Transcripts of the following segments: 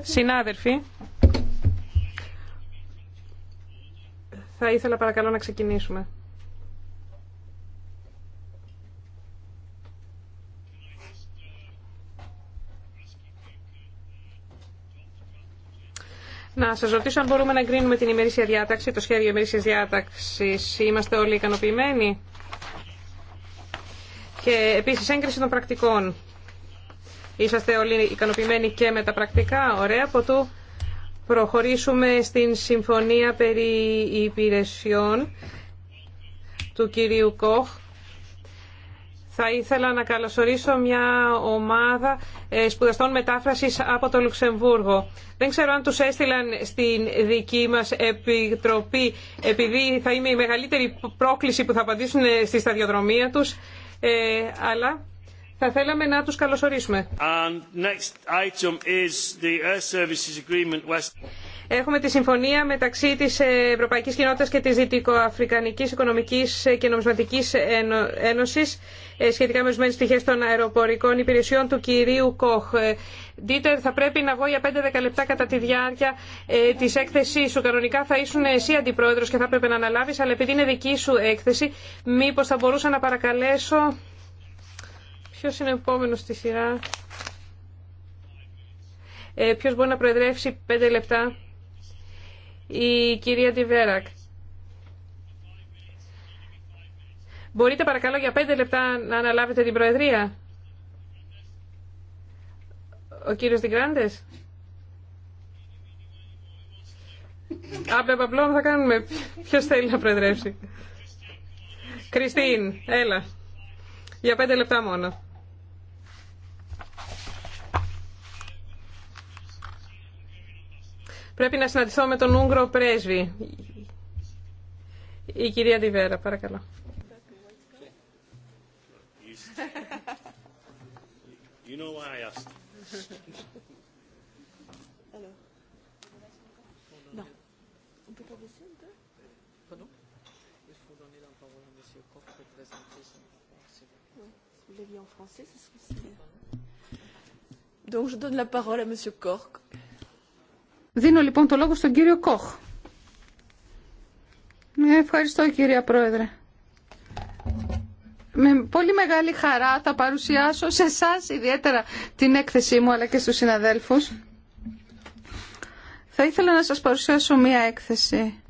Συνάδελφοι, θα ήθελα παρακαλώ να ξεκινήσουμε. Να σας ρωτήσω αν μπορούμε να εγκρίνουμε την ημερήσια διάταξη, το σχέδιο ημερήσιας διάταξης. Είμαστε όλοι ικανοποιημένοι. Και επίσης έγκριση των πρακτικών. Είσαστε όλοι ικανοποιημένοι και με τα πρακτικά. Ωραία, συμφωνία περί υπηρεσιών του προχωρήσουμε στην συμφωνία περί υπηρεσιών του κυρίου Κοχ. Θα ήθελα να καλωσορίσω μια ομάδα ε, σπουδαστών μετάφρασης από το Λουξεμβούργο. Δεν ξέρω αν τους έστειλαν στην δική μας επιτροπή, επειδή θα είμαι η μεγαλύτερη πρόκληση που θα απαντήσουν ε, στη σταδιοδρομία τους, ε, αλλά θα θέλαμε να τους καλωσορίσουμε. Έχουμε τη συμφωνία μεταξύ της Ευρωπαϊκής Κοινότητας και της Δυτικοαφρικανικής Οικονομικής και Νομισματικής Ένωσης ε, σχετικά με ορισμένε πτυχέ των αεροπορικών υπηρεσιών του κυρίου Κοχ. Δίτερ, θα πρέπει να βγω για 5-10 λεπτά κατά τη διάρκεια ε, τη έκθεσή σου. Κανονικά θα ήσουν εσύ αντιπρόεδρο και θα έπρεπε να αναλάβει, αλλά επειδή είναι δική σου έκθεση, μήπω θα μπορούσα να παρακαλέσω Ποιος είναι επόμενος στη σειρά. Ε, ποιος μπορεί να προεδρεύσει πέντε λεπτά. Η κυρία Τιβέρακ. Μπορείτε παρακαλώ για πέντε λεπτά να αναλάβετε την Προεδρία. Ο κύριος Διγκράντες. Άμπλε παπλών θα κάνουμε. Ποιος θέλει να προεδρεύσει. Κριστίν, έλα. Για πέντε λεπτά μόνο. πρέπει να συναντηθώ με τον Ούγγρο πρέσβη. Η κυρία Τιβέρα, παρακαλώ. Donc je donne la parole à Monsieur Cork. Δίνω λοιπόν το λόγο στον κύριο Κόχ. Ναι, ευχαριστώ κύριε Πρόεδρε. Με πολύ μεγάλη χαρά θα παρουσιάσω σε εσά ιδιαίτερα την έκθεσή μου αλλά και στους συναδέλφους. Θα ήθελα να σας παρουσιάσω μία έκθεση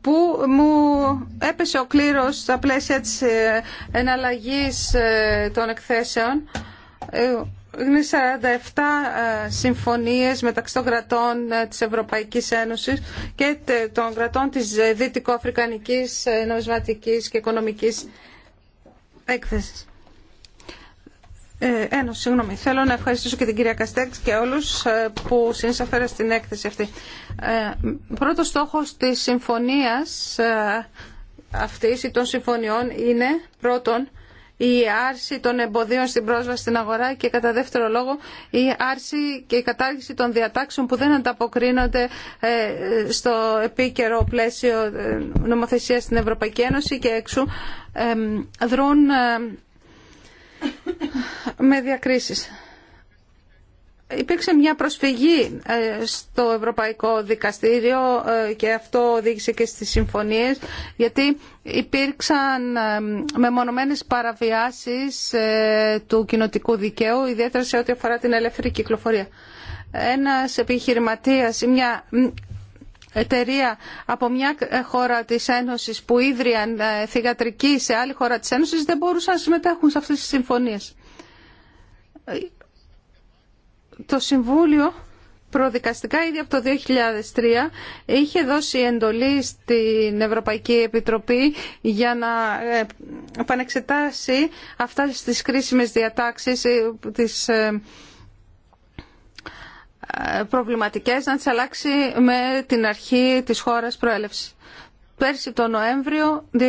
που μου έπεσε ο κλήρος στα πλαίσια της ε, εναλλαγής ε, των εκθέσεων ε, είναι 47 ε, συμφωνίες μεταξύ των κρατών ε, της Ευρωπαϊκής Ένωσης και των κρατών της ε, Δυτικοαφρικανικής Νομισματικής και Οικονομικής Έκθεσης. Ε, ένωση, συγγνώμη. Θέλω να ευχαριστήσω και την κυρία Καστέξ και όλους που συνεισφέραν στην έκθεση αυτή. Ε, πρώτος στόχος της συμφωνίας αυτής ή των συμφωνιών είναι πρώτον η άρση των εμποδίων στην πρόσβαση στην αγορά και κατά δεύτερο λόγο η άρση και η κατάργηση των διατάξεων που δεν ανταποκρίνονται ε, στο επίκαιρο πλαίσιο ε, νομοθεσίας στην Ευρωπαϊκή Ένωση και έξω ε, δρούν με διακρίσεις. Υπήρξε μια προσφυγή ε, στο Ευρωπαϊκό Δικαστήριο ε, και αυτό οδήγησε και στις συμφωνίες γιατί υπήρξαν ε, μεμονωμένες παραβιάσεις του κοινοτικού δικαίου ιδιαίτερα σε ό,τι αφορά την ελεύθερη κυκλοφορία. Ένας επιχειρηματίας ή μια εταιρεία από μια χώρα της Ένωσης που ίδρυαν θηγατρική σε άλλη χώρα της Ένωσης δεν μπορούσαν να συμμετέχουν σε αυτές τις συμφωνίες το Συμβούλιο προδικαστικά ήδη από το 2003 είχε δώσει εντολή στην Ευρωπαϊκή Επιτροπή για να ε, επανεξετάσει αυτά τις κρίσιμες διατάξεις ε, τις ε, προβληματικές να τις αλλάξει με την αρχή της χώρας προέλευσης. Πέρσι το Νοέμβριο 2009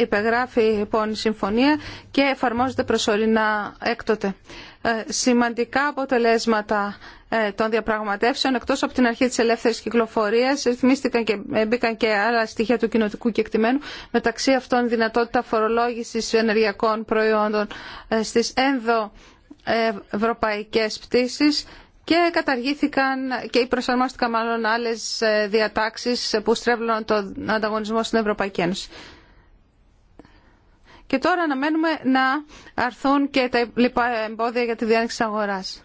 υπεγράφει λοιπόν η συμφωνία και εφαρμόζεται προσωρινά έκτοτε. Ε, σημαντικά αποτελέσματα ε, των διαπραγματεύσεων εκτός από την αρχή της ελεύθερης κυκλοφορίας ρυθμίστηκαν και μπήκαν και άλλα στοιχεία του κοινοτικού κεκτημένου μεταξύ αυτών δυνατότητα φορολόγησης ενεργειακών προϊόντων ε, στις ενδοευρωπαϊκές πτήσεις και καταργήθηκαν και οι προσαρμόστηκαν μάλλον άλλες ε, διατάξεις που στρέβλωναν τον ανταγωνισμό στην Ευρωπαϊκή Ένωση. Και τώρα αναμένουμε να αρθούν και τα λοιπά εμπόδια για τη διάνοιξη της αγοράς.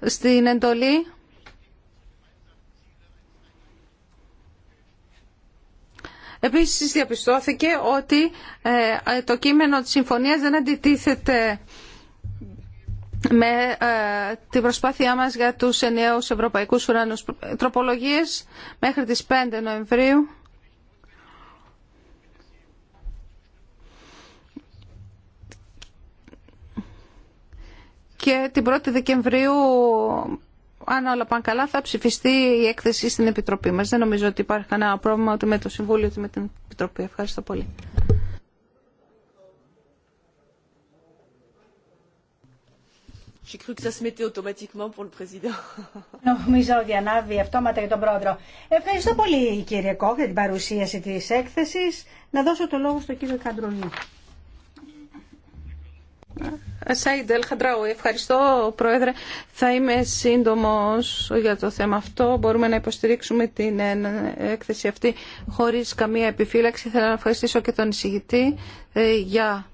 Στην εντολή Επίσης διαπιστώθηκε ότι ε, το κείμενο της συμφωνίας δεν αντιτίθεται με ε, την προσπάθειά μας για τους ενιαίους ευρωπαϊκούς ουρανούς. Τροπολογίες μέχρι τις 5 Νοεμβρίου. Και την 1η Δεκεμβρίου, αν όλα πάνε καλά, θα ψηφιστεί η έκθεση στην Επιτροπή μας. Δεν νομίζω ότι υπάρχει κανένα πρόβλημα ούτε με το Συμβούλιο ούτε με την Επιτροπή. Ευχαριστώ πολύ. Νομίζω ότι ανάβει αυτόματα για τον πρόεδρο. Ευχαριστώ πολύ κύριε Κόχ για την παρουσίαση της έκθεσης. Να δώσω το λόγο στον κύριο Καντρονή. ευχαριστώ Πρόεδρε. Θα είμαι σύντομος για το θέμα αυτό. Μπορούμε να υποστηρίξουμε την έκθεση αυτή χωρίς καμία επιφύλαξη. Θέλω να ευχαριστήσω και τον εισηγητή ε, για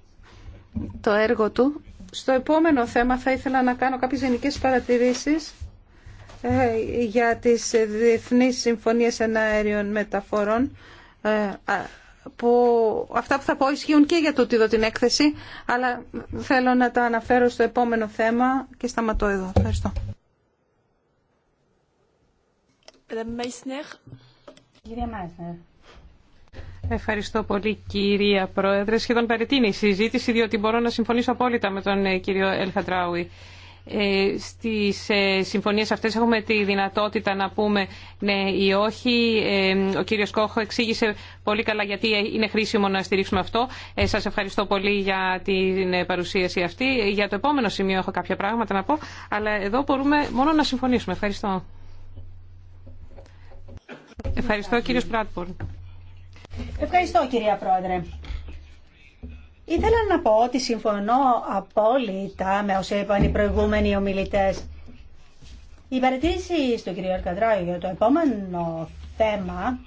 το έργο του στο επόμενο θέμα θα ήθελα να κάνω κάποιες γενικές παρατηρήσεις ε, για τις διεθνείς συμφωνίες εναέριων μεταφορών ε, που αυτά που θα πω ισχύουν και για το εδώ την έκθεση αλλά θέλω να τα αναφέρω στο επόμενο θέμα και σταματώ εδώ. Ευχαριστώ. Κυρία Μάισνερ. Ευχαριστώ πολύ κυρία Πρόεδρε. Σχεδόν παρετείνει η συζήτηση διότι μπορώ να συμφωνήσω απόλυτα με τον ε, κύριο Ελχαντράουι. Ε, στις ε, συμφωνίες αυτές έχουμε τη δυνατότητα να πούμε ναι ή όχι. Ο κύριος Κόχο εξήγησε πολύ καλά γιατί είναι χρήσιμο να στηρίξουμε αυτό. Σας ευχαριστώ πολύ για την παρουσίαση αυτή. Για το επόμενο σημείο έχω κάποια πράγματα να πω, αλλά εδώ μπορούμε μόνο να συμφωνήσουμε. Ευχαριστώ. Ευχαριστώ κύριος Πράτπορν. Ευχαριστώ κυρία Πρόεδρε. Ήθελα να πω ότι συμφωνώ απόλυτα με όσα είπαν οι προηγούμενοι ομιλητές. Η παρατήρηση του κυρίου Αρκαντράου για το επόμενο θέμα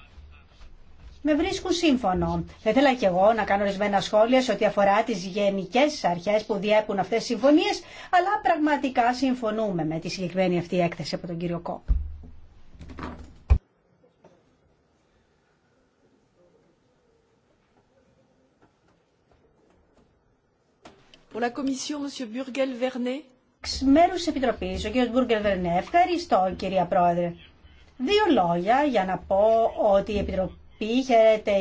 με βρίσκουν σύμφωνο. Θα ήθελα και εγώ να κάνω ορισμένα σχόλια σε ό,τι αφορά τις γενικέ αρχέ που διέπουν αυτές τι συμφωνίε, αλλά πραγματικά συμφωνούμε με τη συγκεκριμένη αυτή έκθεση από τον κύριο Κόπ. Pour la Επιτροπής, ο κ. Μπουργκελ Βερνέ. Ευχαριστώ, κυρία Πρόεδρε. Δύο λόγια για να πω ότι η Επιτροπή χαίρεται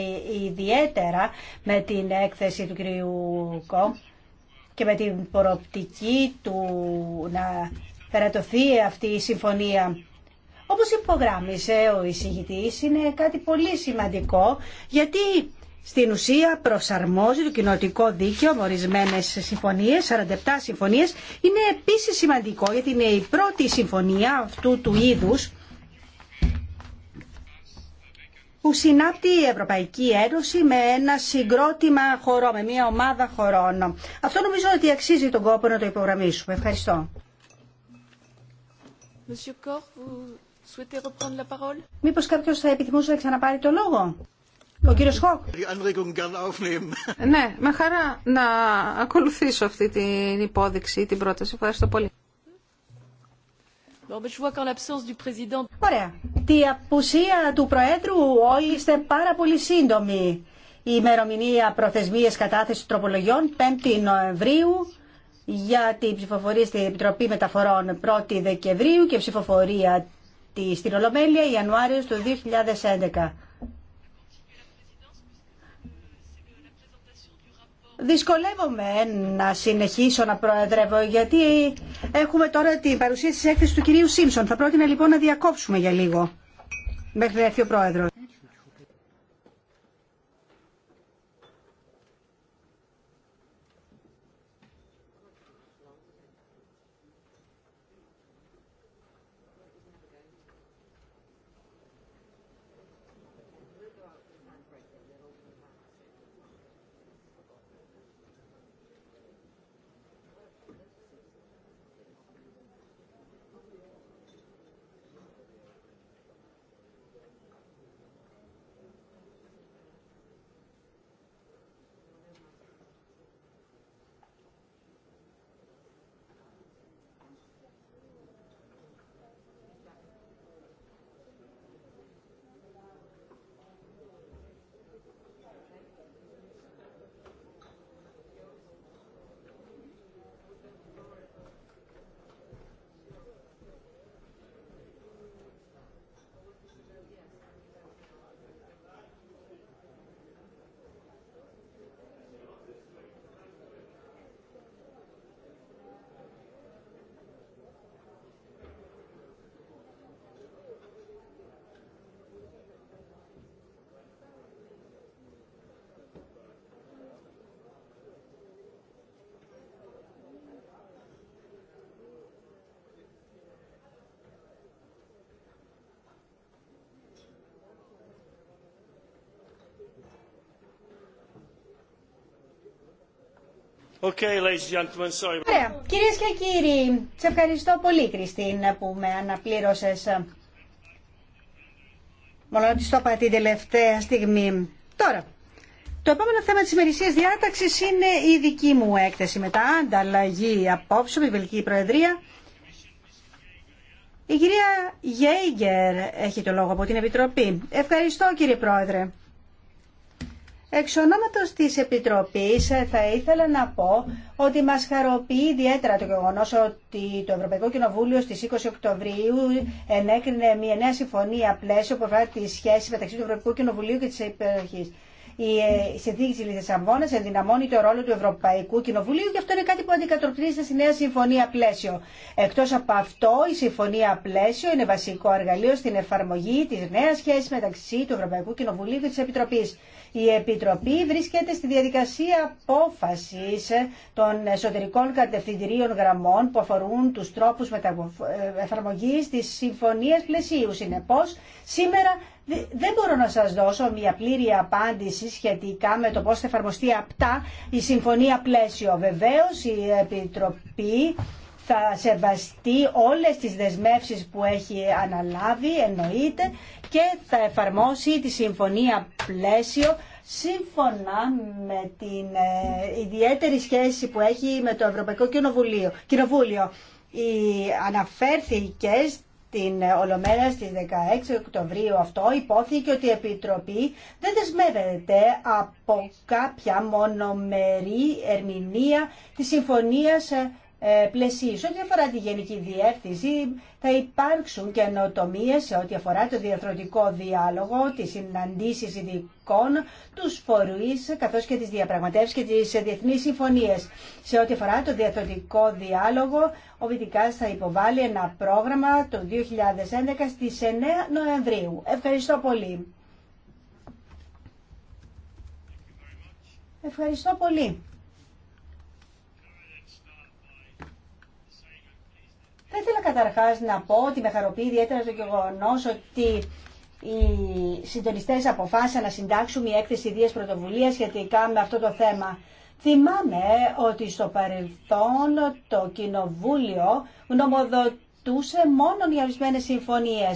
ιδιαίτερα με την έκθεση του κ. και με την προοπτική του να περατωθεί αυτή η συμφωνία. Όπως υπογράμμισε ο εισηγητής, είναι κάτι πολύ σημαντικό, γιατί στην ουσία προσαρμόζει το κοινοτικό δίκαιο με ορισμένε συμφωνίε, 47 συμφωνίε. Είναι επίση σημαντικό γιατί είναι η πρώτη συμφωνία αυτού του είδου που συνάπτει η Ευρωπαϊκή Ένωση με ένα συγκρότημα χωρών, με μια ομάδα χωρών. Αυτό νομίζω ότι αξίζει τον κόπο να το υπογραμμίσουμε. Ευχαριστώ. Μήπως κάποιος θα επιθυμούσε να ξαναπάρει το λόγο. Ο κύριο Χοκ. Ε, ναι, με χαρά να ακολουθήσω αυτή την υπόδειξη, την πρόταση. Ευχαριστώ πολύ. Ωραία. Τη απουσία του Προέδρου όλοι είστε πάρα πολύ σύντομοι. Η ημερομηνια προθεσμιε προθεσμίες κατάθεση τροπολογιών 5η Νοεμβρίου για την ψηφοφορία στην Επιτροπή Μεταφορών 1η Δεκεμβρίου και ψηφοφορία στην Ολομέλεια Ιανουάριο του 2011. Δυσκολεύομαι να συνεχίσω να προεδρεύω γιατί έχουμε τώρα την παρουσίαση της έκθεσης του κυρίου Σίμψον. Θα πρότεινα λοιπόν να διακόψουμε για λίγο μέχρι να έρθει ο πρόεδρος. Okay, ladies and gentlemen, sorry. Ωραία. Κυρίες και κύριοι, σε ευχαριστώ πολύ, Κριστίν, που με αναπλήρωσες. Μόνο ότι στο είπα την τελευταία στιγμή. Τώρα, το επόμενο θέμα της ημερησίας διάταξης είναι η δική μου έκθεση. Μετά ανταλλαγή απόψε με η Βελική Προεδρία. Η κυρία Γέιγκερ έχει το λόγο από την Επιτροπή. Ευχαριστώ, κύριε Πρόεδρε. Εξ ονόματος της Επιτροπής ε, θα ήθελα να πω ότι μας χαροποιεί ιδιαίτερα το γεγονός ότι το Ευρωπαϊκό Κοινοβούλιο στις 20 Οκτωβρίου ενέκρινε μια νέα συμφωνία πλαίσιο που αφορά τη σχέση μεταξύ του Ευρωπαϊκού Κοινοβουλίου και της Επιτροπής. Ε, η συνθήκη τη Λισαβόνα ενδυναμώνει το ρόλο του Ευρωπαϊκού Κοινοβουλίου και αυτό είναι κάτι που αντικατοπτρίζεται στη νέα συμφωνία πλαίσιο. Εκτό από αυτό, η συμφωνία πλαίσιο είναι βασικό εργαλείο στην εφαρμογή τη νέα σχέση μεταξύ του Ευρωπαϊκού Κοινοβουλίου και τη Επιτροπή. Η Επιτροπή βρίσκεται στη διαδικασία απόφαση των εσωτερικών κατευθυντηρίων γραμμών που αφορούν του τρόπου ε, εφαρμογή τη συμφωνία πλαισίου. Συνεπώ, σήμερα δεν μπορώ να σας δώσω μια πλήρη απάντηση σχετικά με το πώς θα εφαρμοστεί απτά η Συμφωνία Πλαίσιο. Βεβαίως η Επιτροπή θα σεβαστεί όλες τις δεσμεύσεις που έχει αναλάβει, εννοείται, και θα εφαρμόσει τη Συμφωνία Πλαίσιο σύμφωνα με την ε, ιδιαίτερη σχέση που έχει με το Ευρωπαϊκό Κοινοβούλιο. Κοινοβούλιο η, αναφέρθηκε την Ολομέρα στις 16 Οκτωβρίου αυτό υπόθηκε ότι η Επιτροπή δεν δεσμεύεται από κάποια μονομερή ερμηνεία της Συμφωνίας σε ό,τι αφορά τη Γενική Διεύθυνση θα υπάρξουν καινοτομίε σε ό,τι αφορά το διαθροτικό διάλογο, τις συναντήσεις ειδικών, τους φορείς καθώς και τις διαπραγματεύσεις και τις διεθνείς συμφωνίες. Σε ό,τι αφορά το διαθροτικό διάλογο, ο Βητικάς θα υποβάλει ένα πρόγραμμα το 2011 στις 9 Νοεμβρίου. Ευχαριστώ πολύ. Ευχαριστώ πολύ. Δεν ήθελα καταρχά να πω ότι με χαροποιεί ιδιαίτερα το γεγονό ότι οι συντονιστέ αποφάσισαν να συντάξουν μια έκθεση ιδίας πρωτοβουλία σχετικά με αυτό το θέμα. Θυμάμαι ότι στο παρελθόν το Κοινοβούλιο γνωμοδοτούσε μόνο για ορισμένε συμφωνίε.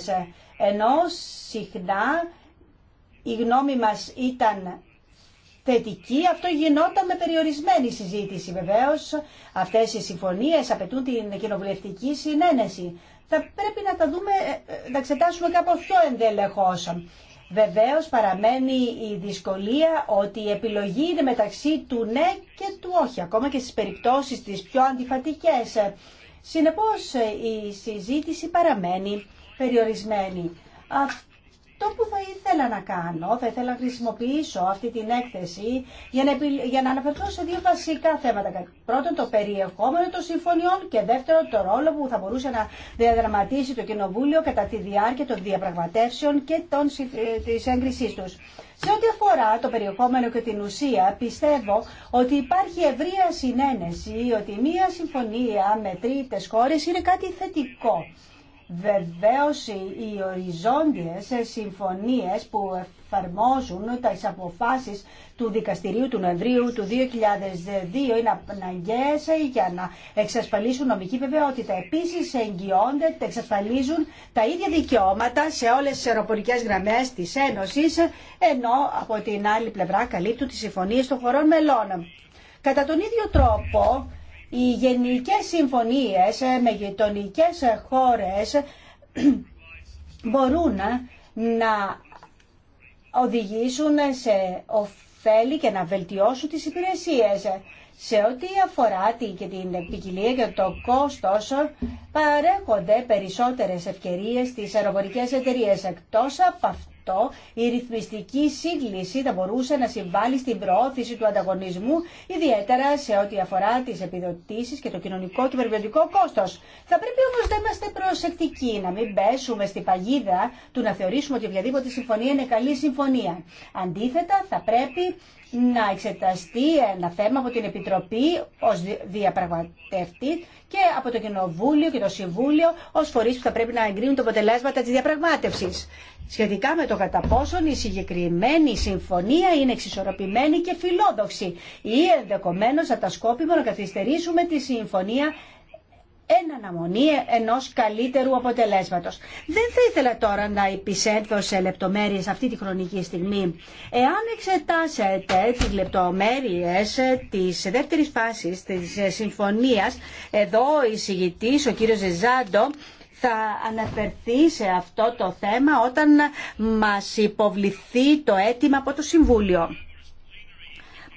ενώ συχνά η γνώμη μας ήταν θετική, αυτό γινόταν με περιορισμένη συζήτηση. Βεβαίω, αυτές οι συμφωνίε απαιτούν την κοινοβουλευτική συνένεση. Θα πρέπει να τα δούμε, ε, ε, να εξετάσουμε κάπω πιο ενδελεχώ. Βεβαίω παραμένει η δυσκολία ότι η επιλογή είναι μεταξύ του ναι και του όχι, ακόμα και στι περιπτώσει τι πιο αντιφατικέ. συνεπώ η συζήτηση παραμένει περιορισμένη. Το που θα ήθελα να κάνω, θα ήθελα να χρησιμοποιήσω αυτή την έκθεση για να, να αναφερθώ σε δύο βασικά θέματα. Πρώτον, το περιεχόμενο των συμφωνιών και δεύτερον, το ρόλο που θα μπορούσε να διαδραματίσει το Κοινοβούλιο κατά τη διάρκεια των διαπραγματεύσεων και των, ε, της έγκρισής Σε ό,τι αφορά το περιεχόμενο και την ουσία, πιστεύω ότι υπάρχει ευρία συνένεση ότι μία συμφωνία με τρίτε χώρες είναι κάτι θετικό. Βεβαίως οι οριζόντιες συμφωνίες που εφαρμόζουν τις αποφάσεις του Δικαστηρίου του Νοεμβρίου του 2002 είναι αναγκαίες για να εξασφαλίσουν νομική βεβαιότητα. Επίσης εγγυώνται, εξασφαλίζουν τα ίδια δικαιώματα σε όλες τις αεροπορικές γραμμές της Ένωσης, ενώ από την άλλη πλευρά καλύπτουν τις συμφωνίες των χωρών μελών. Κατά τον ίδιο τρόπο, οι γενικές συμφωνίες ε, με γειτονικέ χώρες μπορούν να οδηγήσουν σε ωφέλη και να βελτιώσουν τις υπηρεσίες. Σε ό,τι αφορά και την ποικιλία και το κόστος, παρέχονται περισσότερες ευκαιρίες στις αεροπορικές εταιρείες. Εκτός από αυτό, η ρυθμιστική σύγκληση θα μπορούσε να συμβάλλει στην προώθηση του ανταγωνισμού, ιδιαίτερα σε ό,τι αφορά τι επιδοτήσει και το κοινωνικό και περιβαλλοντικό κόστο. Θα πρέπει όμω να είμαστε προσεκτικοί, να μην πέσουμε στην παγίδα του να θεωρήσουμε ότι οποιαδήποτε συμφωνία είναι καλή συμφωνία. Αντίθετα, θα πρέπει να εξεταστεί ένα θέμα από την Επιτροπή ως διαπραγματευτή και από το Κοινοβούλιο και το Συμβούλιο ως φορείς που θα πρέπει να εγκρίνουν το αποτελέσματα της διαπραγμάτευσης. Σχετικά με το κατά πόσον η συγκεκριμένη συμφωνία είναι εξισορροπημένη και φιλόδοξη ή ενδεχομένω θα τα σκόπιμο να καθυστερήσουμε τη συμφωνία εν αναμονή ενός καλύτερου αποτελέσματος. Δεν θα ήθελα τώρα να επισέλθω σε λεπτομέρειες αυτή τη χρονική στιγμή. Εάν εξετάσετε τις λεπτομέρειες της δεύτερης φάσης της συμφωνίας, εδώ ο εισηγητής, ο κύριος Ζεζάντο, θα αναφερθεί σε αυτό το θέμα όταν μας υποβληθεί το αίτημα από το Συμβούλιο.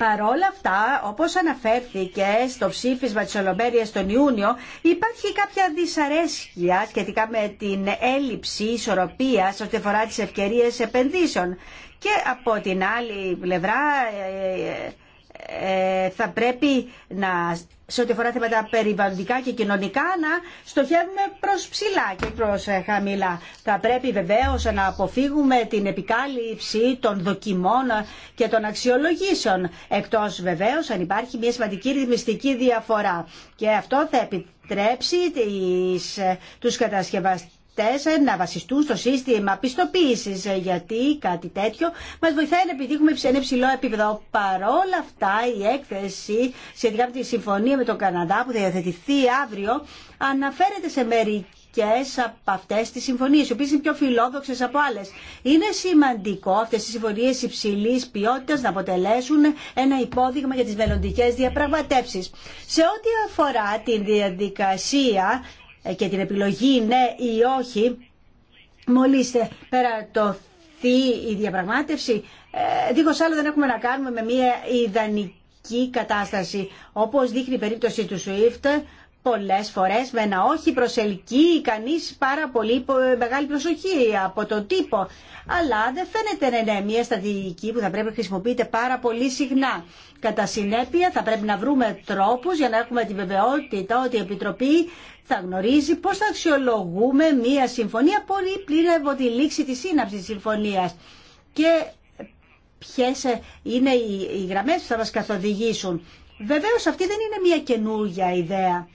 Παρόλα αυτά, όπως αναφέρθηκε στο ψήφισμα τη Ολομέρειας τον Ιούνιο, υπάρχει κάποια δυσαρέσκεια σχετικά με την έλλειψη ισορροπία ό,τι αφορά τι ευκαιρίες επενδύσεων. Και από την άλλη πλευρά ε, ε, ε, θα πρέπει να σε ό,τι αφορά θέματα περιβαλλοντικά και κοινωνικά να στοχεύουμε προς ψηλά και προς ε, χαμηλά. Θα πρέπει βεβαίως να αποφύγουμε την επικάλυψη των δοκιμών και των αξιολογήσεων εκτός βεβαίως αν υπάρχει μια σημαντική ρυθμιστική διαφορά και αυτό θα επιτρέψει τις, ε, τους κατασκευαστές να βασιστούν στο σύστημα πιστοποίηση. Ε, γιατί κάτι τέτοιο μας βοηθάει να επιτύχουμε σε ένα υψηλό επίπεδο. Παρόλα αυτά η έκθεση σχετικά με τη συμφωνία με τον Καναδά που θα υιοθετηθεί αύριο αναφέρεται σε μερικές από αυτέ τι συμφωνίε, οι οποίε είναι πιο φιλόδοξε από άλλε. Είναι σημαντικό αυτέ οι συμφωνίε υψηλή ποιότητα να αποτελέσουν ένα υπόδειγμα για τι μελλοντικέ διαπραγματεύσει. Σε ό,τι αφορά την διαδικασία ε, και την επιλογή ναι ή όχι, μόλις ε, περατωθεί η διαπραγμάτευση, ε, δίχως άλλο δεν έχουμε να κάνουμε με μια ιδανική κατάσταση. Όπως δείχνει η περίπτωση του SWIFT, Πολλέ φορέ με ένα όχι προσελκύει κανεί πάρα πολύ μεγάλη προσοχή από το τύπο. Αλλά δεν φαίνεται να είναι μια στρατηγική που θα πρέπει να χρησιμοποιείται πάρα πολύ συχνά. Κατά συνέπεια θα πρέπει να βρούμε τρόπου για να έχουμε τη βεβαιότητα ότι η Επιτροπή θα γνωρίζει πώ θα αξιολογούμε μια συμφωνία πολύ πλήρη από τη λήξη τη σύναψη της συμφωνίας. Και ποιε είναι οι γραμμέ που θα μα καθοδηγήσουν. Βεβαίως αυτή δεν είναι μια καινούργια ιδέα.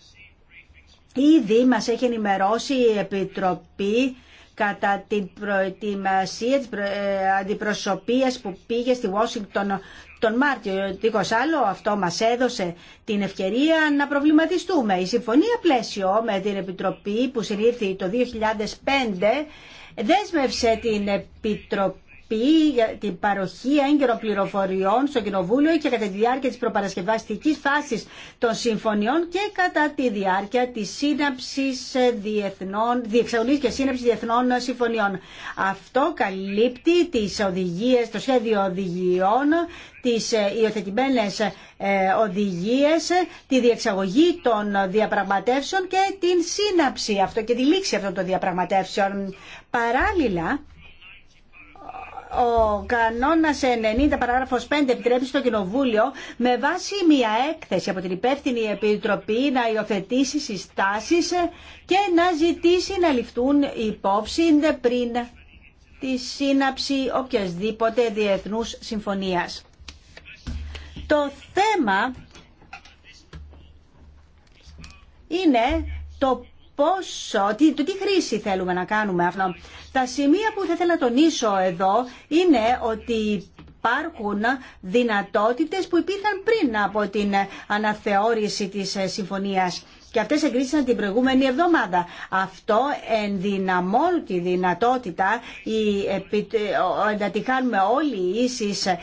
Ήδη μας έχει ενημερώσει η Επιτροπή κατά την προετοιμασία της ε, αντιπροσωπείας που πήγε στη Ουάσιγκτον τον Μάρτιο. Τίχως άλλο, αυτό μας έδωσε την ευκαιρία να προβληματιστούμε. Η συμφωνία πλαίσιο με την Επιτροπή που συνήθι το 2005 δέσμευσε την Επιτροπή την παροχή έγκαιρων πληροφοριών στο Κοινοβούλιο και κατά τη διάρκεια της προπαρασκευαστικής φάσης των συμφωνιών και κατά τη διάρκεια της σύναψης ε, διεθνών, διεξαγωγής και σύναψης διεθνών συμφωνιών. Αυτό καλύπτει τις οδηγίες, το σχέδιο οδηγιών, τις ε, υιοθετημένες ε, οδηγίες, τη διεξαγωγή των διαπραγματεύσεων και την σύναψη αυτό και τη λήξη αυτών των διαπραγματεύσεων. Παράλληλα, ο κανόνας 90 παράγραφος 5 επιτρέπει στο Κοινοβούλιο με βάση μια έκθεση από την υπεύθυνη Επιτροπή να υιοθετήσει συστάσεις και να ζητήσει να ληφθούν υπόψη πριν τη σύναψη οποιασδήποτε διεθνούς συμφωνίας. Το θέμα είναι το πόσο, τι, τι χρήση θέλουμε να κάνουμε αυτό. Τα σημεία που θα ήθελα να τονίσω εδώ είναι ότι υπάρχουν δυνατότητες που υπήρχαν πριν από την αναθεώρηση της ε, συμφωνίας και αυτές εγκρίσαν την προηγούμενη εβδομάδα. Αυτό ενδυναμώνει τη δυνατότητα να εντατυχάνουμε όλοι οι ίσεις ε,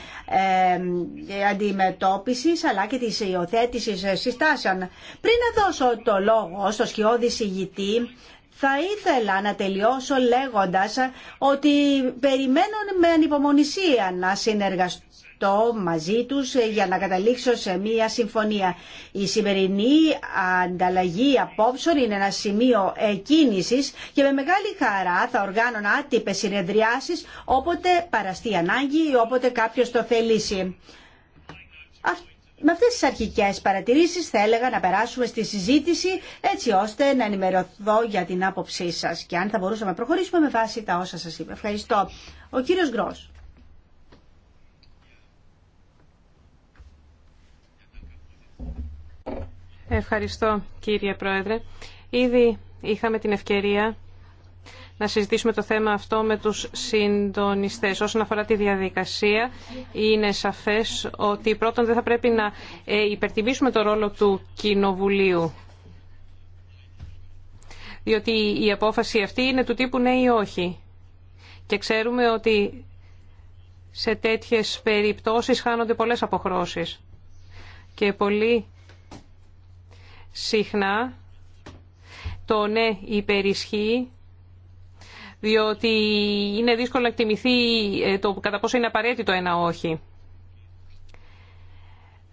αντιμετώπισης αλλά και της υιοθέτηση συστάσεων. Πριν να δώσω το λόγο στο σκιώδη συγητή, θα ήθελα να τελειώσω λέγοντας ότι περιμένω με ανυπομονησία να συνεργαστώ το μαζί τους για να καταλήξω σε μία συμφωνία. Η σημερινή ανταλλαγή απόψεων είναι ένα σημείο εκκίνησης και με μεγάλη χαρά θα οργάνωνα άτυπες συνεδριάσεις όποτε παραστεί ανάγκη ή όποτε κάποιος το θελήσει. Με αυτές τις αρχικές παρατηρήσεις θα έλεγα να περάσουμε στη συζήτηση έτσι ώστε να ενημερωθώ για την άποψή σας και αν θα μπορούσαμε να προχωρήσουμε με βάση τα όσα σας είπα. Ευχαριστώ. Ο κύριος Γκρός. Ευχαριστώ κύριε Πρόεδρε. Ήδη είχαμε την ευκαιρία να συζητήσουμε το θέμα αυτό με τους συντονιστές. Όσον αφορά τη διαδικασία, είναι σαφές ότι πρώτον δεν θα πρέπει να ε, υπερτιμήσουμε το ρόλο του Κοινοβουλίου. Διότι η απόφαση αυτή είναι του τύπου ναι ή όχι. Και ξέρουμε ότι σε τέτοιες περιπτώσεις χάνονται πολλές αποχρώσεις. Και πολλοί συχνά το ναι υπερισχύει διότι είναι δύσκολο να εκτιμηθεί ε, το κατά πόσο είναι απαραίτητο ένα όχι.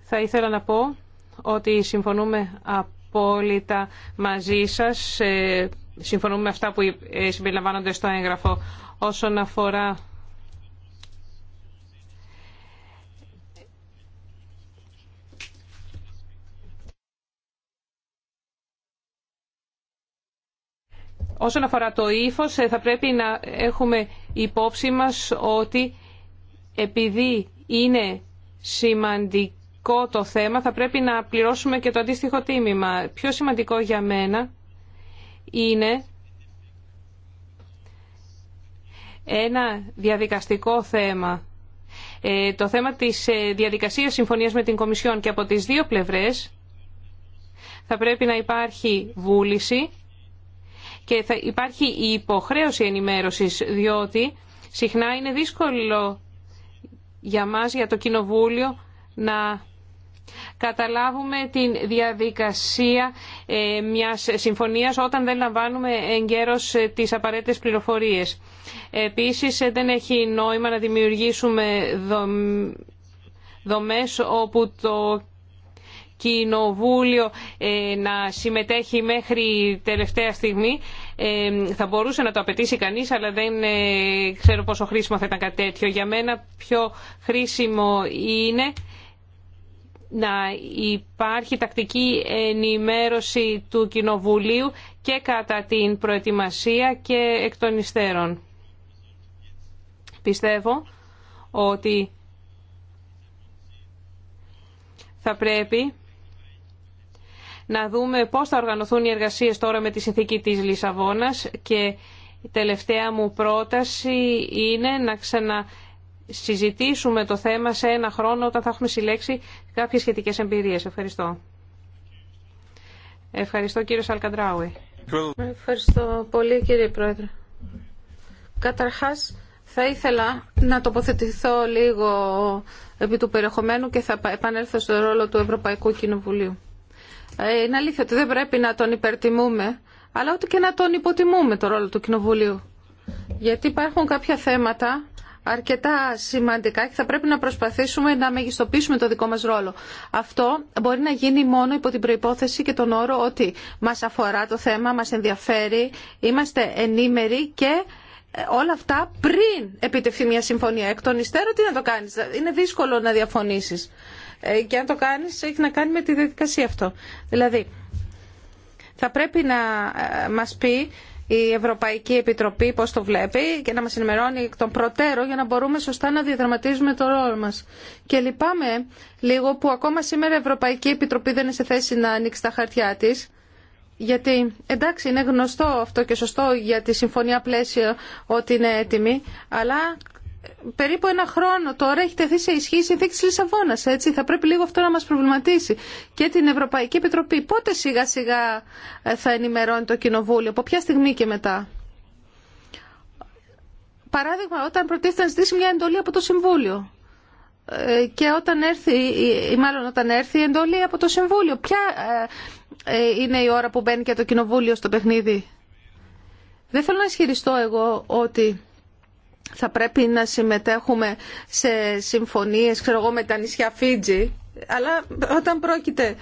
Θα ήθελα να πω ότι συμφωνούμε απόλυτα μαζί σας. Ε, συμφωνούμε με αυτά που ε, συμπεριλαμβάνονται στο έγγραφο όσον αφορά Όσον αφορά το ύφο, ε, θα πρέπει να έχουμε υπόψη μα ότι επειδή είναι σημαντικό το θέμα, θα πρέπει να πληρώσουμε και το αντίστοιχο τίμημα. Πιο σημαντικό για μένα είναι ένα διαδικαστικό θέμα. Ε, το θέμα της ε, διαδικασίας συμφωνίας με την Κομισιόν και από τις δύο πλευρές θα πρέπει να υπάρχει βούληση και θα υπάρχει η υποχρέωση ενημέρωσης διότι συχνά είναι δύσκολο για μας, για το Κοινοβούλιο να καταλάβουμε τη διαδικασία ε, μιας συμφωνίας όταν δεν λαμβάνουμε εγκαίρως ε, τις απαραίτητες πληροφορίες. Επίσης ε, δεν έχει νόημα να δημιουργήσουμε δομές όπου το Κοινοβούλιο ε, να συμμετέχει μέχρι τελευταία στιγμή. Ε, θα μπορούσε να το απαιτήσει κανείς, αλλά δεν ε, ξέρω πόσο χρήσιμο θα ήταν κάτι τέτοιο. Για μένα πιο χρήσιμο είναι να υπάρχει τακτική ενημέρωση του Κοινοβουλίου και κατά την προετοιμασία και εκ των υστέρων. Πιστεύω ότι θα πρέπει να δούμε πώς θα οργανωθούν οι εργασίες τώρα με τη συνθήκη της Λισαβόνας και η τελευταία μου πρόταση είναι να ξανασυζητήσουμε το θέμα σε ένα χρόνο όταν θα έχουμε συλλέξει κάποιες σχετικές εμπειρίες. Ευχαριστώ. Ευχαριστώ κύριο Σαλκαντράουι. Ευχαριστώ πολύ κύριε Πρόεδρε. Καταρχάς θα ήθελα να τοποθετηθώ λίγο επί του περιεχομένου και θα επανέλθω στο ρόλο του Ευρωπαϊκού Κοινοβουλίου. Ε, είναι αλήθεια ότι δεν πρέπει να τον υπερτιμούμε, αλλά ούτε και να τον υποτιμούμε το ρόλο του Κοινοβουλίου. Γιατί υπάρχουν κάποια θέματα αρκετά σημαντικά και θα πρέπει να προσπαθήσουμε να μεγιστοποιήσουμε το δικό μας ρόλο. Αυτό μπορεί να γίνει μόνο υπό την προϋπόθεση και τον όρο ότι μας αφορά το θέμα, μας ενδιαφέρει, είμαστε ενήμεροι και ε, όλα αυτά πριν επιτευχθεί μια συμφωνία. Εκ των υστέρων τι να το κάνεις, είναι δύσκολο να διαφωνήσεις. Ε, και αν το κάνεις έχει να κάνει με τη διαδικασία αυτό. Δηλαδή, θα πρέπει να ε, μας πει η Ευρωπαϊκή Επιτροπή πώς το βλέπει και να μας ενημερώνει τον των προτέρων για να μπορούμε σωστά να διαδραματίζουμε το ρόλο μας. Και λυπάμαι λίγο που ακόμα σήμερα η Ευρωπαϊκή Επιτροπή δεν είναι σε θέση να ανοίξει τα χαρτιά της. Γιατί εντάξει είναι γνωστό αυτό και σωστό για τη συμφωνία πλαίσιο ότι είναι έτοιμη, αλλά περίπου ένα χρόνο τώρα έχει τεθεί σε ισχύ η συνθήκη τη Λισαβόνα. Έτσι, θα πρέπει λίγο αυτό να μα προβληματίσει και την Ευρωπαϊκή Επιτροπή. Πότε σιγά σιγά ε, θα ενημερώνει το Κοινοβούλιο, από ποια στιγμή και μετά. Παράδειγμα, όταν προτίθεται να ζητήσει μια εντολή από το Συμβούλιο ε, και όταν έρθει, ή μάλλον όταν έρθει η εντολή από το Συμβούλιο. Ποια ε, είναι η ώρα που μπαίνει και το Κοινοβούλιο στο παιχνίδι. Δεν θέλω να ισχυριστώ εγώ ότι θα πρέπει να συμμετέχουμε σε συμφωνίες ξέρω εγώ, με τα νησιά Φίτζη αλλά όταν πρόκειται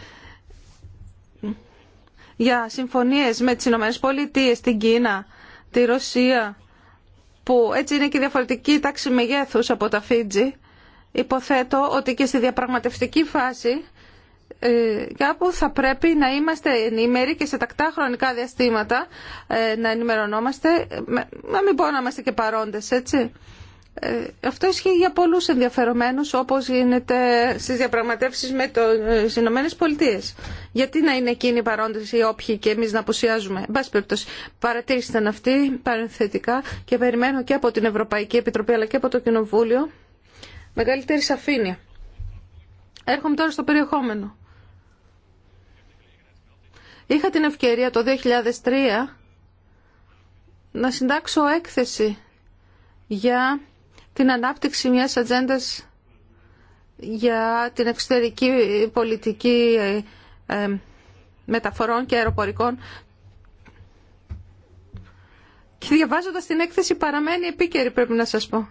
για συμφωνίες με τις Ηνωμένες Πολιτείες, την Κίνα, τη Ρωσία που έτσι είναι και διαφορετική τάξη μεγέθους από τα Φίτζη υποθέτω ότι και στη διαπραγματευτική φάση ε, κάπου θα πρέπει να είμαστε ενήμεροι και σε τακτά χρονικά διαστήματα ε, να ενημερωνόμαστε, να μην μπορούμε να είμαστε και παρόντες, έτσι. Ε, αυτό ισχύει για πολλούς ενδιαφερομένους, όπως γίνεται στις διαπραγματεύσεις με τις Ηνωμένες Πολιτείες. Γιατί να είναι εκείνοι παρόντες ή όποιοι και εμείς να απουσιάζουμε. Εν πάση περιπτώσει, παρατήρηση αυτή, παρενθετικά, και περιμένω και από την Ευρωπαϊκή Επιτροπή, αλλά και από το Κοινοβούλιο, μεγαλύτερη σαφήνεια. Έρχομαι τώρα στο περιεχόμενο. Είχα την ευκαιρία το 2003 να συντάξω έκθεση για την ανάπτυξη μιας ατζέντα για την εξωτερική πολιτική ε, ε, μεταφορών και αεροπορικών και διαβάζοντας την έκθεση παραμένει επίκαιρη πρέπει να σας πω.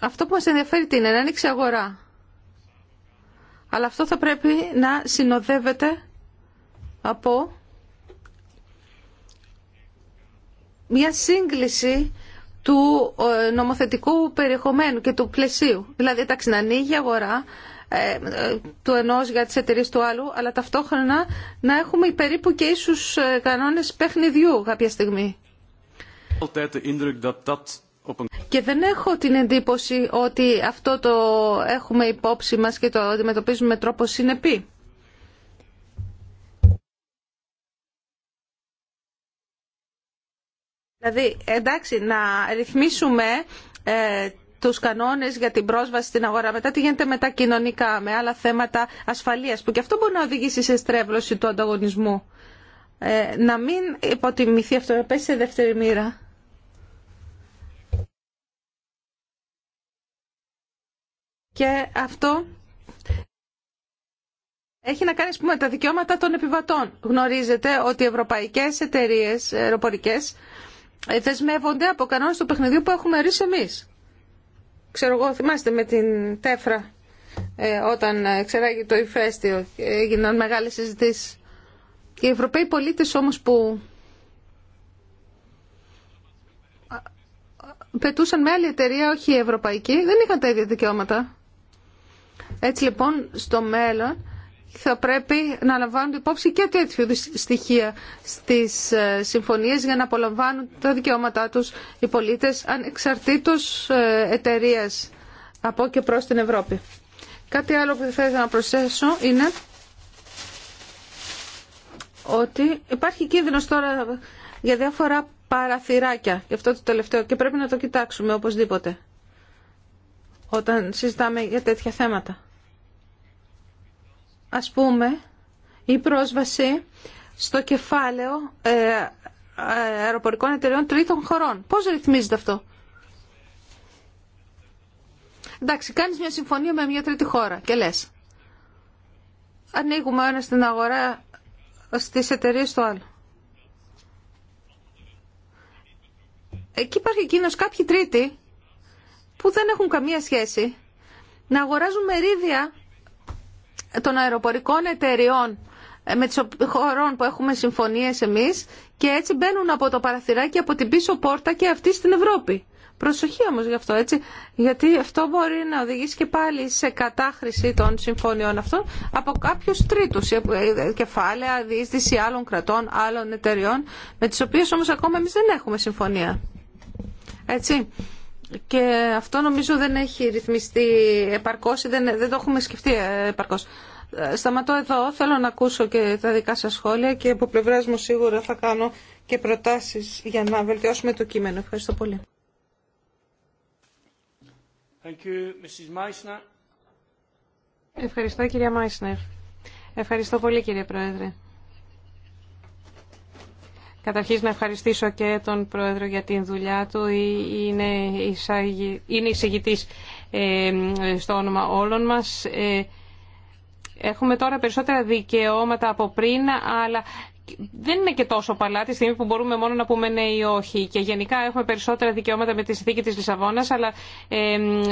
Αυτό που μας ενδιαφέρει την είναι, να ανοίξει αγορά. Αλλά αυτό θα πρέπει να συνοδεύεται από μια σύγκληση του ε, νομοθετικού περιεχομένου και του πλαισίου. Δηλαδή, εντάξει, να ανοίγει η αγορά ε, του ενός για τις εταιρείε του άλλου, αλλά ταυτόχρονα να έχουμε περίπου και ίσους ε, κανόνες παιχνιδιού κάποια στιγμή. Και δεν έχω την εντύπωση ότι αυτό το έχουμε υπόψη μας και το αντιμετωπίζουμε με τρόπο συνεπή. Δηλαδή, εντάξει, να ρυθμίσουμε ε, τους κανόνες για την πρόσβαση στην αγορά. Μετά τι γίνεται με τα κοινωνικά, με άλλα θέματα ασφαλείας, που και αυτό μπορεί να οδηγήσει σε στρέβλωση του ανταγωνισμού. Ε, να μην υποτιμηθεί αυτό, να ε, πέσει σε δεύτερη μοίρα. Και αυτό έχει να κάνει πούμε, τα δικαιώματα των επιβατών. Γνωρίζετε ότι οι ευρωπαϊκές εταιρείες ε, αεροπορικές ε, δεσμεύονται από κανόνε του παιχνιδιού που έχουμε ρίξει εμεί. Ξέρω εγώ, θυμάστε με την τέφρα ε, όταν ε, ξεράγει το ηφαίστειο έγιναν μεγάλες Και Οι Ευρωπαίοι πολίτες όμως που πετούσαν με άλλη εταιρεία, όχι η ευρωπαϊκή, δεν είχαν τα ίδια δικαιώματα. Έτσι λοιπόν στο μέλλον θα πρέπει να λαμβάνουν υπόψη και τέτοιου στοιχεία στις ε, συμφωνίε για να απολαμβάνουν τα δικαιώματά τους οι πολίτες ανεξαρτήτω ε, εταιρεία από και προς την Ευρώπη. Κάτι άλλο που θα ήθελα να προσθέσω είναι ότι υπάρχει κίνδυνος τώρα για διάφορα παραθυράκια, γι' αυτό το τελευταίο, και πρέπει να το κοιτάξουμε οπωσδήποτε όταν συζητάμε για τέτοια θέματα ας πούμε, η πρόσβαση στο κεφάλαιο ε, αεροπορικών εταιρεών τρίτων χωρών. Πώς ρυθμίζεται αυτό. Εντάξει, κάνεις μια συμφωνία με μια τρίτη χώρα και λες. Ανοίγουμε ένα στην αγορά στις εταιρείες του άλλου. Εκεί υπάρχει εκείνος κάποιοι τρίτοι που δεν έχουν καμία σχέση να αγοράζουν μερίδια των αεροπορικών εταιριών ε, με τις χωρών που έχουμε συμφωνίες εμείς και έτσι μπαίνουν από το παραθυράκι από την πίσω πόρτα και αυτοί στην Ευρώπη. Προσοχή όμως γι' αυτό, έτσι, γιατί αυτό μπορεί να οδηγήσει και πάλι σε κατάχρηση των συμφωνιών αυτών από κάποιους τρίτους, ε, ε, κεφάλαια, διείσδυση άλλων κρατών, άλλων εταιριών, με τις οποίες όμως ακόμα εμείς δεν έχουμε συμφωνία. Έτσι. Και αυτό νομίζω δεν έχει ρυθμιστεί επαρκώς ή δεν, δεν το έχουμε σκεφτεί ε, επαρκώς. Ε, σταματώ εδώ, θέλω να ακούσω και τα δικά σα σχόλια και από πλευρά μου σίγουρα θα κάνω και προτάσεις για να βελτιώσουμε το κείμενο. Ευχαριστώ πολύ. Thank you, Mrs. Ευχαριστώ κυρία Μάισνερ. Ευχαριστώ πολύ κύριε Πρόεδρε. Καταρχήν να ευχαριστήσω και τον Πρόεδρο για την δουλειά του. Είναι, είναι εισηγητής ε, στο όνομα όλων μας. Ε, έχουμε τώρα περισσότερα δικαιώματα από πριν, αλλά δεν είναι και τόσο παλά τη στιγμή που μπορούμε μόνο να πούμε ναι ή όχι. Και γενικά έχουμε περισσότερα δικαιώματα με τη συνθήκη τη Λισαβόνα, αλλά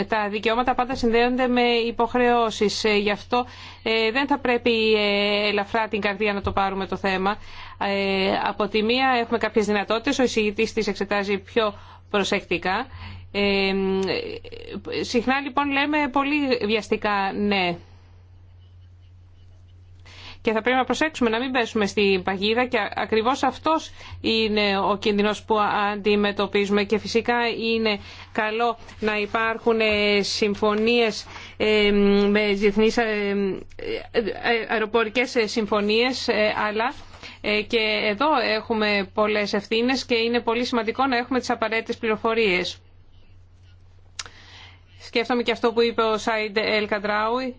τα δικαιώματα πάντα συνδέονται με υποχρεώσει. Ε, γι' αυτό ε, δεν θα πρέπει ε, ελαφρά την καρδία να το πάρουμε το θέμα. Ε, από τη μία έχουμε κάποιε δυνατότητε, ο εισηγητή τι εξετάζει πιο προσεκτικά. συχνά λοιπόν λέμε πολύ βιαστικά ναι και θα πρέπει να προσέξουμε να μην πέσουμε στην παγίδα και ακριβώς αυτός είναι ο κίνδυνος που αντιμετωπίζουμε και φυσικά είναι καλό να υπάρχουν ε, συμφωνίες ε, με διεθνείς ε, αεροπορικές συμφωνίες αλλά και εδώ έχουμε πολλές ευθύνες και είναι πολύ σημαντικό να έχουμε τις απαραίτητες πληροφορίες. Σκέφτομαι και αυτό που είπε ο Σάιντ Ελ Καντράουι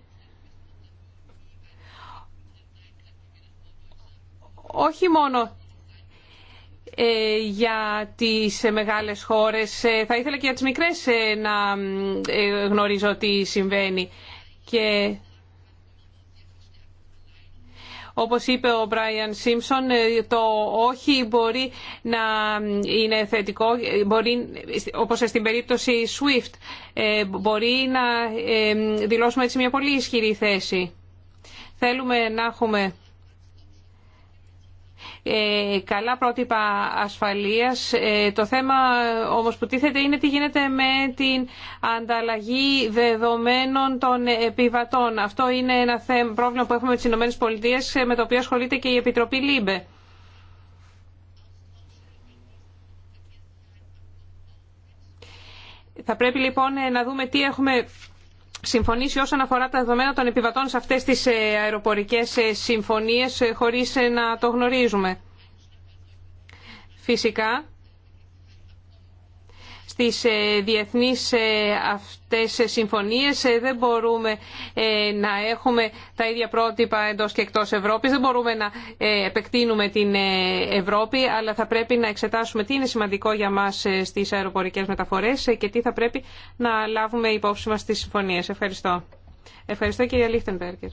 όχι μόνο ε, για τις μεγάλες χώρες, ε, θα ήθελα και για τις μικρές ε, να γνωρίζω τι συμβαίνει. Και όπως είπε ο Μπράιαν Σίμψον, το όχι μπορεί να είναι θετικό, μπορεί, όπως στην περίπτωση SWIFT, μπορεί να δηλώσουμε έτσι μια πολύ ισχυρή θέση. Θέλουμε να έχουμε ε, καλά πρότυπα ασφαλείας. Ε, το θέμα όμως που τίθεται είναι τι γίνεται με την ανταλλαγή δεδομένων των επιβατών. Αυτό είναι ένα θέμα, πρόβλημα που έχουμε με τις ΗΠΑ ε, με το οποίο ασχολείται και η Επιτροπή ΛΥΜΠΕ. Θα πρέπει λοιπόν να δούμε τι έχουμε συμφωνήσει όσον αφορά τα δεδομένα των επιβατών σε αυτές τις ε, αεροπορικές ε, συμφωνίες ε, χωρίς να το γνωρίζουμε. Φυσικά, στις ε, διεθνείς ε, αυτές συμφωνίες. Ε, δεν μπορούμε να έχουμε τα ίδια πρότυπα εντός και εκτός Ευρώπης. Δεν μπορούμε να επεκτείνουμε την Ευρώπη, αλλά θα πρέπει να εξετάσουμε τι είναι σημαντικό για μας στις αεροπορικές μεταφορές και τι θα πρέπει να λάβουμε υπόψη μας στις συμφωνίες. Ευχαριστώ. Ευχαριστώ κυρία Λίχτενπέργκερ.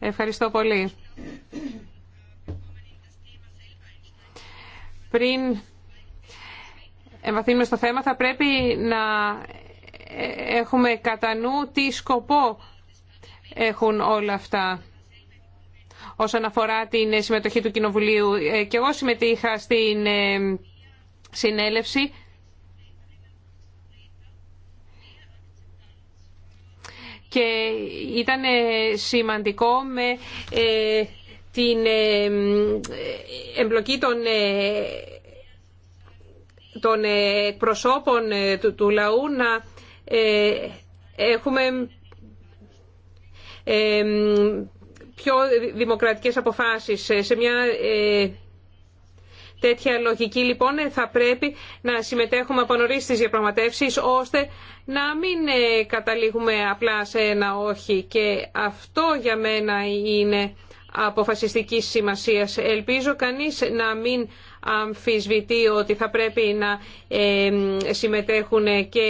Ευχαριστώ πολύ. Πριν εμβαθύνουμε στο θέμα θα πρέπει να έχουμε κατά νου τι σκοπό έχουν όλα αυτά όσον αφορά την συμμετοχή του Κοινοβουλίου. Ε, και εγώ συμμετείχα στην ε, συνέλευση και ήταν ε, σημαντικό με την εμπλοκή των των ε, προσώπων ε, του, λαού να ε, έχουμε πιο δημοκρατικές αποφάσεις. Σε μια τέτοια λογική λοιπόν θα πρέπει να συμμετέχουμε από νωρίς στις διαπραγματεύσεις ώστε να μην καταλήγουμε απλά σε ένα όχι και αυτό για μένα είναι αποφασιστικής σημασίας. Ελπίζω κανείς να μην αμφισβητεί ότι θα πρέπει να συμμετέχουν και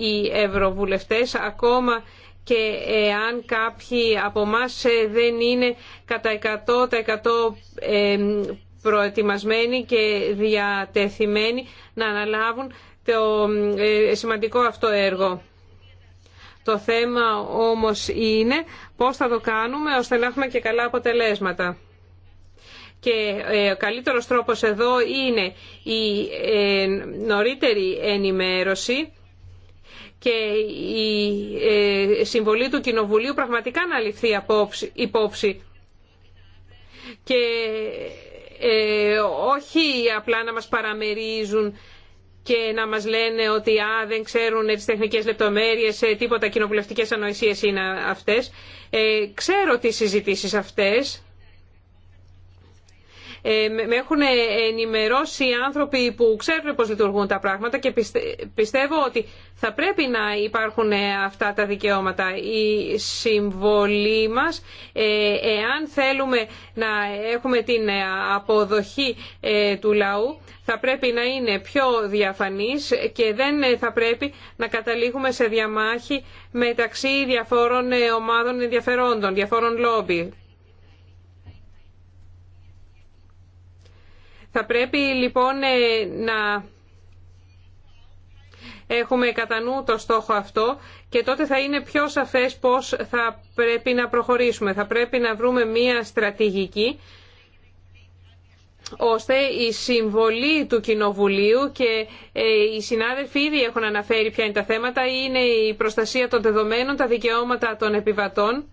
οι ευρωβουλευτές ακόμα και αν κάποιοι από εμά δεν είναι κατά 100% προετοιμασμένοι και διατεθειμένοι να αναλάβουν το ε, σημαντικό αυτό έργο. Το θέμα όμως είναι πώς θα το κάνουμε ώστε να έχουμε και καλά αποτελέσματα. Και ε, ο καλύτερος τρόπος εδώ είναι η ε, νωρίτερη ενημέρωση και η ε, συμβολή του Κοινοβουλίου πραγματικά να ληφθεί υπόψη και όχι απλά να μας παραμερίζουν και να μας λένε ότι α, δεν ξέρουν τις τεχνικές λεπτομέρειες, τίποτα κοινοβουλευτικές ανοησίες είναι αυτές. Ε, ξέρω τις συζητήσεις αυτές ε, με έχουν ενημερώσει οι άνθρωποι που ξέρουν πώς λειτουργούν τα πράγματα και πιστεύω ότι θα πρέπει να υπάρχουν αυτά τα δικαιώματα. Η συμβολή μας, ε, εάν θέλουμε να έχουμε την αποδοχή ε, του λαού, θα πρέπει να είναι πιο διαφανής και δεν θα πρέπει να καταλήγουμε σε διαμάχη μεταξύ διαφόρων ομάδων ενδιαφερόντων, διαφόρων λόμπι. Θα πρέπει λοιπόν ε, να έχουμε κατά νου το στόχο αυτό και τότε θα είναι πιο σαφές πώς θα πρέπει να προχωρήσουμε. Θα πρέπει να βρούμε μία στρατηγική ώστε η συμβολή του Κοινοβουλίου και ε, οι συνάδελφοι ήδη έχουν αναφέρει ποια είναι τα θέματα, είναι η προστασία των δεδομένων, τα δικαιώματα των επιβατών.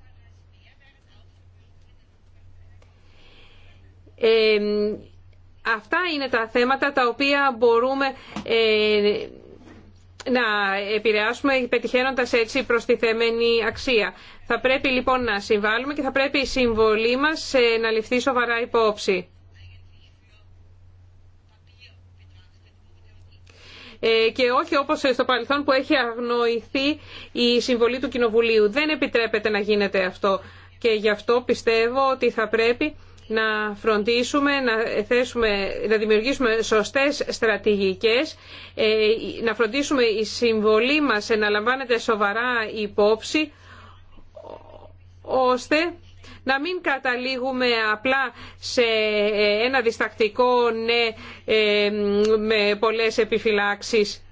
Ε, Αυτά είναι τα θέματα τα οποία μπορούμε ε, να επηρεάσουμε πετυχαίνοντας έτσι προστιθέμενη αξία. Θα πρέπει λοιπόν να συμβάλλουμε και θα πρέπει η συμβολή μας ε, να ληφθεί σοβαρά υπόψη. Ε, και όχι όπως στο παρελθόν που έχει αγνοηθεί η συμβολή του Κοινοβουλίου. Δεν επιτρέπεται να γίνεται αυτό και γι' αυτό πιστεύω ότι θα πρέπει να φροντίσουμε, να, θέσουμε, να δημιουργήσουμε σωστές στρατηγικές, ε, να φροντίσουμε η συμβολή μας να λαμβάνεται σοβαρά υπόψη, ώστε να μην καταλήγουμε απλά σε ένα διστακτικό ναι ε, με πολλές επιφυλάξεις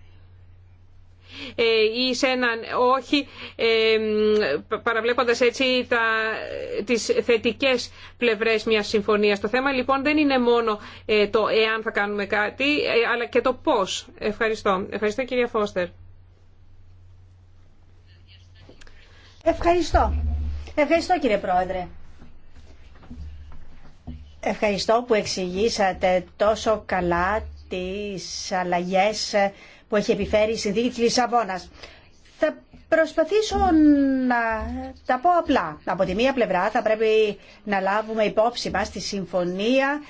ε, ή σε έναν όχι, ε, παραβλέποντας έτσι τα, τις θετικές πλευρές μιας συμφωνίας. Το θέμα λοιπόν δεν είναι μόνο ε, το εάν θα κάνουμε κάτι, αλλά και το πώς. Ευχαριστώ. Ευχαριστώ κυρία Φώστερ. Ευχαριστώ. Ευχαριστώ κύριε Πρόεδρε. Ευχαριστώ που εξηγήσατε τόσο καλά τις αλλαγές που έχει επιφέρει η συνθήκη της Λισαβόνα. Θα προσπαθήσω να τα πω απλά. Από τη μία πλευρά θα πρέπει να λάβουμε υπόψη μας τη συμφωνία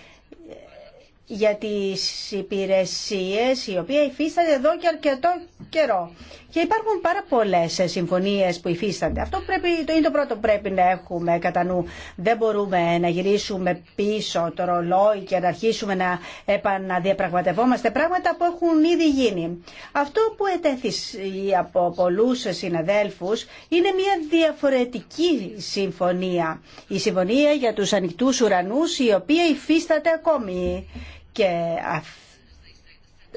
για τις υπηρεσίες οι οποίες υφίστανται εδώ και αρκετό καιρό. Και υπάρχουν πάρα πολλές συμφωνίες που υφίστανται. Αυτό πρέπει, το είναι το πρώτο πρέπει να έχουμε κατά νου. Δεν μπορούμε να γυρίσουμε πίσω το ρολόι και να αρχίσουμε να επαναδιαπραγματευόμαστε πράγματα που έχουν ήδη γίνει. Αυτό που ετέθη από πολλούς συναδέλφους είναι μια διαφορετική συμφωνία. Η συμφωνία για τους ανοιχτούς ουρανούς η οποία υφίσταται ακόμη και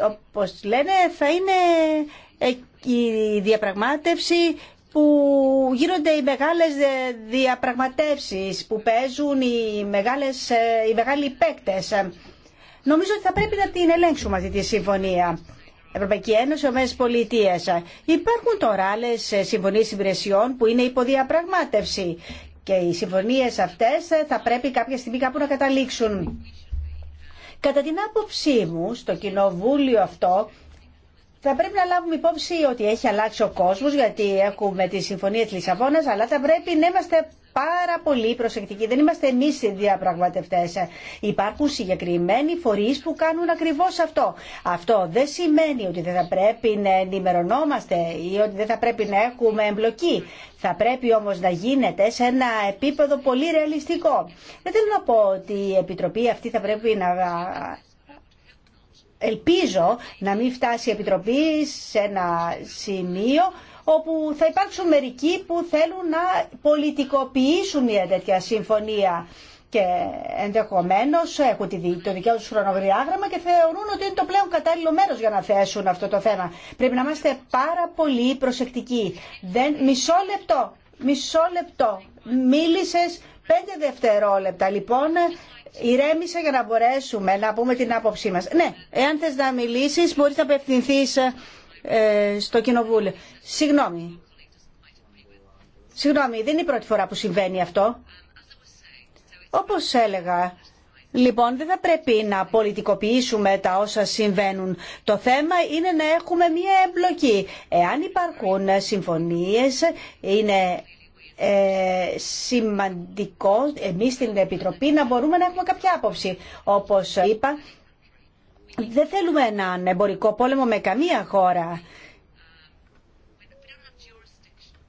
όπως λένε θα είναι η διαπραγμάτευση που γίνονται οι μεγάλες ε, διαπραγματεύσεις που παίζουν οι, μεγάλες, ε, οι μεγάλοι παίκτες. Νομίζω ότι θα πρέπει να την ελέγξουμε αυτή τη συμφωνία. Ευρωπαϊκή Ένωση, Ομέρες Πολιτείες. Υπάρχουν τώρα άλλε ε, συμφωνίες υπηρεσιών που είναι υποδιαπραγμάτευση και οι συμφωνίες αυτές θα πρέπει κάποια στιγμή κάπου να καταλήξουν. Κατά την άποψή μου, στο κοινοβούλιο αυτό θα πρέπει να λάβουμε υπόψη ότι έχει αλλάξει ο κόσμος γιατί έχουμε τη Συμφωνία της Λισαβόνας αλλά θα πρέπει να είμαστε πάρα πολύ προσεκτικοί. Δεν είμαστε εμεί οι διαπραγματευτέ. Υπάρχουν συγκεκριμένοι φορεί που κάνουν ακριβώ αυτό. Αυτό δεν σημαίνει ότι δεν θα πρέπει να ενημερωνόμαστε ή ότι δεν θα πρέπει να έχουμε εμπλοκή. Θα πρέπει όμω να γίνεται σε ένα επίπεδο πολύ ρεαλιστικό. Δεν θέλω να πω ότι η Επιτροπή αυτή θα πρέπει να ελπίζω να μην φτάσει η Επιτροπή σε ένα σημείο όπου θα υπάρξουν μερικοί που θέλουν να πολιτικοποιήσουν μια τέτοια συμφωνία και ενδεχομένω έχουν το δικαίωμα του χρονοδιάγραμμα και θεωρούν ότι είναι το πλέον κατάλληλο μέρο για να θέσουν αυτό το θέμα. Πρέπει να είμαστε πάρα πολύ προσεκτικοί. Δεν... Μισό λεπτό, μισό λεπτό. Μίλησε πέντε δευτερόλεπτα. Λοιπόν, ηρέμησε για να μπορέσουμε να πούμε την άποψή μα. Ναι, εάν θε να μιλήσει, μπορεί να απευθυνθεί ε, στο Κοινοβούλιο. Συγγνώμη. Συγγνώμη, δεν είναι η πρώτη φορά που συμβαίνει αυτό. Όπως έλεγα, Λοιπόν, δεν θα πρέπει να πολιτικοποιήσουμε τα όσα συμβαίνουν. Το θέμα είναι να έχουμε μία εμπλοκή. Εάν υπάρχουν συμφωνίες, είναι ε, σημαντικό εμείς στην Επιτροπή να μπορούμε να έχουμε κάποια άποψη. Όπως είπα, δεν θέλουμε έναν εμπορικό πόλεμο με καμία χώρα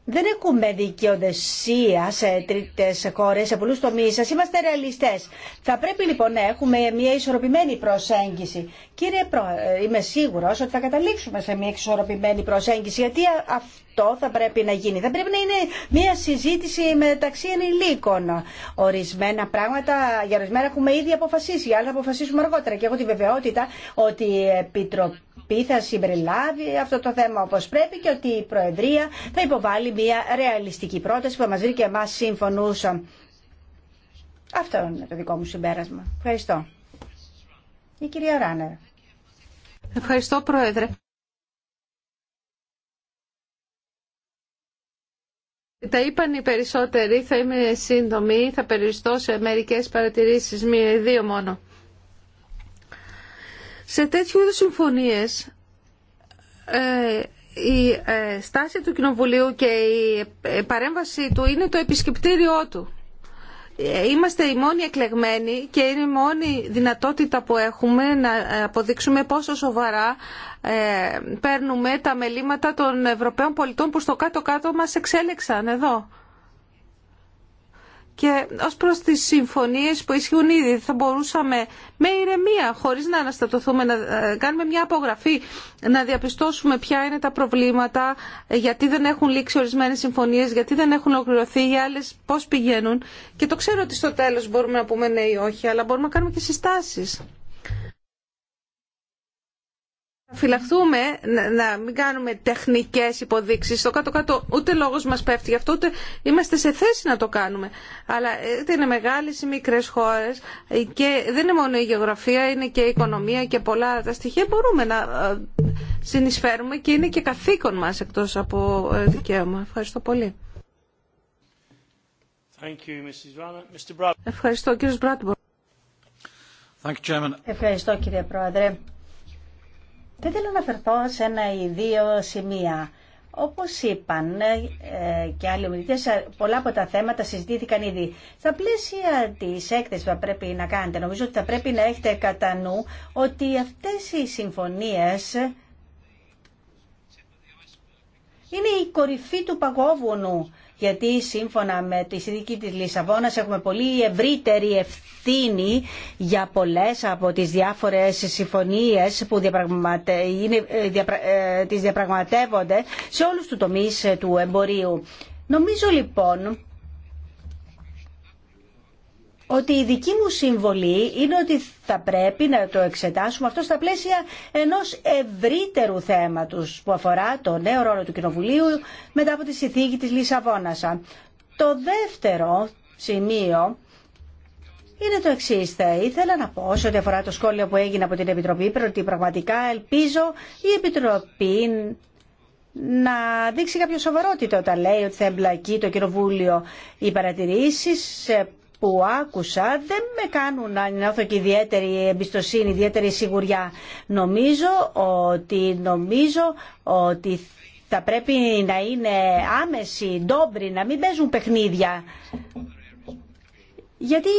δεν έχουμε δικαιοδεσία σε τρίτε χώρε, σε πολλού τομεί. Σα είμαστε ρεαλιστέ. Θα πρέπει λοιπόν να έχουμε μια ισορροπημένη προσέγγιση. Κύριε Πρόεδρε, είμαι σίγουρο ότι θα καταλήξουμε σε μια ισορροπημένη προσέγγιση, γιατί αυτό θα πρέπει να γίνει. Θα πρέπει να είναι μια συζήτηση μεταξύ ενηλίκων. Ορισμένα πράγματα, για ορισμένα έχουμε ήδη αποφασίσει, άλλα θα αποφασίσουμε αργότερα. Και έχω τη βεβαιότητα ότι η Επιτροπή πει θα συμπεριλάβει αυτό το θέμα όπως πρέπει και ότι η Προεδρία θα υποβάλει μια ρεαλιστική πρόταση που μας βρει και εμάς συμφωνού. Αυτό είναι το δικό μου συμπέρασμα. Ευχαριστώ. Η κυρία Ράνερ. Ευχαριστώ Πρόεδρε. Τα είπαν οι περισσότεροι, θα είμαι σύντομη, θα περιοριστώ σε μερικές παρατηρήσεις, μία ή δύο μόνο. Σε τέτοιου είδους συμφωνίες ε, η ε, στάση του Κοινοβουλίου και η ε, παρέμβαση του είναι το επισκεπτήριό του. Είμαστε οι μόνοι εκλεγμένοι και είναι η μόνη δυνατότητα που έχουμε να αποδείξουμε πόσο σοβαρά παίρνουμε τα μελήματα των Ευρωπαίων πολιτών που στο κάτω-κάτω μας εξέλεξαν εδώ. Και ως προς τις συμφωνίες που ισχύουν ήδη θα μπορούσαμε με ηρεμία, χωρίς να αναστατωθούμε, να ε, κάνουμε μια απογραφή, να διαπιστώσουμε ποια είναι τα προβλήματα, γιατί δεν έχουν λήξει ορισμένες συμφωνίες, γιατί δεν έχουν ολοκληρωθεί οι άλλες, πώς πηγαίνουν. Και το ξέρω ότι στο τέλος μπορούμε να πούμε ναι ή όχι, αλλά μπορούμε να κάνουμε και συστάσεις φυλαχθούμε να μην κάνουμε τεχνικές υποδείξει. Στο κάτω-κάτω ούτε λόγος μας πέφτει γι' αυτό, ούτε είμαστε σε θέση να το κάνουμε. Αλλά ε, είτε είναι μεγάλες ή μικρές χώρες ε, και δεν είναι μόνο η γεωγραφία, είναι και η οικονομία και πολλά τα στοιχεία μπορούμε να ε, συνεισφέρουμε και είναι και καθήκον μας εκτός από δικαίωμα. Ευχαριστώ πολύ. Ευχαριστώ Ευχαριστώ κύριε Πρόεδρε. Δεν θέλω να φερθώ σε ένα ή δύο σημεία. Όπως είπαν ε, και άλλοι ομιλητές, ε, πολλά από τα θέματα συζητήθηκαν ήδη. Στα πλαίσια της έκθεσης που θα πρέπει να κάνετε, νομίζω ότι θα πρέπει να έχετε κατά νου ότι αυτές οι συμφωνίες είναι η κορυφή του παγόβουνου γιατί σύμφωνα με τη συνδίκη της Λισαβόνας έχουμε πολύ ευρύτερη ευθύνη για πολλές από τις διάφορες συμφωνίες που διαπραγματε... Ε, ε, τις διαπραγματεύονται σε όλους τους τομείς του εμπορίου. Νομίζω λοιπόν ότι η δική μου συμβολή είναι ότι θα πρέπει να το εξετάσουμε αυτό στα πλαίσια ενός ευρύτερου θέματος που αφορά το νέο ρόλο του Κοινοβουλίου μετά από τη συνθήκη της Λισαβόνας. Το δεύτερο σημείο είναι το εξή. Θα ήθελα να πω σε ό,τι αφορά το σχόλιο που έγινε από την Επιτροπή, ότι πραγματικά ελπίζω η Επιτροπή να δείξει κάποιο σοβαρότητα όταν λέει ότι θα εμπλακεί το Κοινοβούλιο. Οι παρατηρήσει που άκουσα δεν με κάνουν να νιώθω και ιδιαίτερη εμπιστοσύνη, ιδιαίτερη σιγουριά. Νομίζω ότι, νομίζω ότι θα πρέπει να είναι άμεση, ντόμπρι, να μην παίζουν παιχνίδια. Γιατί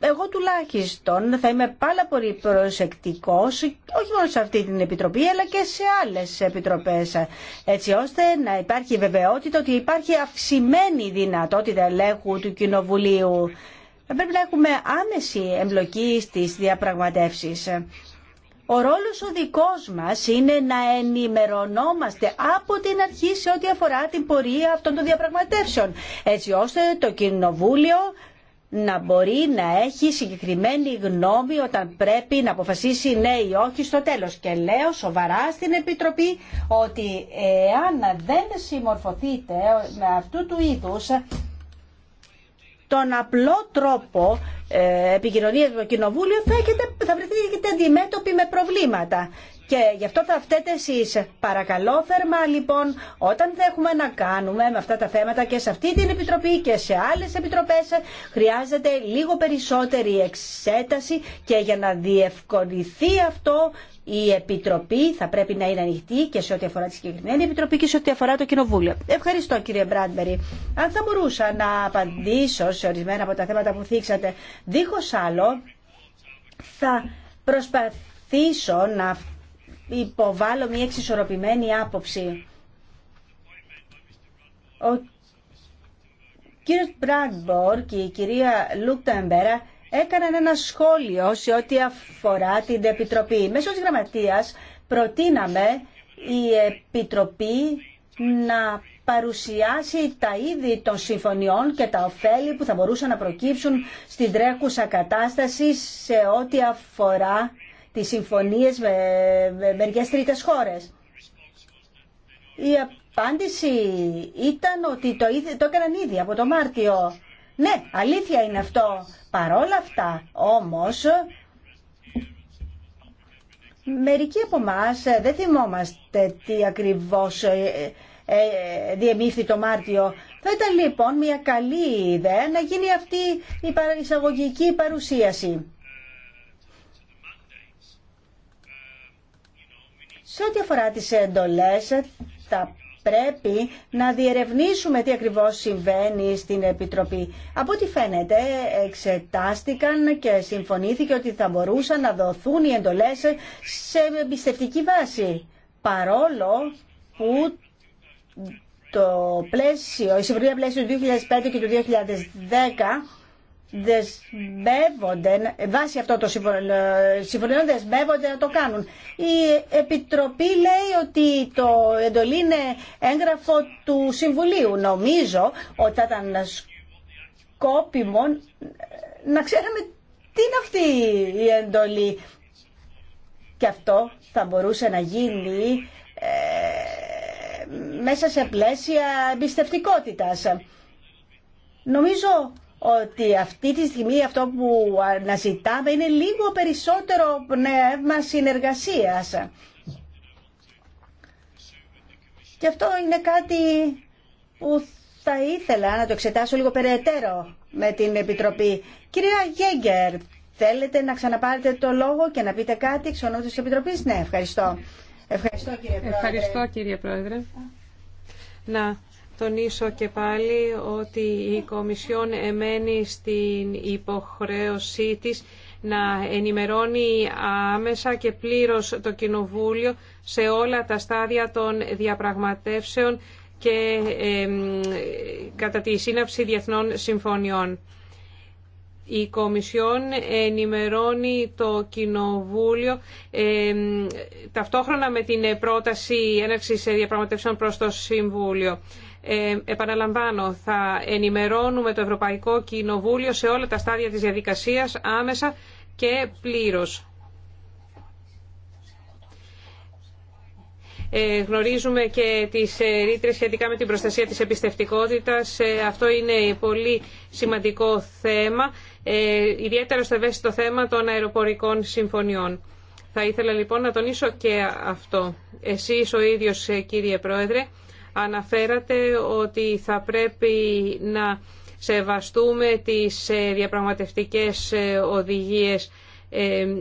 εγώ τουλάχιστον θα είμαι πάρα πολύ προσεκτικός όχι μόνο σε αυτή την επιτροπή αλλά και σε άλλες επιτροπές έτσι ώστε να υπάρχει βεβαιότητα ότι υπάρχει αυξημένη δυνατότητα ελέγχου του Κοινοβουλίου. Πρέπει να έχουμε άμεση εμπλοκή στις διαπραγματεύσεις. Ο ρόλος ο δικός μας είναι να ενημερωνόμαστε από την αρχή σε ό,τι αφορά την πορεία αυτών των διαπραγματεύσεων, έτσι ώστε το Κοινοβούλιο να μπορεί να έχει συγκεκριμένη γνώμη όταν πρέπει να αποφασίσει ναι ή όχι στο τέλος. Και λέω σοβαρά στην Επιτροπή ότι εάν δεν συμμορφωθείτε με αυτού του είδους τον απλό τρόπο ε, επικοινωνίας του Κοινοβούλιο θα, θα βρεθείτε αντιμέτωποι με προβλήματα. Και γι' αυτό θα φταίτε εσεί. Παρακαλώ θερμά λοιπόν όταν θα έχουμε να κάνουμε με αυτά τα θέματα και σε αυτή την Επιτροπή και σε άλλε επιτροπέ, χρειάζεται λίγο περισσότερη εξέταση και για να διευκολυνθεί αυτό η Επιτροπή θα πρέπει να είναι ανοιχτή και σε ό,τι αφορά τη συγκεκριμένη Επιτροπή και σε ό,τι αφορά το Κοινοβούλιο. Ευχαριστώ κύριε Μπράντμπερι. Αν θα μπορούσα να απαντήσω σε ορισμένα από τα θέματα που θίξατε, δίχως άλλο θα προσπαθήσω να Υποβάλλω μια εξισορροπημένη άποψη. Ο κύριος Μπραντμπορ και η κυρία Λούκτεμπερα έκαναν ένα σχόλιο σε ό,τι αφορά την Επιτροπή. Μέσω της Γραμματείας προτείναμε η Επιτροπή να παρουσιάσει τα είδη των συμφωνιών και τα ωφέλη που θα μπορούσαν να προκύψουν στην τρέχουσα κατάσταση σε ό,τι αφορά τι συμφωνίες με μερικές τρίτες χώρες. Η απάντηση ήταν ότι το, το έκαναν ήδη από το Μάρτιο. Ναι, αλήθεια είναι αυτό. Παρόλα αυτά, όμως, μερικοί από εμά ε, δεν θυμόμαστε τι ακριβώς ε, ε, διεμήφθη το Μάρτιο. Θα ήταν λοιπόν μια καλή ιδέα να γίνει αυτή η εισαγωγική παρουσίαση. Σε ό,τι αφορά τις εντολές, τα πρέπει να διερευνήσουμε τι ακριβώς συμβαίνει στην Επιτροπή. Από ό,τι φαίνεται εξετάστηκαν και συμφωνήθηκε ότι θα μπορούσαν να δοθούν οι εντολές σε εμπιστευτική βάση. Παρόλο που το πλαίσιο, η Συμβουλία πλαίσιο του 2005 και του 2010 δεσμεύονται, βάσει αυτό το συμφωνείο ε, δεσμεύονται να το κάνουν. Η Επιτροπή λέει ότι το εντολή είναι έγγραφο του Συμβουλίου. Νομίζω ότι θα ήταν σκόπιμο να ξέραμε τι είναι αυτή η εντολή. Και αυτό θα μπορούσε να γίνει ε, μέσα σε πλαίσια εμπιστευτικότητας. Νομίζω ότι αυτή τη στιγμή αυτό που αναζητάμε είναι λίγο περισσότερο πνεύμα συνεργασίας. Και αυτό είναι κάτι που θα ήθελα να το εξετάσω λίγο περαιτέρω με την Επιτροπή. Κυρία Γέγκερ, θέλετε να ξαναπάρετε το λόγο και να πείτε κάτι εξ ονόματος της Επιτροπής. Ναι, ευχαριστώ. Ευχαριστώ κύριε Πρόεδρε. Ευχαριστώ, κύριε Πρόεδρε. Να τονίσω και πάλι ότι η Κομισιόν εμένει στην υποχρέωσή της να ενημερώνει άμεσα και πλήρως το Κοινοβούλιο σε όλα τα στάδια των διαπραγματεύσεων και κατά τη σύναψη διεθνών συμφωνιών. Η Κομισιόν ενημερώνει το Κοινοβούλιο ταυτόχρονα με την πρόταση έναρξης διαπραγματεύσεων προς το Συμβούλιο. Ε, επαναλαμβάνω, θα ενημερώνουμε το Ευρωπαϊκό Κοινοβούλιο σε όλα τα στάδια της διαδικασίας άμεσα και πλήρως. Ε, γνωρίζουμε και τις ε, ρήτρες σχετικά με την προστασία της εμπιστευτικότητας. Ε, αυτό είναι πολύ σημαντικό θέμα, ιδιαίτερα στο ευαίσθητο θέμα των αεροπορικών συμφωνιών. Θα ήθελα λοιπόν να τονίσω και αυτό. Εσείς ο ίδιος κύριε Πρόεδρε Αναφέρατε ότι θα πρέπει να σεβαστούμε τις ε, διαπραγματευτικές ε, οδηγίες. Ε,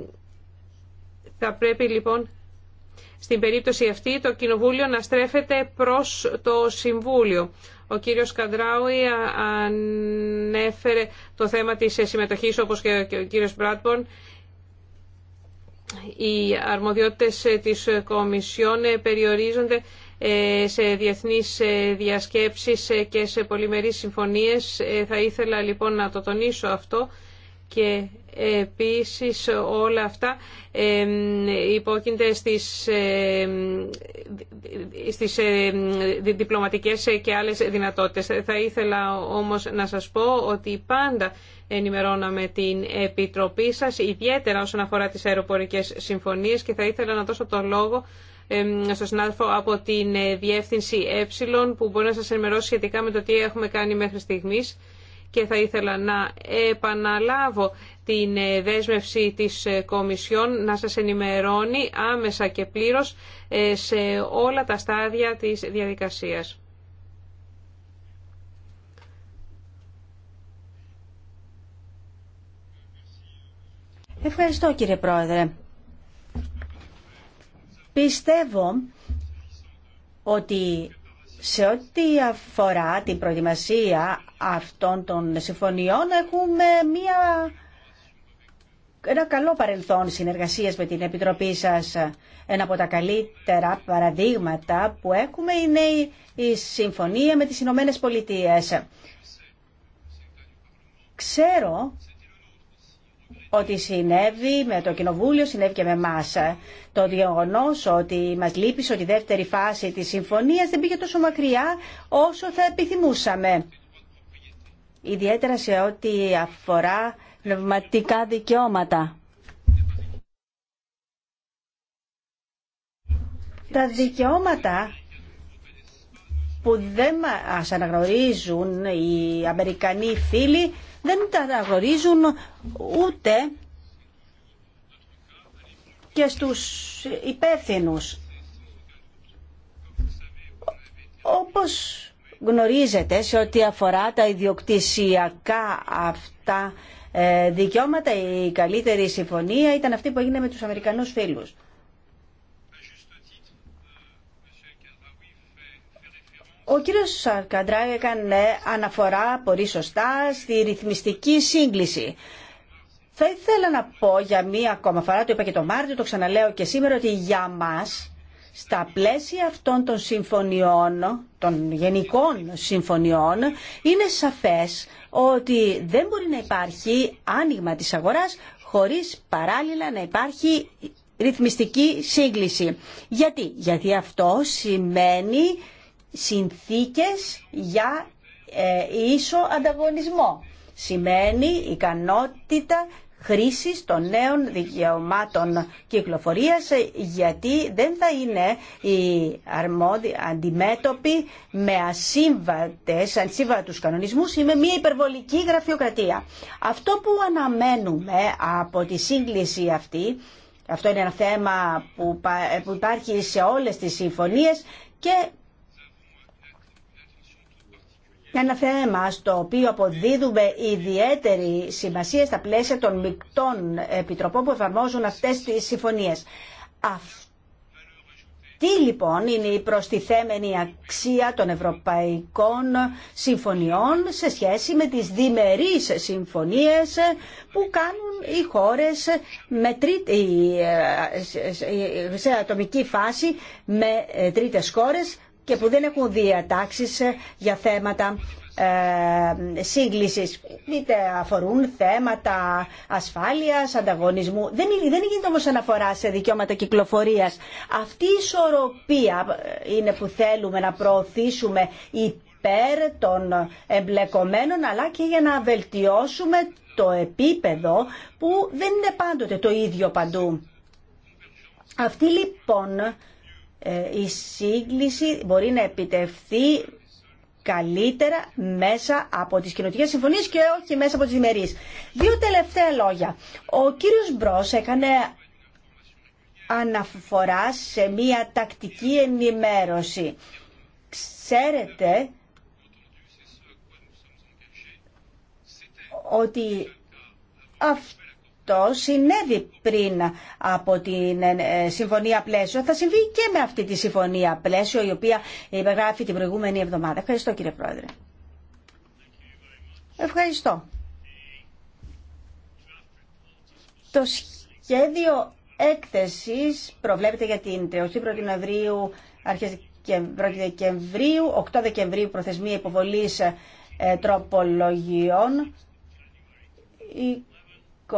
θα πρέπει λοιπόν στην περίπτωση αυτή το Κοινοβούλιο να στρέφεται προς το Συμβούλιο. Ο κύριος Καντράουι ανέφερε το θέμα της συμμετοχής όπως και ο κύριος Μπράτμπορν. Οι αρμοδιότητες της Κομισιόν περιορίζονται ε, σε διεθνείς ε, διασκέψεις ε, και σε πολυμερείς συμφωνίες. Θα ήθελα λοιπόν να το τονίσω αυτό και επίσης όλα αυτά υπόκεινται στις, στις διπλωματικές και άλλες δυνατότητες. Θα ήθελα όμως να σας πω ότι πάντα ενημερώναμε την Επιτροπή σας, ιδιαίτερα όσον αφορά τις αεροπορικές συμφωνίες και θα ήθελα να δώσω το λόγο στον συνάδελφο από την ε, Διεύθυνση Ε που μπορεί να σας ενημερώσει σχετικά με το τι έχουμε κάνει μέχρι στιγμής και θα ήθελα να επαναλάβω την ε, δέσμευση της ε, Κομισιόν να σας ενημερώνει άμεσα και πλήρως σε όλα τα στάδια της διαδικασίας. Ευχαριστώ κύριε Πρόεδρε. Πιστεύω ότι σε ό,τι αφορά την προετοιμασία αυτών των συμφωνιών έχουμε μία, ένα καλό παρελθόν συνεργασίας με την Επιτροπή σας. Ένα από τα καλύτερα παραδείγματα που έχουμε είναι η συμφωνία με τις Ηνωμένε Πολιτείες. Ξέρω ότι συνέβη με το Κοινοβούλιο, συνέβη και με εμά. Το γεγονό ότι μα λείπει ότι η δεύτερη φάση τη συμφωνία δεν πήγε τόσο μακριά όσο θα επιθυμούσαμε. Ιδιαίτερα σε ό,τι αφορά πνευματικά δικαιώματα. Τα δικαιώματα που δεν μας αναγνωρίζουν οι Αμερικανοί φίλοι δεν τα αγορίζουν ούτε και στους υπεύθυνους. Όπως γνωρίζετε σε ό,τι αφορά τα ιδιοκτησιακά αυτά ε, δικαιώματα, η καλύτερη συμφωνία ήταν αυτή που έγινε με τους Αμερικανούς φίλους. Ο κύριος Σαρκαντρά έκανε αναφορά πολύ σωστά στη ρυθμιστική σύγκληση. Θα ήθελα να πω για μία ακόμα φορά, το είπα και το Μάρτιο, το ξαναλέω και σήμερα, ότι για μας, στα πλαίσια αυτών των συμφωνιών, των γενικών συμφωνιών, είναι σαφές ότι δεν μπορεί να υπάρχει άνοιγμα της αγοράς χωρίς παράλληλα να υπάρχει ρυθμιστική σύγκληση. Γιατί, Γιατί αυτό σημαίνει συνθήκες για ε, ίσο ανταγωνισμό. Σημαίνει ικανότητα χρήσης των νέων δικαιωμάτων κυκλοφορίας ε, γιατί δεν θα είναι οι αρμόδιοι αντιμέτωποι με ασύμβατες, ασύμβατους κανονισμούς ή με μια υπερβολική γραφειοκρατία. Αυτό που αναμένουμε από τη σύγκληση αυτή, αυτό είναι ένα θέμα που ε, υπάρχει σε όλες τις συμφωνίες και για ένα θέμα στο οποίο αποδίδουμε ιδιαίτερη σημασία στα πλαίσια των μεικτών επιτροπών που εφαρμόζουν αυτές τις συμφωνίες. Τι λοιπόν είναι η προστιθέμενη αξία των ευρωπαϊκών συμφωνιών σε σχέση με τις διμερείς συμφωνίες που κάνουν οι χώρες με ε, σε ατομική φάση με ε, τρίτες χώρες και που δεν έχουν διατάξει ε, για θέματα ε, σύγκλησης. Είτε αφορούν θέματα ασφάλειας, ανταγωνισμού. Δεν, δεν γίνεται όμως αναφορά σε δικαιώματα κυκλοφορίας. Αυτή η ισορροπία ε, είναι που θέλουμε να προωθήσουμε υπέρ των εμπλεκομένων αλλά και για να βελτιώσουμε το επίπεδο που δεν είναι πάντοτε το ίδιο παντού. Αυτή λοιπόν ε, η σύγκληση μπορεί να επιτευχθεί καλύτερα μέσα από τις κοινωτικές συμφωνίες και όχι μέσα από τις διμερείς. Δύο τελευταία λόγια. Ο κύριος Μπρος έκανε αναφορά σε μία τακτική ενημέρωση. Ξέρετε ότι αυτό το συνέβη πριν από την ε, συμφωνία πλαίσιο. Θα συμβεί και με αυτή τη συμφωνία πλαίσιο η οποία υπεγράφει την προηγούμενη εβδομάδα. Ευχαριστώ κύριε Πρόεδρε. Ευχαριστώ. Το σχέδιο έκθεσης προβλέπεται για την 31η Νοεμβρίου αρχές Δεκεμβρίου, 8 Δεκεμβρίου προθεσμία υποβολής ε, τροπολογιών. 24-26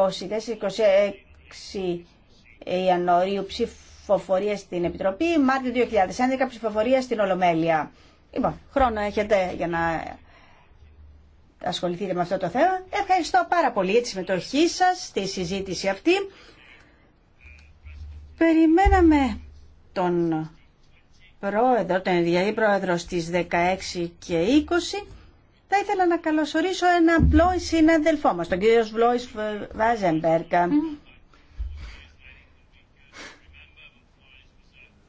Ιανουαρίου ψηφοφορία στην Επιτροπή, Μάρτιο 2011 ψηφοφορία στην Ολομέλεια. Λοιπόν, χρόνο έχετε για να ασχοληθείτε με αυτό το θέμα. Ευχαριστώ πάρα πολύ για τη συμμετοχή σα στη συζήτηση αυτή. Περιμέναμε τον πρόεδρο, τον ενδιαφέρει πρόεδρο στις 16 και 20 θα ήθελα να καλωσορίσω ένα πλόη συναδελφό μας, τον κύριο Βλόης Βάζεμπερκα.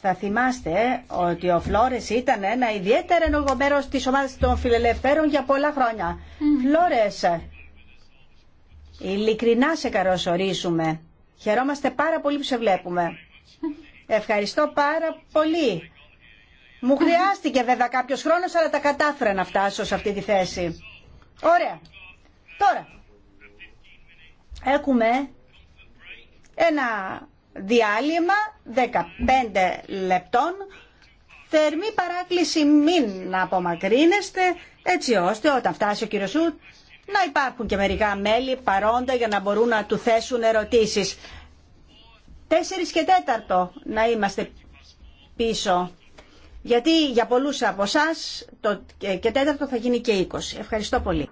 Θα θυμάστε ότι ο Φλόρες ήταν ένα ιδιαίτερο ενεργό μέρος της ομάδας των φιλελευθέρων για πολλά χρόνια. Mm. Φλόρες, ειλικρινά σε καλωσορίζουμε. Χαιρόμαστε πάρα πολύ που σε βλέπουμε. Ευχαριστώ πάρα πολύ μου χρειάστηκε βέβαια κάποιο χρόνο, αλλά τα κατάφερα να φτάσω σε αυτή τη θέση. Ωραία. Τώρα, έχουμε ένα διάλειμμα 15 λεπτών. Θερμή παράκληση μην να απομακρύνεστε, έτσι ώστε όταν φτάσει ο κύριος Σουτ να υπάρχουν και μερικά μέλη παρόντα για να μπορούν να του θέσουν ερωτήσεις. Τέσσερις και τέταρτο να είμαστε πίσω γιατί για πολλούς από εσά και τέταρτο θα γίνει και 20. Ευχαριστώ πολύ.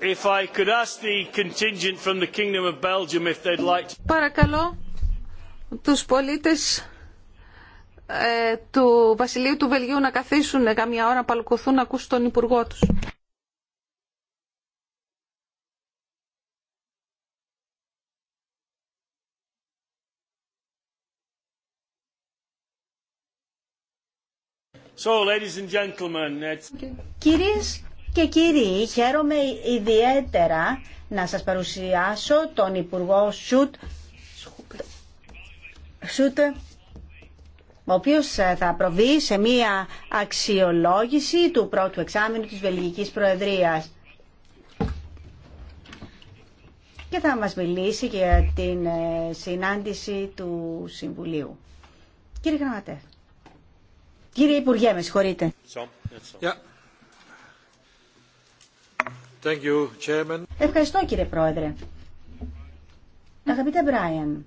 If I could ask the contingent from the Kingdom of Belgium if they'd like to... Παρακαλώ τους πολίτες ε, του Βασιλείου του Βελγίου να καθίσουν καμιά ώρα να παλουκωθούν να ακούσουν τον Υπουργό τους. So, ladies and gentlemen, it's... Κυρίες και κύριοι, χαίρομαι ιδιαίτερα να σας παρουσιάσω τον Υπουργό Σουτ, Σουτ ο οποίος θα προβεί σε μία αξιολόγηση του πρώτου εξάμεινου της Βελγικής Προεδρίας. Και θα μας μιλήσει για την ε, συνάντηση του Συμβουλίου. Κύριε Γραμματέ, κύριε Υπουργέ, με συγχωρείτε. Ευχαριστώ κύριε Πρόεδρε. Αγαπητέ Μπράιαν.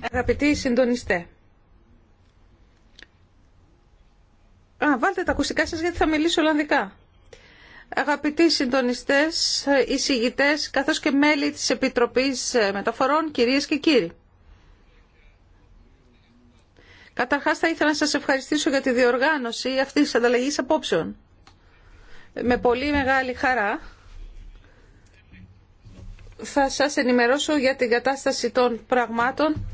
Αγαπητοί συντονιστέ. Α, βάλτε τα ακουστικά σας γιατί θα μιλήσω Ολλανδικά. Αγαπητοί συντονιστές, εισηγητές, καθώς και μέλη της Επιτροπής Μεταφορών, κυρίες και κύριοι. Καταρχάς θα ήθελα να σας ευχαριστήσω για τη διοργάνωση αυτής της ανταλλαγής απόψεων με πολύ μεγάλη χαρά θα σας ενημερώσω για την κατάσταση των πραγμάτων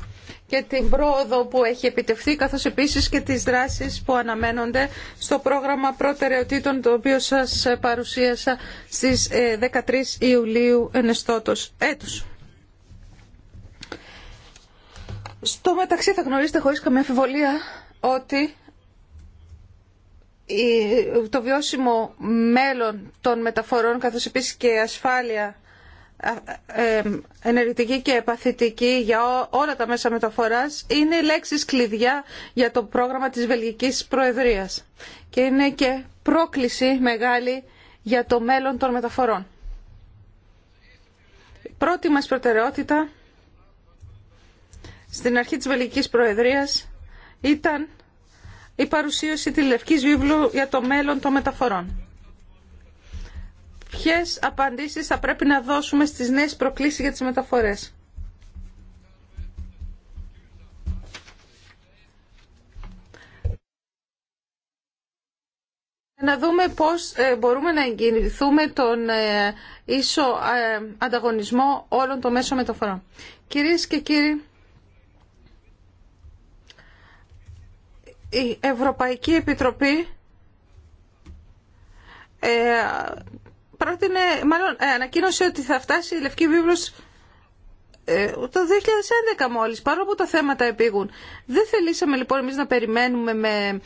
και την πρόοδο που έχει επιτευχθεί, καθώς επίσης και τις δράσεις που αναμένονται στο πρόγραμμα προτεραιοτήτων, το οποίο σας παρουσίασα στις 13 ε, Ιουλίου ενεστώτος έτους. Στο μεταξύ θα γνωρίζετε χωρίς καμία αφιβολία ότι το βιώσιμο μέλλον των μεταφορών καθώς επίσης και ασφάλεια ε, ενεργητική και επαθητική για όλα τα μέσα μεταφοράς είναι λέξεις κλειδιά για το πρόγραμμα της Βελγικής Προεδρίας και είναι και πρόκληση μεγάλη για το μέλλον των μεταφορών. Πρώτη μας προτεραιότητα στην αρχή της Βελγικής Προεδρίας ήταν η παρουσίαση της Λευκής Βίβλου για το μέλλον των μεταφορών. Ποιες απαντήσεις θα πρέπει να δώσουμε στις νέες προκλήσεις για τις μεταφορές. Να δούμε πώς ε, μπορούμε να εγγυηθούμε τον ε, ίσο ε, ανταγωνισμό όλων των μέσων μεταφορών. Κυρίες και κύριοι, η Ευρωπαϊκή Επιτροπή ε, πρότεινε, μάλλον ε, ανακοίνωσε ότι θα φτάσει η Λευκή Βίβλος ε, το 2011 μόλις, παρόλο που τα θέματα επήγουν. Δεν θελήσαμε λοιπόν εμείς να περιμένουμε με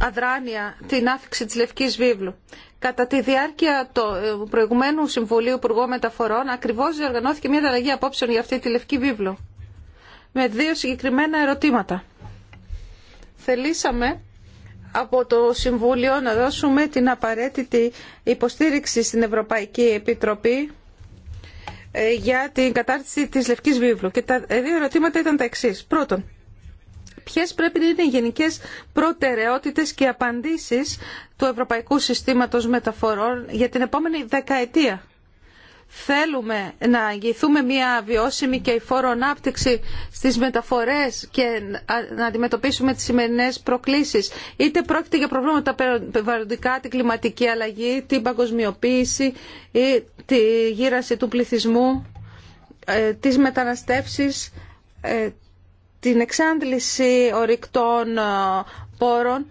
αδράνεια την άφηξη της Λευκής Βίβλου. Κατά τη διάρκεια του ε, προηγουμένου Συμβουλίου Υπουργών Μεταφορών ακριβώς διοργανώθηκε μια αλλαγή απόψεων για αυτή τη Λευκή Βίβλο με δύο συγκεκριμένα ερωτήματα θελήσαμε από το Συμβούλιο να δώσουμε την απαραίτητη υποστήριξη στην Ευρωπαϊκή Επιτροπή ε, για την κατάρτιση της Λευκής Βίβλου. Και τα δύο ερωτήματα ήταν τα εξής. Πρώτον, ποιες πρέπει να είναι οι γενικές προτεραιότητες και απαντήσεις του Ευρωπαϊκού Συστήματος Μεταφορών για την επόμενη δεκαετία θέλουμε να αγγιθούμε μια βιώσιμη και υφόρο ανάπτυξη στις μεταφορές και να αντιμετωπίσουμε τις σημερινές προκλήσεις, είτε πρόκειται για προβλήματα περιβαλλοντικά, την κλιματική αλλαγή, την παγκοσμιοποίηση ή τη γύραση του πληθυσμού, ε, τις μεταναστεύσεις, ε, την εξάντληση ορυκτών ε, πόρων,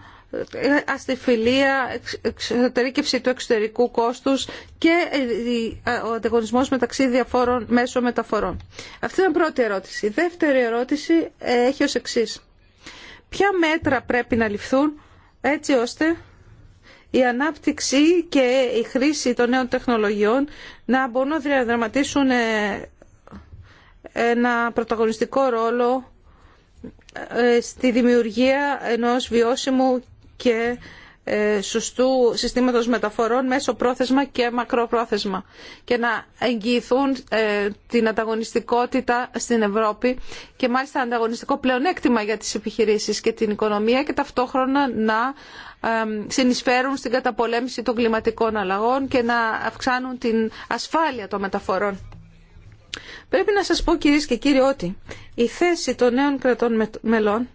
αστιφιλία, εξωτερήκευση του εξωτερικού κόστους και ε, ε, ο ανταγωνισμός μεταξύ διαφόρων μέσων μεταφορών. Αυτή είναι η πρώτη ερώτηση. Η δεύτερη ερώτηση ε, έχει ως εξής. Ποια μέτρα πρέπει να ληφθούν έτσι ώστε η ανάπτυξη και η χρήση των νέων τεχνολογιών να μπορούν να διαδραματίσουν ένα πρωταγωνιστικό ρόλο στη δημιουργία ενός βιώσιμου και ε, σωστού συστήματος μεταφορών μέσω πρόθεσμα και μακροπρόθεσμα και να εγγυηθούν ε, την ανταγωνιστικότητα στην Ευρώπη και μάλιστα ανταγωνιστικό πλεονέκτημα για τις επιχειρήσεις και την οικονομία και ταυτόχρονα να συνεισφέρουν στην καταπολέμηση των κλιματικών αλλαγών και να αυξάνουν την ασφάλεια των μεταφορών. Πρέπει να σας πω κυρίες και κύριοι ότι η θέση των νέων κρατών μελών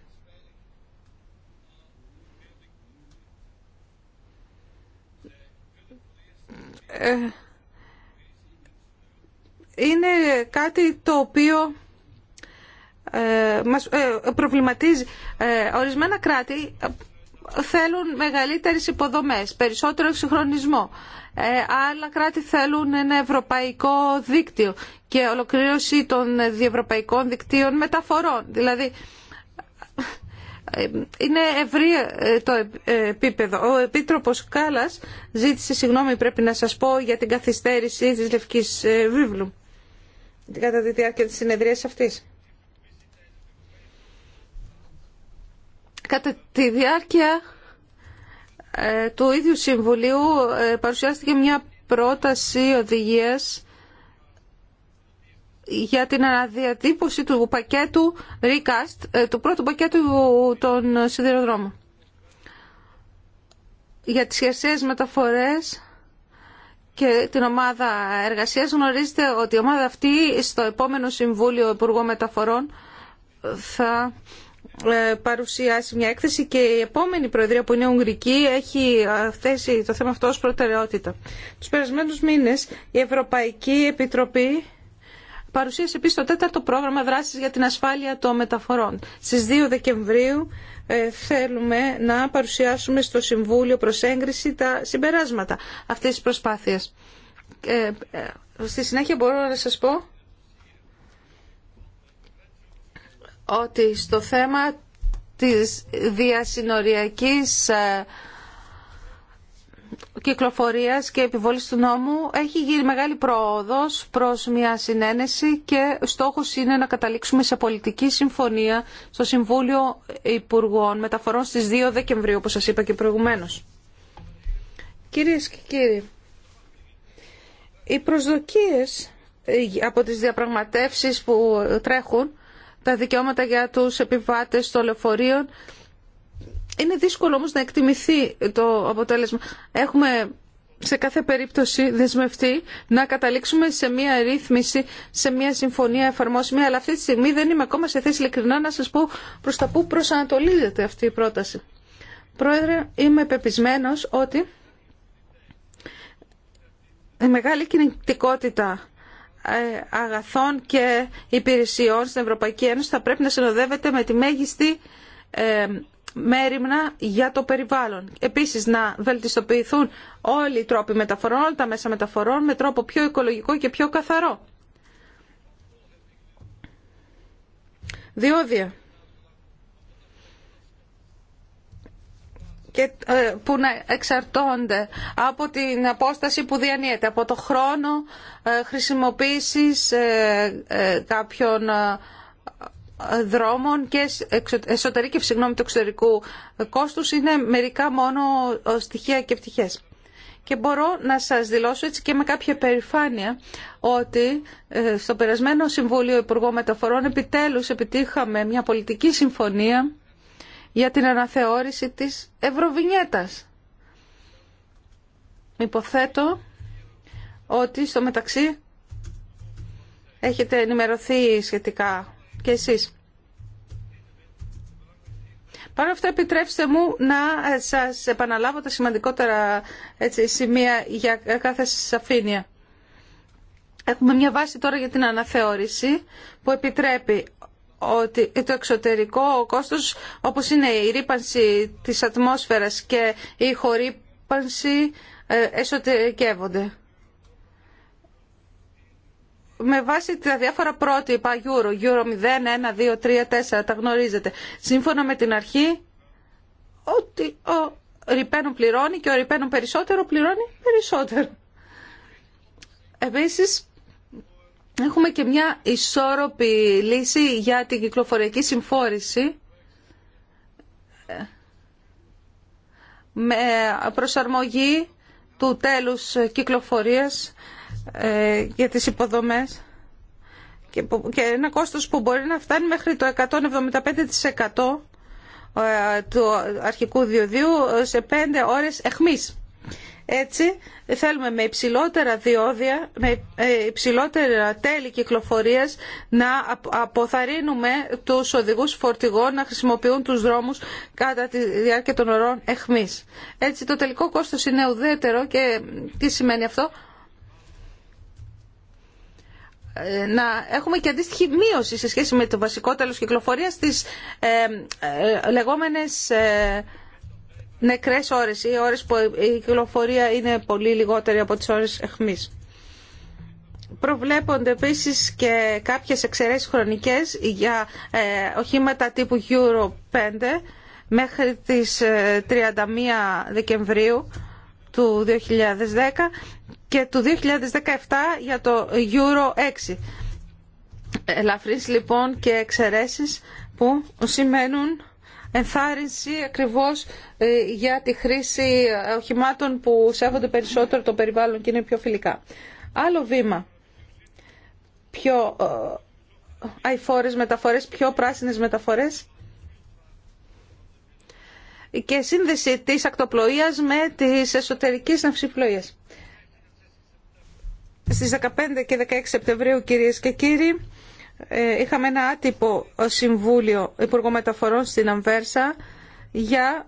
Ε, είναι κάτι το οποίο ε, μας ε, προβληματίζει. Ορισμένα κράτη θέλουν μεγαλύτερες υποδομές, περισσότερο εξυγχρονισμό. Άλλα κράτη θέλουν ένα ευρωπαϊκό δίκτυο και ολοκλήρωση των διευρωπαϊκών δικτύων μεταφορών. Δηλαδή είναι ευρύ ε, το ε, επίπεδο. Ο Επίτροπος Κάλλας ζήτησε συγγνώμη πρέπει να σας πω για την καθυστέρηση της Λευκής ε, Βίβλου κατά τη διάρκεια της συνεδρίας αυτής. Κατά τη διάρκεια του ίδιου Συμβουλίου παρουσιάστηκε μια πρόταση οδηγίας για την αναδιατύπωση του πακέτου Recast, ε, του πρώτου πακέτου των σιδηροδρόμων. Για τις χερσαίες μεταφορές και την ομάδα εργασίας γνωρίζετε ότι η ομάδα αυτή στο επόμενο Συμβούλιο Υπουργών Μεταφορών θα ε, παρουσιάσει μια έκθεση και η επόμενη Προεδρία που είναι Ουγγρική έχει ε, θέσει το θέμα αυτό ως προτεραιότητα. Τους περασμένους μήνες η Ευρωπαϊκή Επιτροπή παρουσίασε επίση το τέταρτο πρόγραμμα δράση για την ασφάλεια των μεταφορών. Στι 2 Δεκεμβρίου ε, θέλουμε να παρουσιάσουμε στο Συμβούλιο προ έγκριση τα συμπεράσματα αυτή τη προσπάθεια. Ε, ε, στη συνέχεια μπορώ να σας πω ότι στο θέμα της διασυνοριακής κυκλοφορίας και επιβολής του νόμου έχει γίνει μεγάλη πρόοδος προς μια συνένεση και στόχος είναι να καταλήξουμε σε πολιτική συμφωνία στο Συμβούλιο Υπουργών Μεταφορών στις 2 Δεκεμβρίου, όπως σας είπα και προηγουμένως. Κυρίες και κύριοι, οι προσδοκίες ε, από τις διαπραγματεύσεις που τρέχουν τα δικαιώματα για τους επιβάτες των λεωφορείων είναι δύσκολο όμως να εκτιμηθεί το αποτέλεσμα. Έχουμε σε κάθε περίπτωση δεσμευτεί να καταλήξουμε σε μια ρύθμιση, σε μια συμφωνία εφαρμόσιμη, αλλά αυτή τη στιγμή δεν είμαι ακόμα σε θέση ειλικρινά να σας πω προς τα πού προσανατολίζεται αυτή η πρόταση. Πρόεδρε, είμαι πεπισμένος ότι η μεγάλη κινητικότητα ε, αγαθών και υπηρεσιών στην Ευρωπαϊκή Ένωση θα πρέπει να συνοδεύεται με τη μέγιστη ε, μέρημνα για το περιβάλλον. Επίσης να βελτιστοποιηθούν όλοι οι τρόποι μεταφορών, όλα τα μέσα μεταφορών με τρόπο πιο οικολογικό και πιο καθαρό. Διόδια. Και, ε, που να εξαρτώνται από την απόσταση που διανύεται, από το χρόνο ε, χρησιμοποίησης ε, ε κάποιων ε, δρόμων και εσωτερική συγγνώμη του εξωτερικού κόστους είναι μερικά μόνο ε, στοιχεία και πτυχές. Και μπορώ να σας δηλώσω έτσι και με κάποια περηφάνεια ότι ε, στο περασμένο Συμβούλιο Υπουργών Μεταφορών επιτέλους επιτύχαμε μια πολιτική συμφωνία για την αναθεώρηση της Ευρωβινιέτας. Υποθέτω ότι στο μεταξύ έχετε ενημερωθεί σχετικά και εσείς. Παρ' αυτά επιτρέψτε μου να σας επαναλάβω τα σημαντικότερα έτσι, σημεία για κάθε σαφήνεια. Έχουμε μια βάση τώρα για την αναθεώρηση που επιτρέπει ότι το εξωτερικό κόστος όπως είναι η ρήπανση της ατμόσφαιρας και η χορύπανση ε, εσωτερικεύονται με βάση τα διάφορα πρότυπα Euro, Euro 0, 1, 2, 3, 4, τα γνωρίζετε, σύμφωνα με την αρχή ότι ο ρηπαίνων πληρώνει και ο ρηπαίνων περισσότερο πληρώνει περισσότερο. Επίσης, έχουμε και μια ισόρροπη λύση για την κυκλοφοριακή συμφόρηση ε, με προσαρμογή του τέλους κυκλοφορίας ε, για τις υποδομές και ένα κόστος που μπορεί να φτάνει μέχρι το 175% ε, του αρχικού διοδίου σε 5 ώρες εχμής. Έτσι θέλουμε με υψηλότερα διόδια, με ε, υψηλότερα τέλη κυκλοφορίας να αποθαρρύνουμε τους οδηγούς φορτηγών να χρησιμοποιούν τους δρόμους κατά τη διάρκεια των ωρών εχμής. Έτσι το τελικό κόστος είναι ουδέτερο και τι σημαίνει αυτό ε, να έχουμε και αντίστοιχη μείωση σε σχέση με το βασικό τέλος κυκλοφορίας στις ε, ε, λεγόμενες νεκρές ώρες ή ώρες που η κυκλοφορία είναι πολύ λιγότερη από τις ώρες εχμής. Προβλέπονται επίσης και κάποιες εξαιρέσεις χρονικές για οχήματα τύπου Euro 5 μέχρι τις 31 Δεκεμβρίου του 2010 και του 2017 για το Euro 6. Ελαφρύς λοιπόν και εξαιρέσεις που σημαίνουν ενθάρρυνση ακριβώς ε, για τη χρήση ε, οχημάτων που σέβονται περισσότερο το περιβάλλον και είναι πιο φιλικά. Άλλο βήμα, πιο ε, αϊφόρες μεταφορές, πιο πράσινες μεταφορές και σύνδεση της ακτοπλοείας με τις εσωτερικές ναυσιπλοείας. Στις 15 και 16 Σεπτεμβρίου, κυρίες και κύριοι, ε, είχαμε ένα άτυπο Συμβούλιο Υπουργομεταφορών στην Αμβέρσα για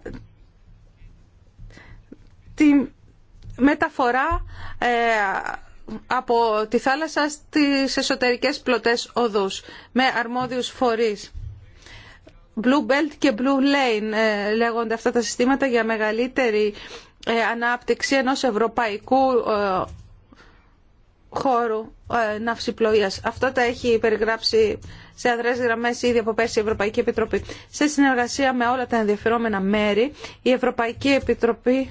τη μεταφορά ε, από τη θάλασσα στις εσωτερικές πλωτές οδούς με αρμόδιους φορείς. Blue Belt και Blue Lane ε, λέγονται αυτά τα συστήματα για μεγαλύτερη ανάπτυξη ενός ευρωπαϊκού χώρου ε, ναυσιπλοείας. Αυτό τα έχει περιγράψει σε αδρές γραμμές ήδη από πέρσι η Ευρωπαϊκή Επιτροπή. Σε συνεργασία με όλα τα ενδιαφερόμενα μέρη, η Ευρωπαϊκή Επιτροπή,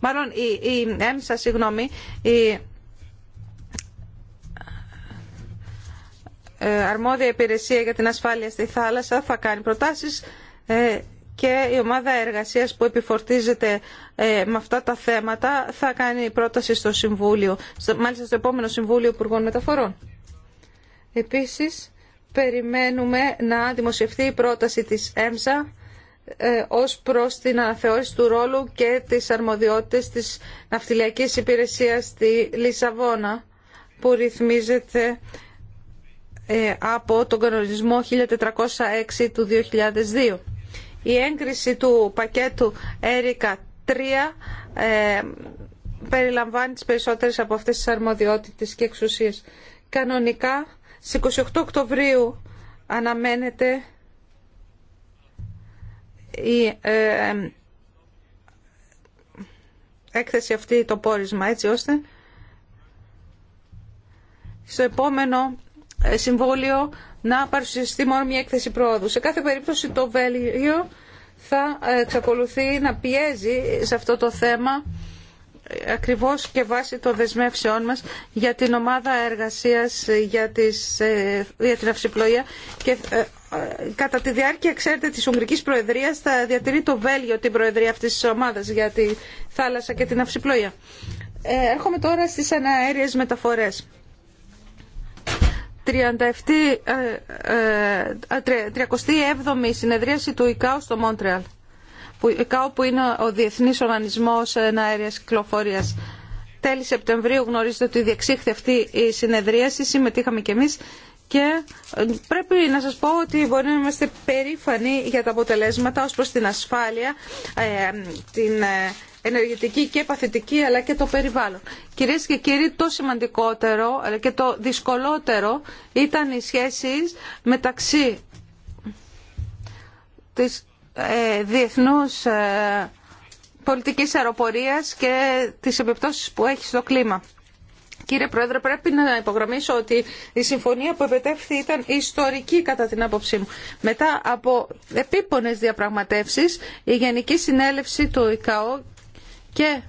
μάλλον η, η έμσα, συγγνώμη, η ε, αρμόδια υπηρεσία για την ασφάλεια στη θάλασσα θα κάνει προτάσεις ε, και η ομάδα εργασίας που επιφορτίζεται ε, με αυτά τα θέματα θα κάνει πρόταση στο Συμβούλιο, μάλιστα στο επόμενο Συμβούλιο Υπουργών Μεταφορών. Επίσης, περιμένουμε να δημοσιευθεί η πρόταση της ΕΜΣΑ ε, ως προς την αναθεώρηση του ρόλου και της αρμοδιότητας της ναυτιλιακής υπηρεσίας στη Λισαβόνα που ρυθμίζεται ε, από τον κανονισμό 1406 του 2002. Η έγκριση του πακέτου ΕΡΙΚΑ 3 ε, περιλαμβάνει τις περισσότερες από αυτές τις αρμοδιότητες και εξουσίες. Κανονικά, στις 28 Οκτωβρίου αναμένεται η ε, έκθεση αυτή το πόρισμα έτσι ώστε στο επόμενο ε, Συμβόλιο να παρουσιαστεί μόνο μια έκθεση πρόοδου. Σε κάθε περίπτωση το Βέλγιο θα ε, εξακολουθεί να πιέζει σε αυτό το θέμα ε, ακριβώς και βάσει των δεσμεύσεών μας για την ομάδα εργασίας για, τις, για την αυσιπλοεία και κατά τη διάρκεια, ξέρετε, της Ουγγρικής Προεδρίας θα διατηρεί το Βέλγιο την Προεδρία αυτής της ομάδας για τη θάλασσα και την αυσιπλοεία. έρχομαι τώρα στις αναέριες μεταφορές. 37η ε, ε, ε, συνεδρίαση του ΙΚΑΟ στο Μόντρεαλ. Που, ΙΚΑΟ που είναι ο Διεθνής Οργανισμός Αέριας Κυκλοφορίας. Τέλη Σεπτεμβρίου γνωρίζετε ότι διεξήχθη αυτή η συνεδρίαση, συμμετείχαμε κι εμείς και πρέπει να σας πω ότι μπορεί να είμαστε περήφανοι για τα αποτελέσματα ως προς την ασφάλεια, την ενεργητική και παθητική αλλά και το περιβάλλον. Κυρίε και κύριοι, το σημαντικότερο αλλά και το δυσκολότερο ήταν οι σχέσεις μεταξύ της ε, διεθνούς ε, πολιτικής αεροπορίας και τι επιπτώσει που έχει στο κλίμα. Κύριε Πρόεδρε, πρέπει να υπογραμμίσω ότι η συμφωνία που επετέφθη ήταν ιστορική κατά την άποψή μου. Μετά από επίπονες διαπραγματεύσεις, η Γενική Συνέλευση του ΙΚΑΟ και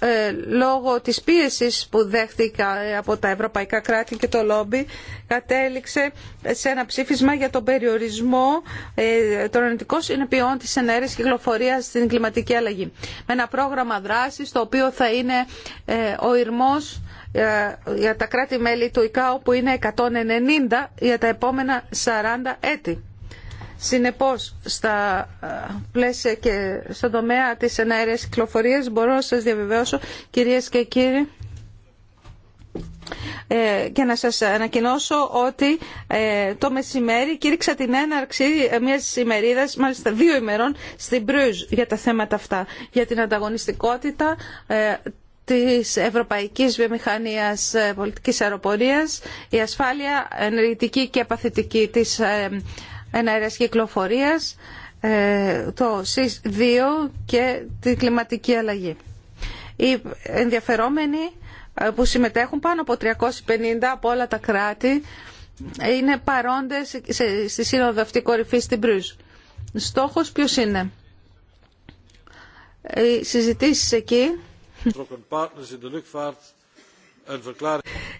ε, λόγω της πίεσης που δέχτηκα ε, από τα ευρωπαϊκά κράτη και το λόμπι κατέληξε σε ένα ψήφισμα για τον περιορισμό ε, των ενετικών συνεπειών της ενέργειας κυκλοφορίας στην κλιματική αλλαγή. Με ένα πρόγραμμα δράσης το οποίο θα είναι ο ηρμός για τα κράτη-μέλη του ΙΚΑΟ που είναι 190 για τα επόμενα 40 έτη. Συνεπώς, στα ε, πλαίσια και στον τομέα της εναέρειας κυκλοφορίας μπορώ να σας διαβεβαιώσω, κυρίες και κύριοι, ε, και να σας ανακοινώσω ότι ε, το μεσημέρι κήρυξα την έναρξη μιας ημερίδας, μάλιστα δύο ημερών, στην Μπρουζ για τα θέματα αυτά, για την ανταγωνιστικότητα της ευρωπαϊκής βιομηχανίας πολιτικής αεροπορίας, η ασφάλεια ενεργητική και απαθητική της αέρας κυκλοφορίας, ε, το ΣΥΣ2 και την κλιματική αλλαγή. Οι ενδιαφερόμενοι ε, που συμμετέχουν πάνω από 350 από όλα τα κράτη είναι παρόντες στη σύνοδο αυτή κορυφή στην Προύζ. Στόχος ποιος είναι. Οι συζητήσεις εκεί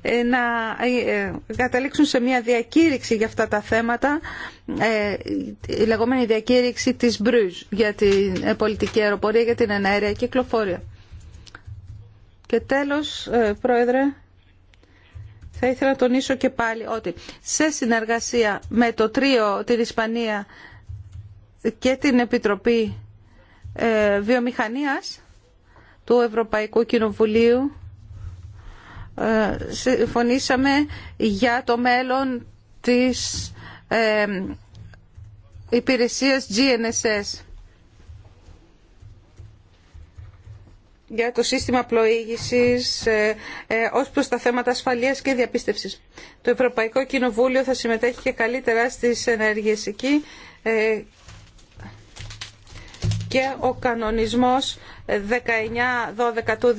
ε, να ε, ε, καταλήξουν σε μια διακήρυξη για αυτά τα θέματα, η λεγόμενη διακήρυξη της Μπρουζ για την πολιτική αεροπορία, για την εναέρεια κυκλοφορία. Και τέλος, Πρόεδρε, θα ήθελα να τονίσω και πάλι ότι σε συνεργασία με το τρίο την Ισπανία και την Επιτροπή Βιομηχανίας του Ευρωπαϊκού Κοινοβουλίου ε, συμφωνήσαμε για το μέλλον της ε, υπηρεσίας GNSS για το σύστημα πλοήγησης ε, ε, ως προς τα θέματα ασφαλείας και διαπίστευσης. Το Ευρωπαϊκό Κοινοβούλιο θα συμμετέχει και καλύτερα στις ενέργειες εκεί ε, και ο κανονισμός 19-12 του 2010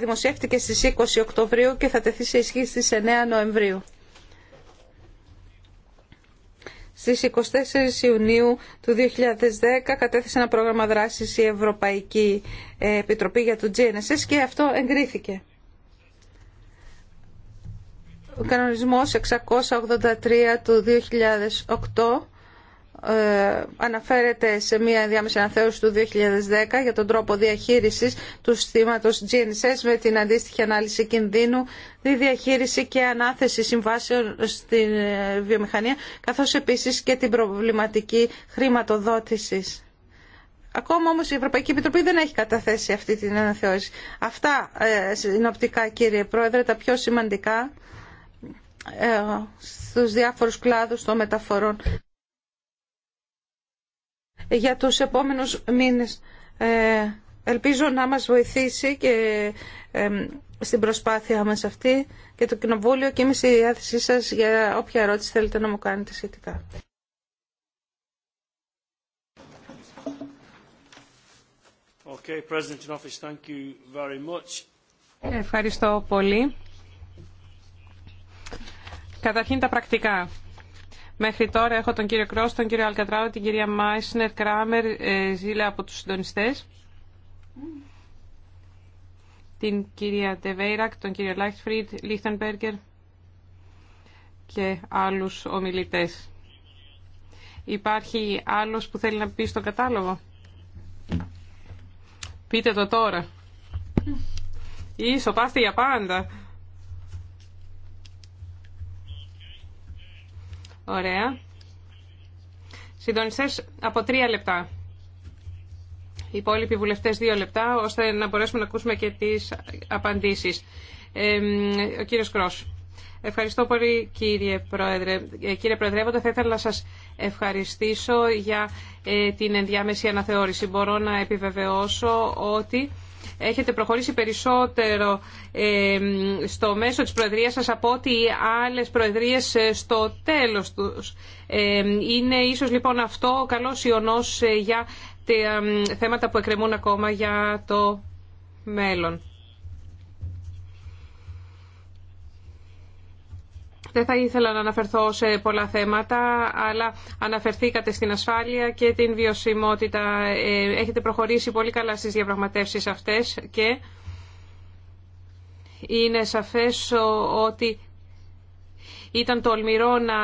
δημοσιεύτηκε στις 20 Οκτωβρίου και θα τεθεί σε ισχύ στις 9 Νοεμβρίου. Στις 24 Ιουνίου του 2010 κατέθεσε ένα πρόγραμμα δράσης η Ευρωπαϊκή ε, Επιτροπή για το GNSS και αυτό εγκρίθηκε. Ο κανονισμός 683 του 2008 ε, αναφέρεται σε μια διάμεση αναθέωση του 2010 για τον τρόπο διαχείρισης του συστήματος GNSS με την αντίστοιχη ανάλυση κινδύνου, τη διαχείριση και ανάθεση συμβάσεων στην ε, βιομηχανία, καθώς επίσης και την προβληματική χρηματοδότησης. Ακόμα όμως η Ευρωπαϊκή Επιτροπή δεν έχει καταθέσει αυτή την αναθεώρηση. Αυτά ε, συνοπτικά κύριε Πρόεδρε, τα πιο σημαντικά στους διάφορους κλάδους των μεταφορών για τους επόμενους μήνες. Ε, ελπίζω να μας βοηθήσει και στην προσπάθειά μας αυτή και το Κοινοβούλιο και είμαι στη διάθεσή σας για όποια ερώτηση θέλετε να μου κάνετε σχετικά. Okay, President in Office, thank you very much. Ευχαριστώ πολύ. Καταρχήν τα πρακτικά. Μέχρι τώρα έχω τον κύριο Κρός, τον κύριο Αλκατράου, την κυρία Μάισνερ, Κράμερ, ε, Ζήλα από τους συντονιστές, την κυρία Τεβέιρακ, τον κύριο Λάχτφριντ, Λίχτανπεργκερ και άλλους ομιλητές. Υπάρχει άλλος που θέλει να πει στο κατάλογο. Πείτε το τώρα. Ίσο, πάστε για πάντα. Ωραία. Συντονιστές από τρία λεπτά. Οι υπόλοιποι βουλευτές δύο λεπτά, ώστε να μπορέσουμε να ακούσουμε και τις απαντήσεις. ο κύριος Κρός. Ευχαριστώ πολύ κύριε Πρόεδρε. Ε, κύριε Προεδρεύοντα, θα ήθελα να σας ευχαριστήσω για ε, την ενδιάμεση αναθεώρηση. Μπορώ να επιβεβαιώσω ότι έχετε προχωρήσει περισσότερο ε, στο μέσο της Προεδρίας σας από ότι άλλες Προεδρίες ε, στο τέλος τους. Ε, είναι ίσως λοιπόν αυτό ο καλός ιονός για θέματα που εκκρεμούν ακόμα για το μέλλον. Δεν θα ήθελα να αναφερθώ σε πολλά θέματα, αλλά αναφερθήκατε στην ασφάλεια και την βιωσιμότητα. Ε, έχετε προχωρήσει πολύ καλά στις διαπραγματεύσεις αυτές και είναι σαφές ότι ήταν τολμηρό να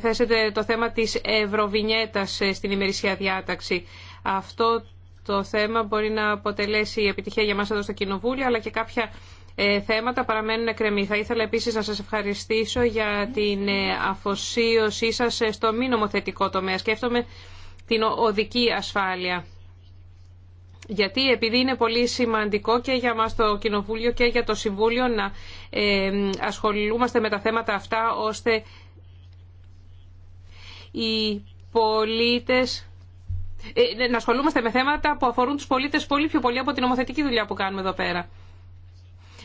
θέσετε το θέμα της ευρωβινιέτας ε, στην ημερησία διάταξη. Αυτό το θέμα μπορεί να αποτελέσει επιτυχία για μας εδώ στο Κοινοβούλιο, αλλά και κάποια ε, θέματα παραμένουν εκκρεμή. Θα ήθελα επίσης να σας ευχαριστήσω για την ε, αφοσίωσή σας ε, στο μη νομοθετικό τομέα. Σκέφτομαι την οδική ασφάλεια. Γιατί επειδή είναι πολύ σημαντικό και για μας το Κοινοβούλιο και για το Συμβούλιο να ασχολούμαστε με τα θέματα αυτά ώστε οι πολίτες να ασχολούμαστε με θέματα που αφορούν τους πολίτες πολύ πιο πολύ από την νομοθετική δουλειά που κάνουμε εδώ πέρα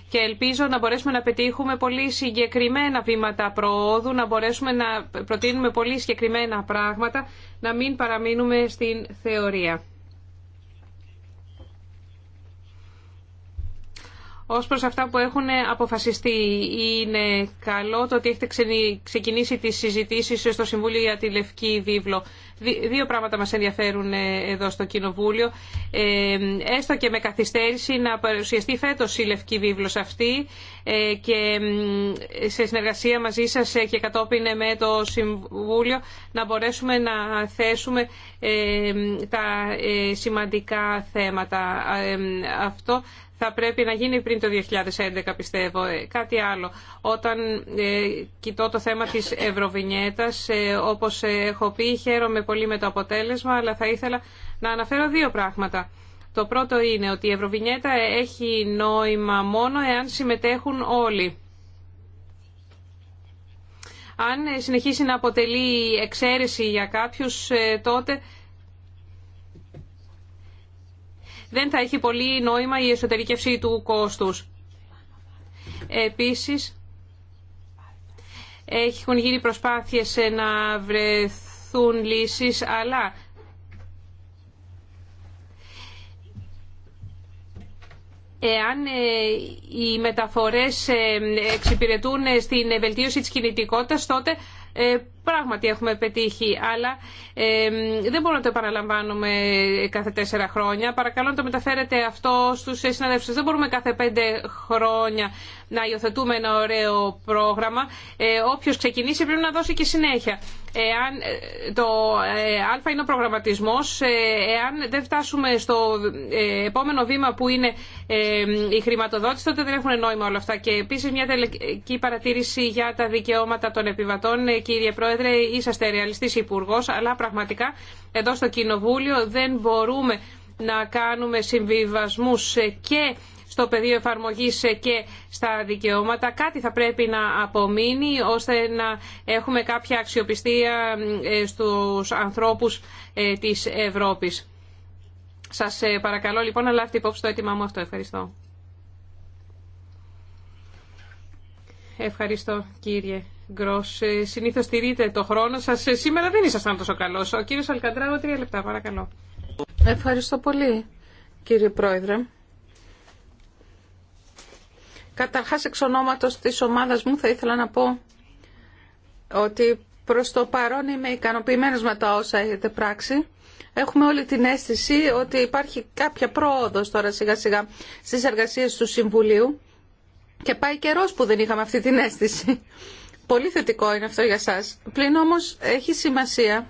και ελπίζω να μπορέσουμε να πετύχουμε πολύ συγκεκριμένα βήματα προόδου, να μπορέσουμε να προτείνουμε πολύ συγκεκριμένα πράγματα, να μην παραμείνουμε στην θεωρία. Ως προς αυτά που έχουν αποφασιστεί, είναι καλό το ότι έχετε ξεκινήσει τις συζητήσεις στο Συμβούλιο για τη Λευκή Βίβλο. Δύο πράγματα μας ενδιαφέρουν ε, εδώ στο Κοινοβούλιο. Ε, έστω και με καθυστέρηση να παρουσιαστεί φέτος η Λευκή Βίβλος αυτή ε, και σε συνεργασία μαζί σας και κατόπιν με το Συμβούλιο να μπορέσουμε να θέσουμε τα σημαντικά θέματα. Αυτό θα πρέπει να γίνει πριν το 2011 πιστεύω. Ε, κάτι άλλο. Όταν ε, κοιτώ το θέμα της Ευρωβινιέτας, ε, όπως έχω πει, χαίρομαι πολύ με το αποτέλεσμα, αλλά θα ήθελα να αναφέρω δύο πράγματα. Το πρώτο είναι ότι η Ευρωβινιέτα έχει νόημα μόνο εάν συμμετέχουν όλοι. Αν συνεχίσει να αποτελεί εξαίρεση για κάποιους, τότε δεν θα έχει πολύ νόημα η εσωτερικεύση του κόστους. Επίσης, έχουν γίνει προσπάθειες να βρεθούν λύσεις, αλλά εάν ε, οι μεταφορές ε, εξυπηρετούν ε, στην βελτίωση της κινητικότητας, τότε Πράγματι έχουμε πετύχει, αλλά ε, δεν μπορούμε να το επαναλαμβάνουμε κάθε τέσσερα χρόνια. Παρακαλώ να το μεταφέρετε αυτό στου συναδέλφου. Δεν μπορούμε κάθε πέντε χρόνια να υιοθετούμε ένα ωραίο πρόγραμμα. Ε, Όποιο ξεκινήσει πρέπει να δώσει και συνέχεια. Εάν ε, το ε, Α είναι ο προγραμματισμό, ε, εάν δεν φτάσουμε στο επόμενο βήμα που είναι η χρηματοδότηση, τότε δεν έχουν νόημα όλα αυτά. Και επίση μια τελική παρατήρηση για τα δικαιώματα των επιβατών, κύριε Πρόεδρε Πρόεδρε, είσαστε ρεαλιστή υπουργό, αλλά πραγματικά εδώ στο Κοινοβούλιο δεν μπορούμε να κάνουμε συμβιβασμού και στο πεδίο εφαρμογή και στα δικαιώματα. Κάτι θα πρέπει να απομείνει ώστε να έχουμε κάποια αξιοπιστία ε, στου ανθρώπου ε, τη Ευρώπη. Σας ε, παρακαλώ λοιπόν να λάβετε υπόψη το αίτημά μου αυτό. Ευχαριστώ. Ευχαριστώ κύριε Γκρό. Ε, Συνήθω τηρείτε το χρόνο σας. Ε, σήμερα δεν ήσασταν τόσο καλό. Ο κύριο Αλκαντράου, τρία λεπτά παρακαλώ. Ευχαριστώ πολύ κύριε Πρόεδρε. Καταρχά εξ ονόματο της ομάδας μου θα ήθελα να πω ότι προς το παρόν είμαι ικανοποιημένο με τα όσα έχετε πράξει. Έχουμε όλη την αίσθηση ότι υπάρχει κάποια πρόοδος τώρα σιγά σιγά στις εργασίες του Συμβουλίου και πάει καιρό που δεν είχαμε αυτή την αίσθηση. Πολύ θετικό είναι αυτό για εσά. Πλην όμω έχει σημασία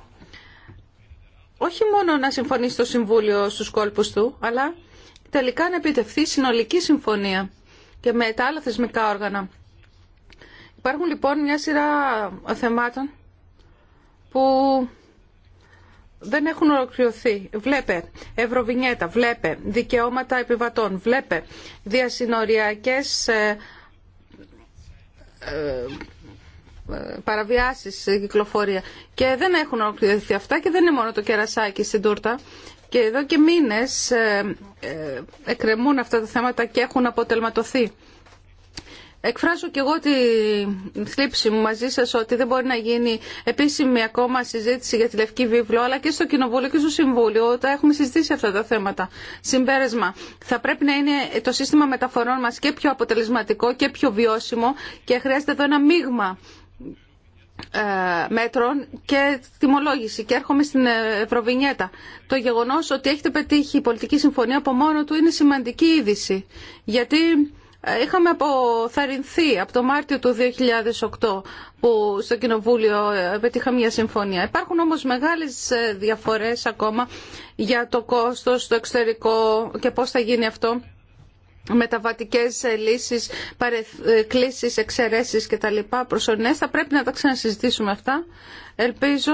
όχι μόνο να συμφωνεί στο Συμβούλιο στους κόλπους του, αλλά τελικά να επιτευχθεί συνολική συμφωνία και με τα άλλα θεσμικά όργανα. Υπάρχουν λοιπόν μια σειρά θεμάτων που δεν έχουν ολοκληρωθεί. Βλέπε Ευρωβινιέτα, βλέπε δικαιώματα επιβατών, βλέπε διασυνοριακές ε, ε, ε παραβιάσεις ε, κυκλοφορία. Και δεν έχουν ολοκληρωθεί αυτά και δεν είναι μόνο το κερασάκι στην τούρτα. Και εδώ και μήνες εκκρεμούν αυτά τα θέματα και έχουν αποτελματωθεί. Εκφράζω και εγώ τη θλίψη μου μαζί σας ότι δεν μπορεί να γίνει επίσημη ακόμα συζήτηση για τη Λευκή Βίβλο αλλά και στο Κοινοβούλιο και στο Συμβούλιο τα έχουμε συζητήσει αυτά τα θέματα. Συμπέρασμα, θα πρέπει να είναι το σύστημα μεταφορών μας και πιο αποτελεσματικό και πιο βιώσιμο και χρειάζεται εδώ ένα μείγμα ε, μέτρων και τιμολόγηση. Και έρχομαι στην ε, Ευρωβινιέτα. Το γεγονός ότι έχετε πετύχει η πολιτική συμφωνία από μόνο του είναι σημαντική είδηση. Γιατί Είχαμε αποθαρρυνθεί από το Μάρτιο του 2008 που στο Κοινοβούλιο πετύχαμε μια συμφωνία. Υπάρχουν όμως μεγάλες ε, διαφορές ακόμα για το κόστος, το εξωτερικό και πώς θα γίνει αυτό μεταβατικές ε, λύσεις, ε, κλήσεις, εξαιρέσεις και τα λοιπά προσωρινές. Θα πρέπει να τα ξανασυζητήσουμε αυτά. Ελπίζω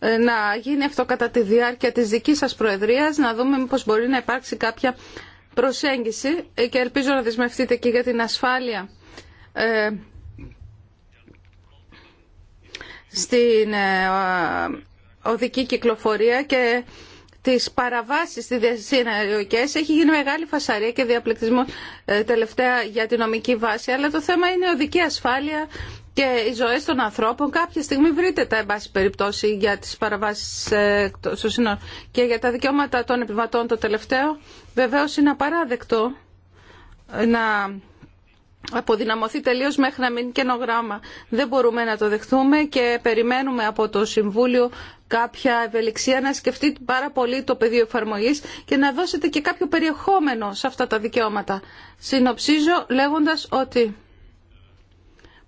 να γίνει αυτό κατά τη διάρκεια της δικής σας Προεδρίας, να δούμε μήπως μπορεί να υπάρξει κάποια προσέγγιση ε, και ελπίζω να δεσμευτείτε και για την ασφάλεια ε, στην ε, οδική κυκλοφορία και τις παραβάσεις στις διασυναριακές έχει γίνει μεγάλη φασαρία και διαπληκτισμό τελευταία για την νομική βάση αλλά το θέμα είναι οδική ασφάλεια και οι ζωέ των ανθρώπων κάποια στιγμή βρείτε τα εν πάση περιπτώσει για τις παραβάσεις στο ε, σύνολο και για τα δικαιώματα των επιβατών το τελευταίο βεβαίως είναι απαράδεκτο να αποδυναμωθεί τελείω μέχρι να μείνει καινογράμμα Δεν μπορούμε να το δεχθούμε και περιμένουμε από το Συμβούλιο κάποια ευελιξία να σκεφτεί πάρα πολύ το πεδίο εφαρμογή και να δώσετε και κάποιο περιεχόμενο σε αυτά τα δικαιώματα. Συνοψίζω λέγοντα ότι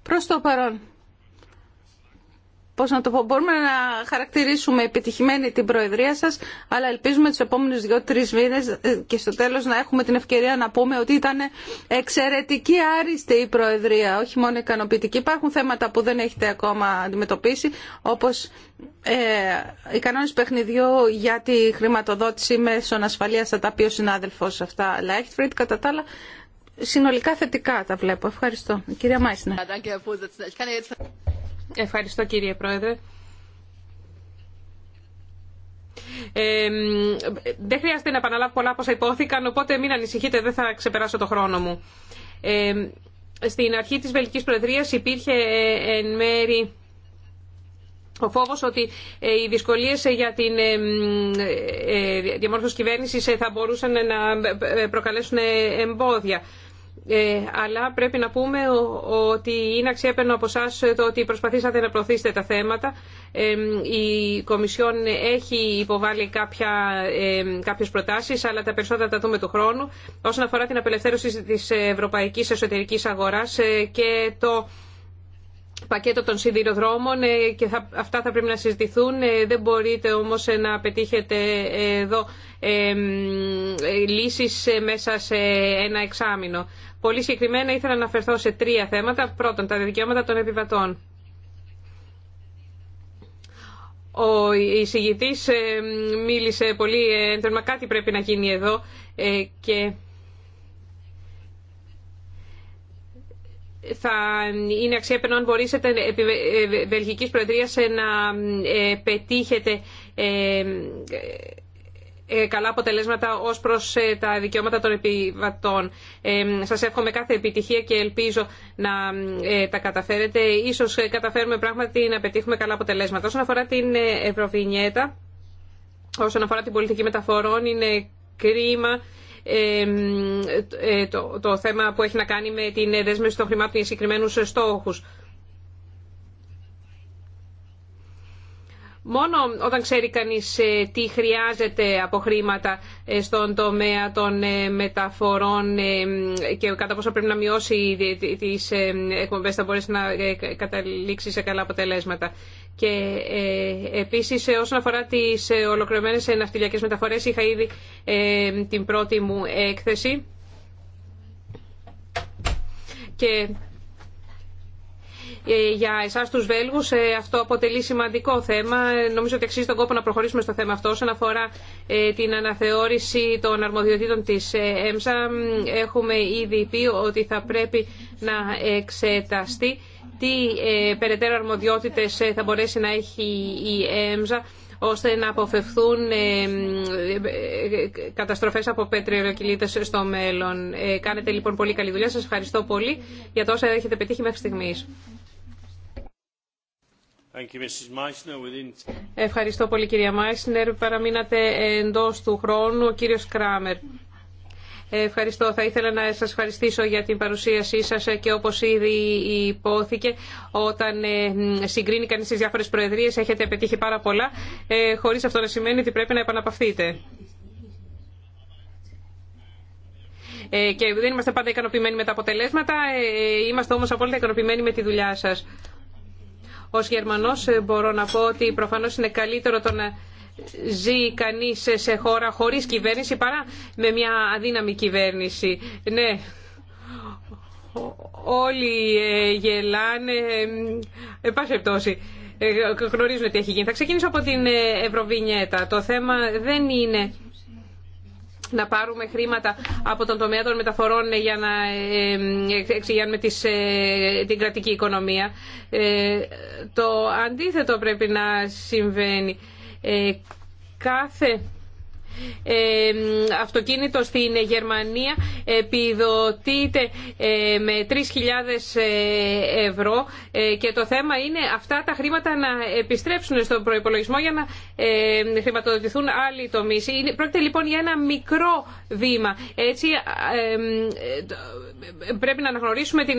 Προς το παρόν, πώς να το πω, μπορούμε να χαρακτηρίσουμε επιτυχημένη την Προεδρία σας, αλλά ελπίζουμε τους επόμενους δύο-τρεις μήνες ε, και στο τέλος να έχουμε την ευκαιρία να πούμε ότι ήταν εξαιρετική άριστη η Προεδρία, όχι μόνο ικανοποιητική. Υπάρχουν θέματα που δεν έχετε ακόμα αντιμετωπίσει, όπως ε, οι κανόνες παιχνιδιού για τη χρηματοδότηση μέσων ασφαλείας θα τα πει ο συνάδελφος αυτά, Λάιχτφριντ, κατά τα άλλα συνολικά θετικά τα βλέπω. Ευχαριστώ. Κυρία Μάισνα. Ευχαριστώ κύριε Πρόεδρε. Ε, δεν χρειάζεται να επαναλάβω πολλά από όσα υπόθηκαν, οπότε μην ανησυχείτε, δεν θα ξεπεράσω το χρόνο μου. Ε, στην αρχή της Βελικής Προεδρίας υπήρχε ε, εν μέρη ο φόβος ότι ε, οι δυσκολίες ε, για την διαμόρφωση κυβέρνησης θα μπορούσαν να προκαλέσουν εμπόδια. Ε, αλλά πρέπει να πούμε ότι είναι αξιέπαινο από εσά το ότι προσπαθήσατε να προωθήσετε τα θέματα. Ε, η Κομισιόν έχει υποβάλει κάποια, ε, κάποιες προτάσεις, αλλά τα περισσότερα τα δούμε του χρόνου. Όσον αφορά την απελευθέρωση της ευρωπαϊκής εσωτερικής αγοράς ε, και το πακέτο των σιδηροδρόμων και θα, αυτά θα πρέπει να συζητηθούν. Δεν μπορείτε όμως να πετύχετε εδώ ε, λύσεις μέσα σε ένα εξάμεινο. Πολύ συγκεκριμένα ήθελα να αναφερθώ σε τρία θέματα. Πρώτον, τα δικαιώματα των επιβατών. Ο εισηγητής ε, μίλησε πολύ ε, έντονα, κάτι πρέπει να γίνει εδώ ε, και θα είναι αξία αν μπορείτε επί Βελγικής Προεδρίας να πετύχετε ε, καλά αποτελέσματα ως προς ε, τα δικαιώματα των επιβατών. Ε, σας εύχομαι κάθε επιτυχία και ελπίζω να τα καταφέρετε. Ίσως καταφέρουμε πράγματι να πετύχουμε καλά αποτελέσματα. Όσον αφορά την Ευρωβινιέτα, όσον αφορά την πολιτική μεταφορών, είναι κρίμα το θέμα που έχει να κάνει με την δέσμευση των χρημάτων για συγκεκριμένους στόχους. Μόνο όταν ξέρει κανείς ε, τι χρειάζεται από χρήματα ε, στον τομέα των ε, μεταφορών και κατά πόσο πρέπει να μειώσει τις εκπομπές θα μπορέσει να καταλήξει σε καλά αποτελέσματα. Και επίσης όσον αφορά τις ολοκληρωμένες ναυτιλιακές μεταφορές είχα ήδη την πρώτη μου έκθεση και ε, για εσά του Βέλγου. Ε, αυτό αποτελεί σημαντικό θέμα. Ε, νομίζω ότι αξίζει τον κόπο να προχωρήσουμε στο θέμα αυτό. Όσον αφορά την αναθεώρηση των αρμοδιοτήτων τη ΕΜΣΑ, έχουμε ήδη πει ότι θα πρέπει να εξεταστεί τι περαιτέρω αρμοδιότητε θα μπορέσει να έχει η ΕΜΣΑ ώστε να αποφευθούν καταστροφές από πετρελοκυλίτες στο μέλλον. Κάνετε λοιπόν πολύ καλή δουλειά. Σας ευχαριστώ πολύ για το όσα έχετε πετύχει μέχρι στιγμής. Ευχαριστώ πολύ κυρία Μάισνερ. Παραμείνατε εντός του χρόνου. Ο κύριος Κράμερ. Ευχαριστώ. Θα ήθελα να σας ευχαριστήσω για την παρουσίασή σας και όπως ήδη υπόθηκε όταν ε, συγκρίνει κανείς τις διάφορες προεδρίες έχετε πετύχει πάρα πολλά ε, χωρίς αυτό να σημαίνει ότι πρέπει να επαναπαυθείτε. Ε, και δεν είμαστε πάντα ικανοποιημένοι με τα αποτελέσματα, είμαστε όμως απόλυτα ικανοποιημένοι με τη δουλειά σας. Ως Γερμανός ε, μπορώ να πω ότι προφανώς είναι καλύτερο το να ζει κανείς σε χώρα χωρίς κυβέρνηση παρά με μια αδύναμη κυβέρνηση. Ναι, όλοι ε, γελάνε, ε, πάση πτώση. Ε, γνωρίζουμε τι έχει γίνει. Θα ξεκινήσω από την Ευρωβινιέτα. Το θέμα δεν είναι να πάρουμε χρήματα από τον τομέα των μεταφορών για να ε, ε, εξηγιάνουμε ε, την κρατική οικονομία. Το αντίθετο πρέπει να συμβαίνει. Κάθε αυτοκίνητο στην Γερμανία επιδοτείται ε, με 3.000 ε, ευρώ ε, και το θέμα είναι αυτά τα χρήματα να επιστρέψουν στον προϋπολογισμό για να χρηματοδοτηθούν άλλοι τομείς. Πρόκειται λοιπόν για ένα μικρό βήμα. Έτσι πρέπει να αναγνωρίσουμε την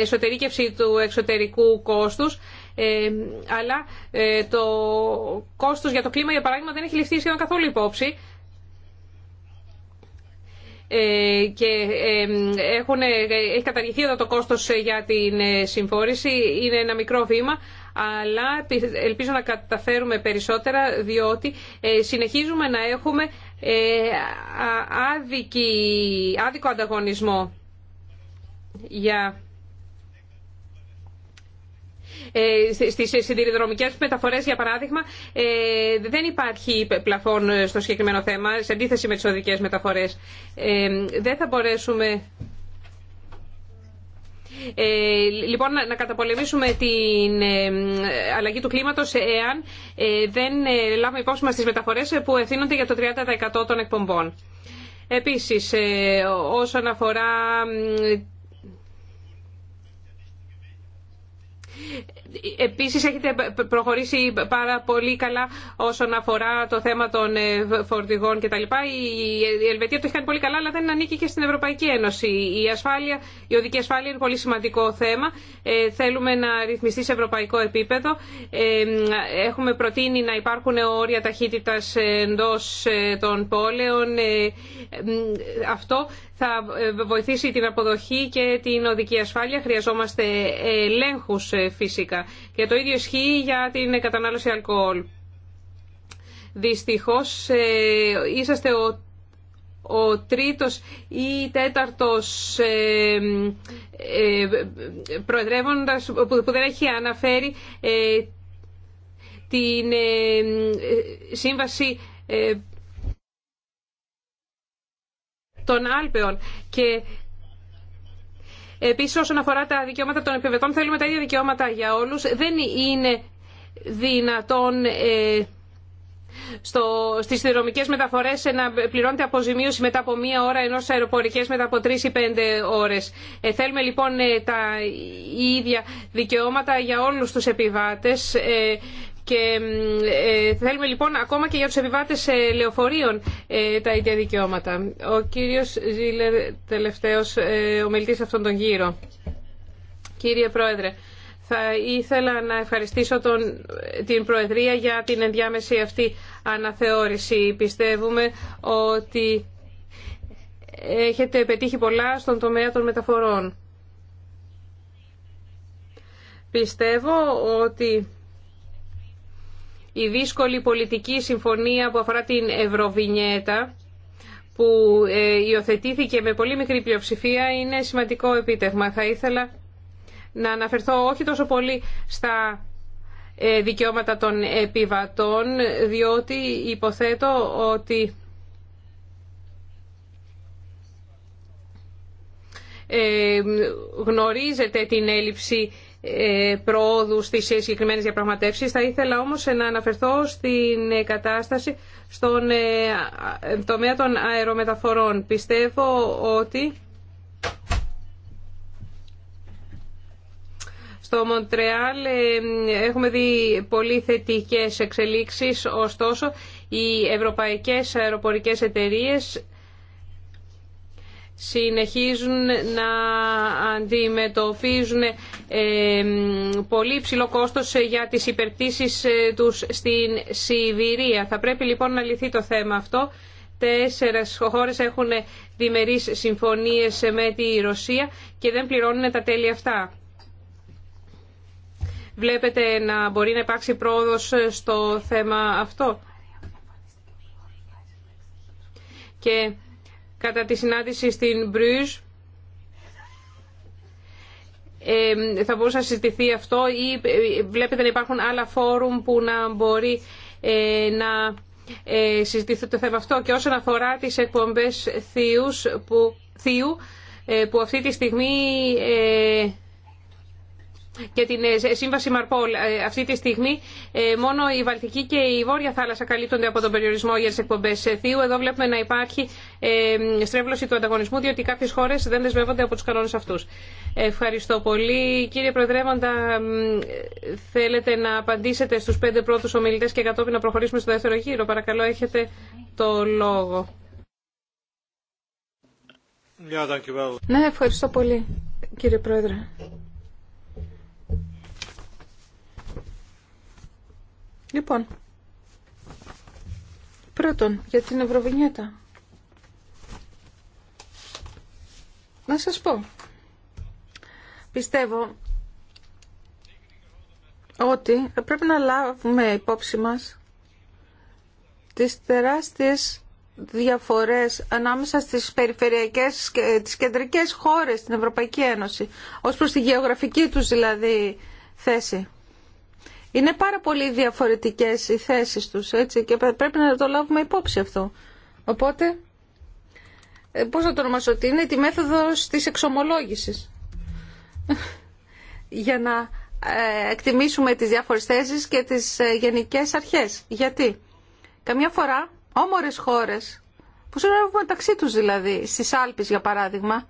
εσωτερήκευση του εξωτερικού κόστους ε, αλλά ε, το κόστος για το κλίμα, για παράδειγμα, δεν έχει ληφθεί σχεδόν καθόλου υπόψη ε, και έχουν, έχει καταργηθεί εδώ το κόστος για την συμφόρηση. Είναι ένα μικρό βήμα, αλλά ελπίζω να καταφέρουμε περισσότερα, διότι συνεχίζουμε να έχουμε άδικη, άδικο ανταγωνισμό για ε, στις συντηρηδρομικές μεταφορές, για παράδειγμα, ε, δεν υπάρχει πλαφόν ε, στο συγκεκριμένο θέμα, σε αντίθεση με τι οδικές μεταφορές. Δεν θα μπορέσουμε... Ε, λοιπόν, να καταπολεμήσουμε την αλλαγή του κλίματος εάν ε, δεν λάβουμε υπόψη μας τις μεταφορές που ευθύνονται για το 30% των εκπομπών. Επίσης, όσον αφορά Επίσης έχετε προχωρήσει πάρα πολύ καλά όσον αφορά το θέμα των ε, φορτηγών κτλ. Η Ελβετία το έχει κάνει πολύ καλά αλλά δεν ανήκει και στην Ευρωπαϊκή Ένωση. Η, ασφάλεια, η οδική ασφάλεια είναι πολύ σημαντικό θέμα. Ε, θέλουμε να ρυθμιστεί σε ευρωπαϊκό επίπεδο. Ε, έχουμε προτείνει να υπάρχουν όρια ταχύτητας εντός των πόλεων. αυτό θα βοηθήσει την αποδοχή και την οδική ασφάλεια. Χρειαζόμαστε ελέγχους φυσικά. Και το ίδιο ισχύει για την κατανάλωση αλκοόλ. Δυστυχώς ε, είσαστε ο ο τρίτος ή τέταρτος ε, ε προεδρεύοντας που, δεν έχει αναφέρει ε, την σύμβαση των Άλπαιων και Επίση, όσον αφορά τα δικαιώματα των επιβετών, θέλουμε τα ίδια δικαιώματα για όλου. Δεν είναι δυνατόν ε, στο, στις μεταφορές να πληρώνεται αποζημίωση μετά από μία ώρα ενώ στις αεροπορικές μετά από τρεις ή πέντε ώρες. Ε, θέλουμε λοιπόν ε, τα ίδια δικαιώματα για όλους τους επιβάτες. Ε, και ε, θέλουμε λοιπόν ακόμα και για τους επιβάτες ε, λεωφορείων ε, τα ίδια δικαιώματα. Ο κύριος Ζήλερ, τελευταίος ομιλητής αυτόν τον γύρο. Κύριε Πρόεδρε, θα ήθελα να ευχαριστήσω τον, την Προεδρία για την ενδιάμεση αυτή αναθεώρηση. Πιστεύουμε ότι έχετε πετύχει πολλά στον τομέα των μεταφορών. Πιστεύω ότι η δύσκολη πολιτική συμφωνία που αφορά την Ευρωβινιέτα που ε, υιοθετήθηκε με πολύ μικρή πλειοψηφία είναι σημαντικό επίτευγμα. Θα ήθελα να αναφερθώ όχι τόσο πολύ στα ε, δικαιώματα των επιβατών, διότι υποθέτω ότι ε, γνωρίζετε την έλλειψη ε, προόδου στι συγκεκριμένε διαπραγματεύσεις. Θα ήθελα όμως να αναφερθώ στην ε, κατάσταση στον ε, τομέα των αερομεταφορών. Πιστεύω ότι στο Μοντρεάλ έχουμε δει πολύ θετικές εξελίξεις, ωστόσο οι ευρωπαϊκές αεροπορικές εταιρείες συνεχίζουν να αντιμετωπίζουν ε, πολύ υψηλό κόστος για τις υπερτήσεις ε, τους στην Σιβηρία. Θα πρέπει λοιπόν να λυθεί το θέμα αυτό. Τέσσερες χώρες έχουν διμερείς συμφωνίες με τη Ρωσία και δεν πληρώνουν τα τέλη αυτά. Βλέπετε να μπορεί να υπάρξει πρόοδος στο θέμα αυτό. Και κατά τη συνάντηση στην Μπρουζ θα μπορούσε να συζητηθεί αυτό ή ε, βλέπετε να υπάρχουν άλλα φόρουμ που να μπορεί ε, να ε, συζητηθεί το θέμα αυτό και όσον αφορά τις εκπομπές θείου που, αυτή τη στιγμή και την ε, σύμβαση Μαρπόλ. Ε, αυτή τη στιγμή ε, μόνο η Βαλτική και η Βόρεια Θάλασσα καλύπτονται από τον περιορισμό για τι εκπομπέ θείου. Εδώ βλέπουμε να υπάρχει στρέβλωση του ανταγωνισμού, διότι κάποιε χώρε δεν δεσμεύονται από του κανόνε αυτού. Ευχαριστώ πολύ. Κύριε Προεδρεύοντα, θέλετε να απαντήσετε στου πέντε πρώτου ομιλητέ και κατόπιν να προχωρήσουμε στο δεύτερο γύρο. Παρακαλώ, έχετε το λόγο. Ναι, ευχαριστώ πολύ, κύριε Πρόεδρε. Λοιπόν, πρώτον, για την Ευρωβινιέτα. Να σας πω. Πιστεύω ότι πρέπει να λάβουμε υπόψη μας τις τεράστιες διαφορές ανάμεσα στις περιφερειακές και τις κεντρικές χώρες στην Ευρωπαϊκή Ένωση, ως προς τη γεωγραφική τους δηλαδή θέση. Είναι πάρα πολύ διαφορετικές οι θέσεις τους έτσι, και πρέπει να το λάβουμε υπόψη αυτό. Οπότε, ε, πώς να το ονομάσω, ότι είναι τη μέθοδος της εξομολόγησης. Για να ε, εκτιμήσουμε τις διάφορες θέσεις και τις ε, γενικές αρχές. Γιατί καμιά φορά όμορες χώρες που συνεργούν μεταξύ τους δηλαδή, στις Άλπεις για παράδειγμα,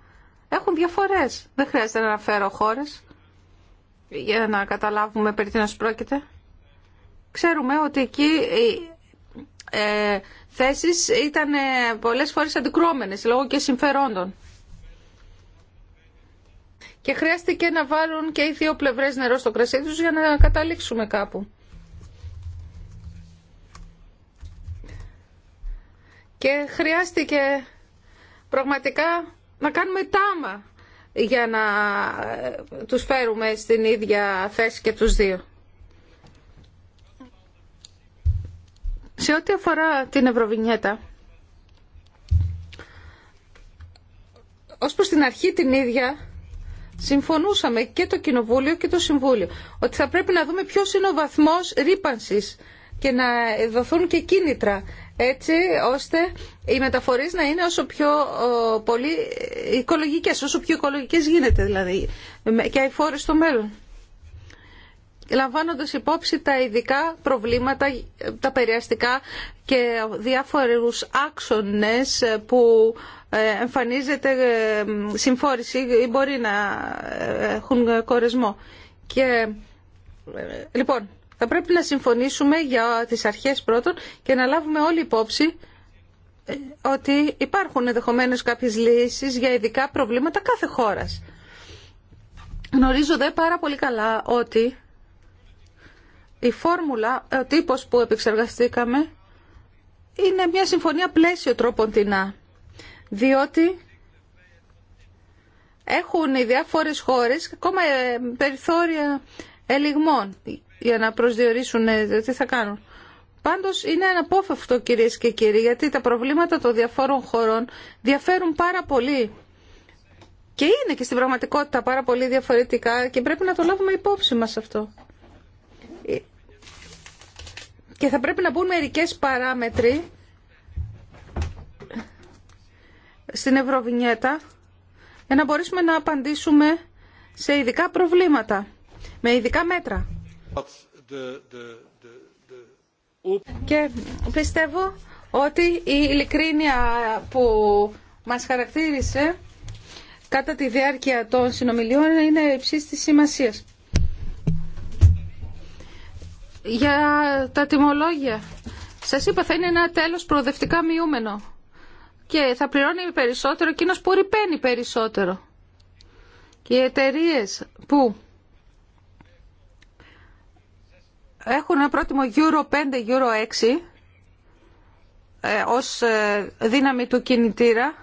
έχουν διαφορές. Δεν χρειάζεται να αναφέρω χώρες για να καταλάβουμε περί τίνος πρόκειται. Ξέρουμε ότι εκεί οι ε, θέσεις ήταν ε, πολλές φορές αντικρώμενες λόγω και συμφερόντων. Και χρειάστηκε να βάλουν και οι δύο πλευρές νερό στο κρασί τους για να καταλήξουμε κάπου. Και χρειάστηκε πραγματικά να κάνουμε τάμα για να ε, τους φέρουμε στην ίδια θέση και τους δύο. Σε ό,τι αφορά την Ευρωβινιέτα, ως προς την αρχή την ίδια, συμφωνούσαμε και το Κοινοβούλιο και το Συμβούλιο ότι θα πρέπει να δούμε ποιος είναι ο βαθμός ρήπανσης και να δοθούν και κίνητρα έτσι ώστε οι μεταφορές να είναι όσο πιο πολύ οικολογικές, όσο πιο οικολογικές γίνεται δηλαδή και φόρες στο μέλλον. Λαμβάνοντας υπόψη τα ειδικά προβλήματα, τα περιαστικά και διάφορους άξονες που ε, εμφανίζεται ε, συμφόρηση ή μπορεί να ε, έχουν κορεσμό. Και, λοιπόν, θα πρέπει να συμφωνήσουμε για τις αρχές πρώτον και να λάβουμε όλη υπόψη ε, ότι υπάρχουν ενδεχομένω κάποιες λύσεις για ειδικά προβλήματα κάθε χώρας. Γνωρίζω δε πάρα πολύ καλά ότι η φόρμουλα, ο τύπος που επεξεργαστήκαμε είναι μια συμφωνία πλαίσιο τρόπον τεινά. Διότι έχουν οι διάφορες χώρες ακόμα ε, περιθώρια ελιγμών για να προσδιορίσουν ε, τι θα κάνουν. Πάντω είναι αναπόφευκτο κυρίε και κύριοι γιατί τα προβλήματα των διαφόρων χωρών διαφέρουν πάρα πολύ και είναι και στην πραγματικότητα πάρα πολύ διαφορετικά και πρέπει να το λάβουμε υπόψη μας αυτό. Ε, και θα πρέπει να μπουν μερικέ παράμετροι στην Ευρωβινιέτα για να μπορέσουμε να απαντήσουμε σε ειδικά προβλήματα, με ειδικά μέτρα. Και πιστεύω ότι η ειλικρίνεια που μας χαρακτήρισε κατά τη διάρκεια των συνομιλιών είναι υψής της σημασίας. Για τα τιμολόγια. Σας είπα θα είναι ένα τέλος προοδευτικά μειούμενο και θα πληρώνει περισσότερο εκείνος που ρηπαίνει περισσότερο. Και οι εταιρείε που έχουν ένα πρότιμο Euro 5, Euro 6 ε, ως ε, δύναμη του κινητήρα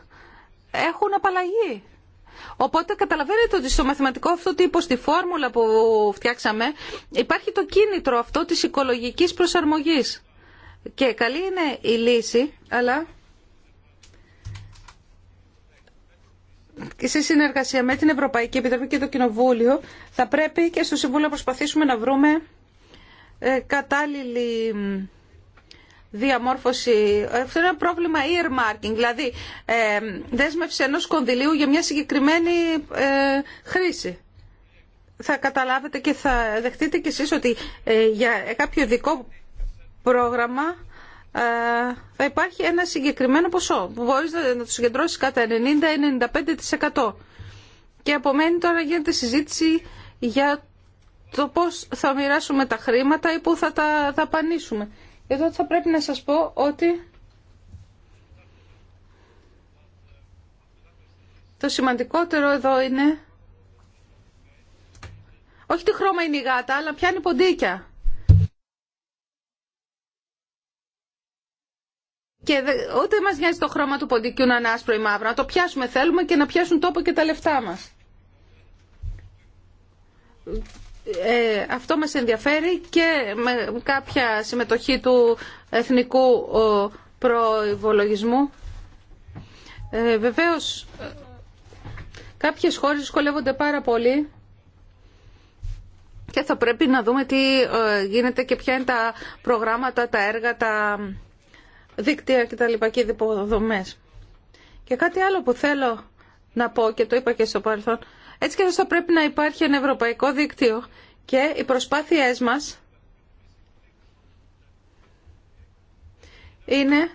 έχουν απαλλαγή. Οπότε καταλαβαίνετε ότι στο μαθηματικό αυτό τύπο, στη φόρμουλα που φτιάξαμε, υπάρχει το κίνητρο αυτό της οικολογικής προσαρμογής. Και καλή είναι η λύση, αλλά σε συνεργασία με την Ευρωπαϊκή Επιτροπή και το Κοινοβούλιο θα πρέπει και στο Συμβούλιο να προσπαθήσουμε να βρούμε ε, κατάλληλη διαμόρφωση. Ε, αυτό είναι ένα πρόβλημα earmarking, δηλαδή ε, δέσμευση ενό κονδυλίου για μια συγκεκριμένη χρήση. Θα καταλάβετε και θα δεχτείτε κι εσείς ότι για κάποιο ειδικό πρόγραμμα θα υπάρχει ένα συγκεκριμένο ποσό που μπορείς να το συγκεντρώσεις κατά 90-95%. Και απομένει τώρα γίνεται συζήτηση για το πώς θα μοιράσουμε τα χρήματα ή πού θα τα δαπανίσουμε. Εδώ θα πρέπει να σας πω ότι το σημαντικότερο εδώ είναι όχι τι χρώμα είναι η γάτα, αλλά πιάνει ποντίκια. Και ούτε μας νοιάζει το χρώμα του ποντικιού να είναι άσπρο ή μαύρο. Να το πιάσουμε θέλουμε και να πιάσουν τόπο και τα λεφτά μας. Ε, αυτό μας ενδιαφέρει και με κάποια συμμετοχή του εθνικού προϋβολογισμού. Ε, βεβαίως, κάποιες χώρες δυσκολεύονται πάρα πολύ και θα πρέπει να δούμε τι ε, γίνεται και ποια είναι τα προγράμματα, τα έργα, τα δίκτυα κτλ. και υποδομές. Και κάτι άλλο που θέλω να πω και το είπα και στο παρελθόν, έτσι και θα πρέπει να υπάρχει ένα ευρωπαϊκό δίκτυο και οι προσπάθειές μας είναι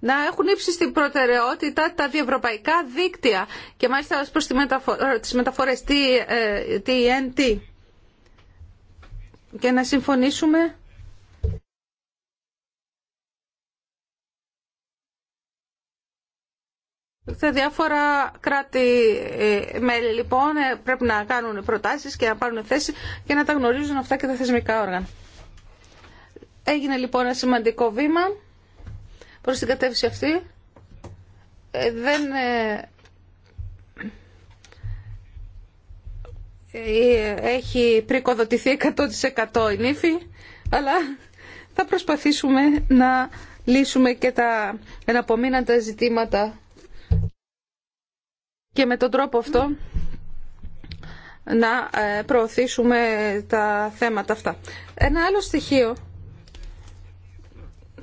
να έχουν ύψη στην προτεραιότητα τα διευρωπαϊκά δίκτυα και μάλιστα ως προς τις μεταφορές TNT ε, και να συμφωνήσουμε Σε διάφορα κράτη-μέλη ε, λοιπόν ε, πρέπει να κάνουν προτάσεις και να πάρουν θέση και να τα γνωρίζουν αυτά και τα θεσμικά όργανα. Έγινε λοιπόν ένα σημαντικό βήμα προς την κατεύθυνση αυτή. Ε, δεν έχει πρικοδοτηθεί 100% η νύφη, αλλά θα προσπαθήσουμε να λύσουμε και τα εναπομείναντα ζητήματα και με τον τρόπο αυτό να ε, προωθήσουμε τα θέματα αυτά. Ένα άλλο στοιχείο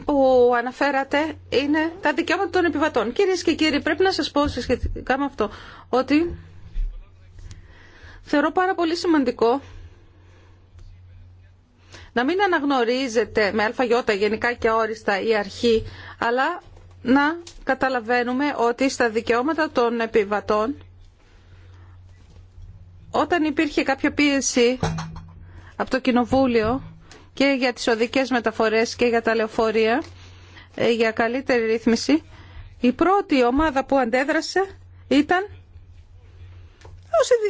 που αναφέρατε είναι τα δικαιώματα των επιβατών. Κυρίε και κύριοι, πρέπει να σας πω σχετικά με αυτό ότι θεωρώ πάρα πολύ σημαντικό να μην αναγνωρίζεται με αλφαγιώτα γενικά και όριστα η αρχή, αλλά να καταλαβαίνουμε ότι στα δικαιώματα των επιβατών όταν υπήρχε κάποια πίεση από το Κοινοβούλιο και για τις οδικές μεταφορές και για τα λεωφορεία ε, για καλύτερη ρύθμιση η πρώτη ομάδα που αντέδρασε ήταν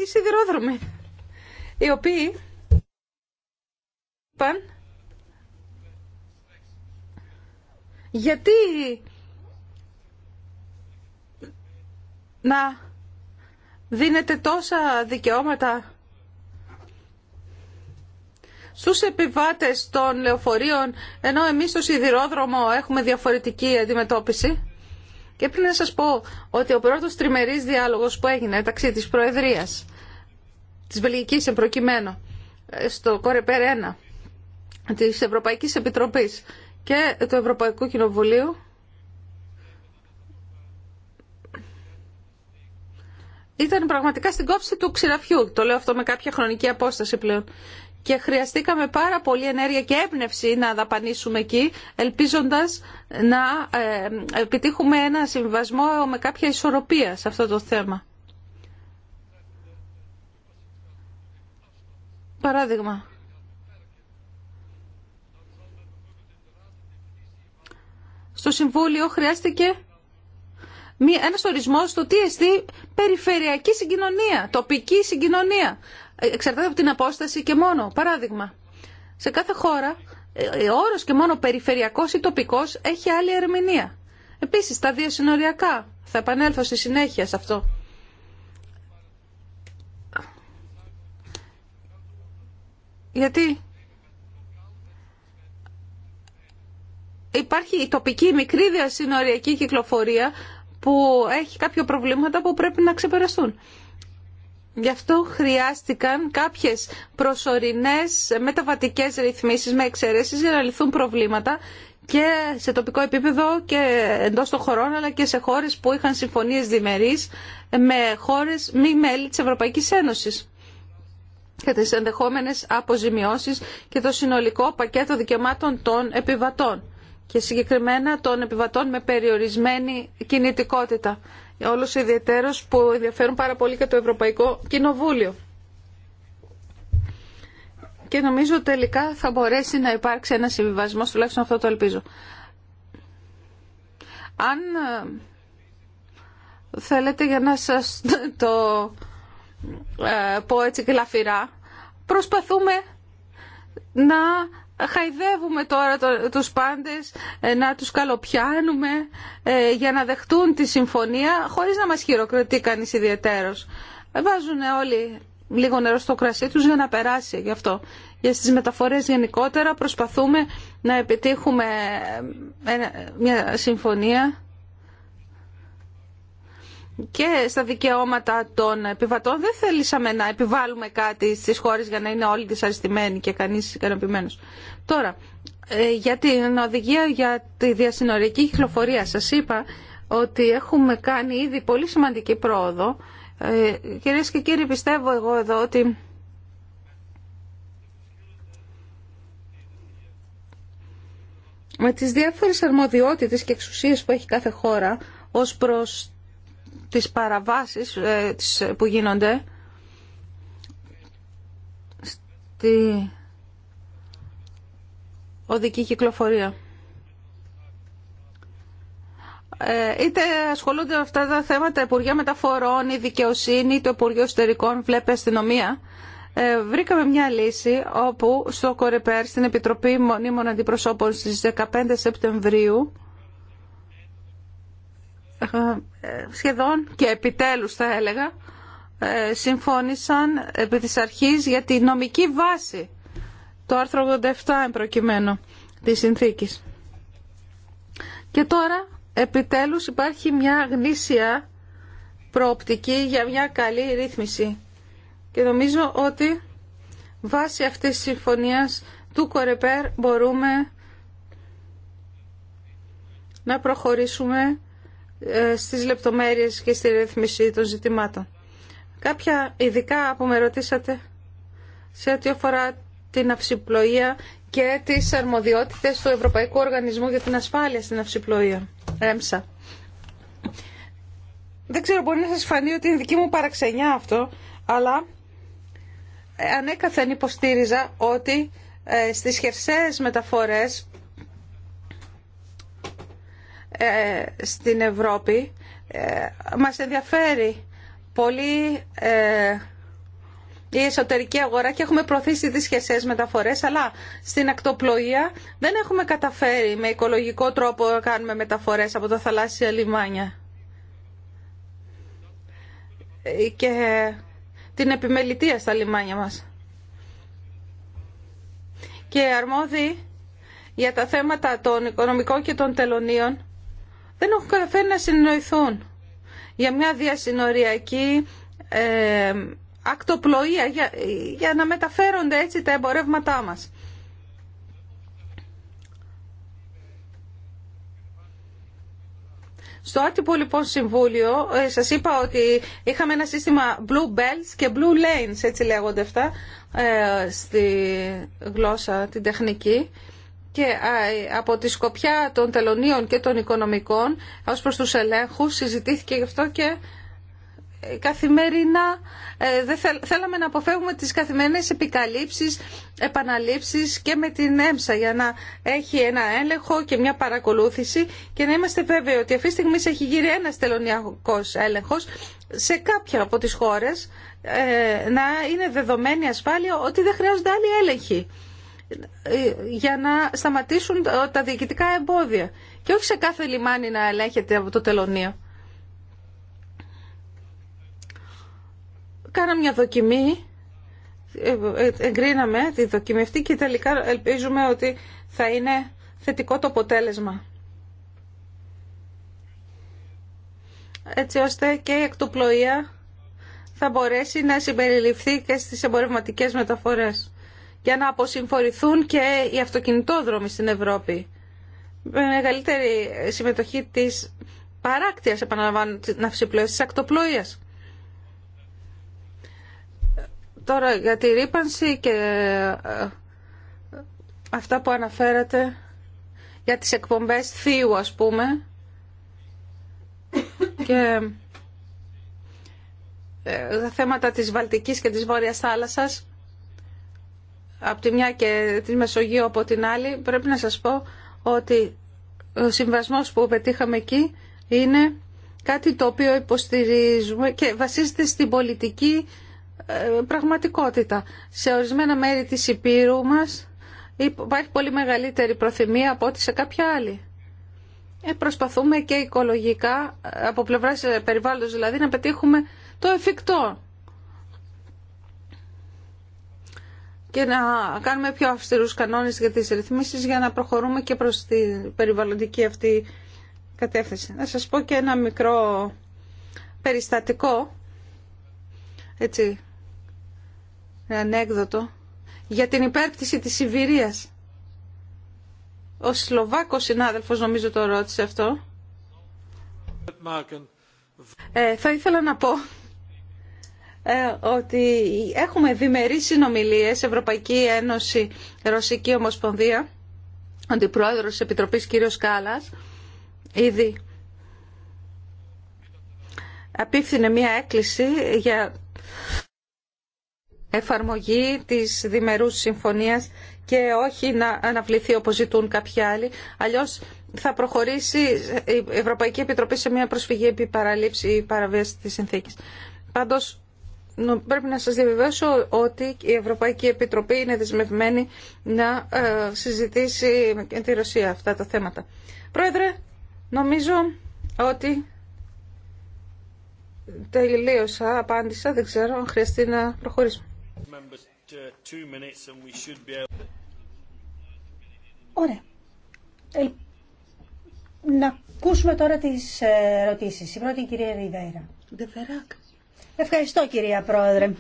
οι σιδηρόδρομοι οι οποίοι είπαν γιατί να δίνετε τόσα δικαιώματα στους επιβάτες των λεωφορείων, ενώ εμείς στο σιδηρόδρομο έχουμε διαφορετική αντιμετώπιση. Και πριν να σας πω ότι ο πρώτος τριμερής διάλογος που έγινε μεταξύ της Προεδρίας, της Βελγικής προκειμένου ε, στο Κορεπέρ 1, της Ευρωπαϊκής Επιτροπής και του Ευρωπαϊκού Κοινοβουλίου, ήταν πραγματικά στην κόψη του ξηραφιού. Το λέω αυτό με κάποια χρονική απόσταση πλέον. Και χρειαστήκαμε πάρα πολύ ενέργεια και έμπνευση να δαπανίσουμε εκεί, ελπίζοντας να ε, επιτύχουμε ένα συμβασμό με κάποια ισορροπία σε αυτό το θέμα. Παράδειγμα. Στο Συμβούλιο χρειάστηκε ένα ορισμό στο τι εστί περιφερειακή συγκοινωνία, τοπική συγκοινωνία. Ε, εξαρτάται από την απόσταση και μόνο. Παράδειγμα, σε κάθε χώρα ο ε, ε, όρο και μόνο περιφερειακός ή τοπικός έχει άλλη ερμηνεία. Επίσης τα δύο συνοριακά. Θα επανέλθω στη συνέχεια σε αυτό. Γιατί υπάρχει η τοπικος εχει αλλη ερμηνεια επιση τα μικρή διασυνοριακή κυκλοφορία που έχει κάποια προβλήματα που πρέπει να ξεπεραστούν. Γι' αυτό χρειάστηκαν κάποιες προσωρινές μεταβατικές ρυθμίσεις με εξαιρέσεις για να λυθούν προβλήματα και σε τοπικό επίπεδο και εντός των χωρών αλλά και σε χώρες που είχαν συμφωνίες διμερείς με χώρες μη μέλη της Ευρωπαϊκής Ένωσης και τις ενδεχόμενες αποζημιώσεις και το συνολικό πακέτο δικαιωμάτων των επιβατών και συγκεκριμένα των επιβατών με περιορισμένη κινητικότητα. Όλους ιδιαιτέρω που ενδιαφέρουν πάρα πολύ και το Ευρωπαϊκό Κοινοβούλιο. Και νομίζω τελικά θα μπορέσει να υπάρξει ένα συμβιβασμό, τουλάχιστον αυτό το ελπίζω. Αν ε, θέλετε για να σας το ε, πω έτσι και προσπαθούμε να χαϊδεύουμε τώρα τους πάντες ε, να τους καλοπιάνουμε ε, για να δεχτούν τη συμφωνία χωρίς να μας χειροκροτεί κανείς ιδιαίτερος. Ε, βάζουν όλοι λίγο νερό στο κρασί τους για να περάσει γι' αυτό. Για στις μεταφορές γενικότερα προσπαθούμε να επιτύχουμε μια συμφωνία και στα δικαιώματα των επιβατών. Δεν θέλησαμε να επιβάλλουμε κάτι στις χώρες για να είναι όλοι δυσαριστημένοι και κανείς ικανοποιημένος. Τώρα, ε, για την οδηγία για τη διασυνορική κυκλοφορία σας είπα ότι έχουμε κάνει ήδη πολύ σημαντική πρόοδο. Ε, κυρίες και κύριοι, πιστεύω εγώ εδώ ότι με τις διάφορες αρμοδιότητες και εξουσίες που έχει κάθε χώρα ως προς τις παραβάσεις ε, που γίνονται στη οδική κυκλοφορία. Ε, είτε ασχολούνται με αυτά τα θέματα Υπουργεία Μεταφορών, η Δικαιοσύνη, το Υπουργείο Εσωτερικών, βλέπει αστυνομία. Ε, βρήκαμε μια λύση όπου στο Κορεπέρ, στην Επιτροπή Μονίμων Αντιπροσώπων στις 15 Σεπτεμβρίου, ε, σχεδόν και επιτέλους θα έλεγα, συμφώνησαν επί της αρχής για τη νομική βάση το άρθρο 87 προκειμένου της συνθήκης. Και τώρα επιτέλους υπάρχει μια γνήσια προοπτική για μια καλή ρύθμιση. Και νομίζω ότι βάσει αυτής της συμφωνίας του Κορεπέρ μπορούμε να προχωρήσουμε ε, στις λεπτομέρειες και στη ρύθμιση των ζητημάτων. Κάποια ειδικά που με ρωτήσατε σε ό,τι αφορά την αυσιπλοεία και τις αρμοδιότητες του Ευρωπαϊκού Οργανισμού για την Ασφάλεια στην Αυσιπλοεία, ΕΜΣΑ. Δεν ξέρω, μπορεί να σας φανεί ότι είναι δική μου παραξενιά αυτό, αλλά ε, ανέκαθεν υποστήριζα ότι ε, στις χερσαίες μεταφορές ε, στην Ευρώπη μας ενδιαφέρει πολύ η εσωτερική αγορά και έχουμε προωθήσει τις σχεσές μεταφορές, αλλά στην ακτοπλοεία δεν έχουμε καταφέρει με οικολογικό τρόπο να κάνουμε μεταφορές από τα θαλάσσια λιμάνια. Και την επιμελητία στα λιμάνια μας. Και αρμόδιοι για τα θέματα των οικονομικών και των τελωνίων δεν έχουν καταφέρει να συνοηθούν για μια διασυνοριακή ε, ακτοπλοεία για, για να μεταφέρονται έτσι τα εμπορεύματά μας. Στο άτυπο λοιπόν συμβούλιο ε, σας είπα ότι είχαμε ένα σύστημα blue belts και blue lanes έτσι λέγονται αυτά ε, στη γλώσσα την τεχνική και ε, από τη σκοπιά των τελωνίων και των οικονομικών ως προς τους ελέγχους συζητήθηκε γι' αυτό και καθημερινά ε, δεν θέλαμε να αποφεύγουμε τις καθημερινές επικαλύψεις, επαναλήψεις και με την έμσα για να έχει ένα έλεγχο και μια παρακολούθηση και να είμαστε βέβαιοι ότι αυτή τη στιγμή έχει γύρει ένας τελωνιακός έλεγχος σε κάποια από τις χώρες ε, να είναι δεδομένη ασφάλεια ότι δεν χρειάζονται άλλοι έλεγχοι ε, για να σταματήσουν τα διοικητικά εμπόδια και όχι σε κάθε λιμάνι να ελέγχεται από το τελωνίο. Κάναμε μια δοκιμή, ε, ε, εγκρίναμε τη δοκιμή αυτή και τελικά ελπίζουμε ότι θα είναι θετικό το αποτέλεσμα. Έτσι ώστε και η εκτοπλοεία θα μπορέσει να συμπεριληφθεί και στις εμπορευματικέ μεταφορές για να αποσυμφορηθούν και οι αυτοκινητόδρομοι στην Ευρώπη. Με μεγαλύτερη συμμετοχή της παράκτειας, επαναλαμβάνω, ναυσιπλοίας, της ακτοπλοείας. Τώρα για τη ρήπανση και ε, αυτά που αναφέρατε για τις εκπομπές θείου ας πούμε και ε, τα θέματα της Βαλτικής και της Βόρειας Θάλασσας από τη μια και τη Μεσογείου από την άλλη πρέπει να σας πω ότι ο συμβασμός που πετύχαμε εκεί είναι κάτι το οποίο υποστηρίζουμε και βασίζεται στην πολιτική ε, πραγματικότητα. Σε ορισμένα μέρη της Υπήρου μας υπάρχει πολύ μεγαλύτερη προθυμία από ό,τι σε κάποια άλλη. Ε, προσπαθούμε και οικολογικά, ε, από πλευράς ε, περιβάλλοντος δηλαδή, να πετύχουμε το εφικτό. και να κάνουμε πιο αυστηρούς κανόνες για τις ρυθμίσεις για να προχωρούμε και προς την περιβαλλοντική αυτή κατεύθυνση. Να σας πω και ένα μικρό περιστατικό, έτσι, ανέκδοτο για την υπέρπτυση της Σιβηρίας. Ο Σλοβάκος συνάδελφος νομίζω το ρώτησε αυτό. Ε, θα ήθελα να πω ε, ότι έχουμε διμερείς συνομιλίες Ευρωπαϊκή Ένωση Ρωσική Ομοσπονδία Αντιπρόεδρος της Επιτροπής κύριος Κάλλας ήδη απίφθινε μία έκκληση για εφαρμογή της διμερούς συμφωνίας και όχι να αναβληθεί όπως ζητούν κάποιοι άλλοι. Αλλιώς θα προχωρήσει η Ευρωπαϊκή Επιτροπή σε μια προσφυγή επί παραλήψη ή παραβίαση της συνθήκης. Πάντως πρέπει να σας διαβεβαιώσω ότι η Ευρωπαϊκή Επιτροπή είναι δεσμευμένη να ε, συζητήσει με τη Ρωσία αυτά τα θέματα. Πρόεδρε, νομίζω ότι τελείωσα, απάντησα, δεν ξέρω αν χρειαστεί να προχωρήσουμε. Uh, Ωραία. Ε, να ακούσουμε τώρα τις ε, ερωτήσεις. Η πρώτη κυρία Ριβέρα. Ευχαριστώ κυρία Πρόεδρε.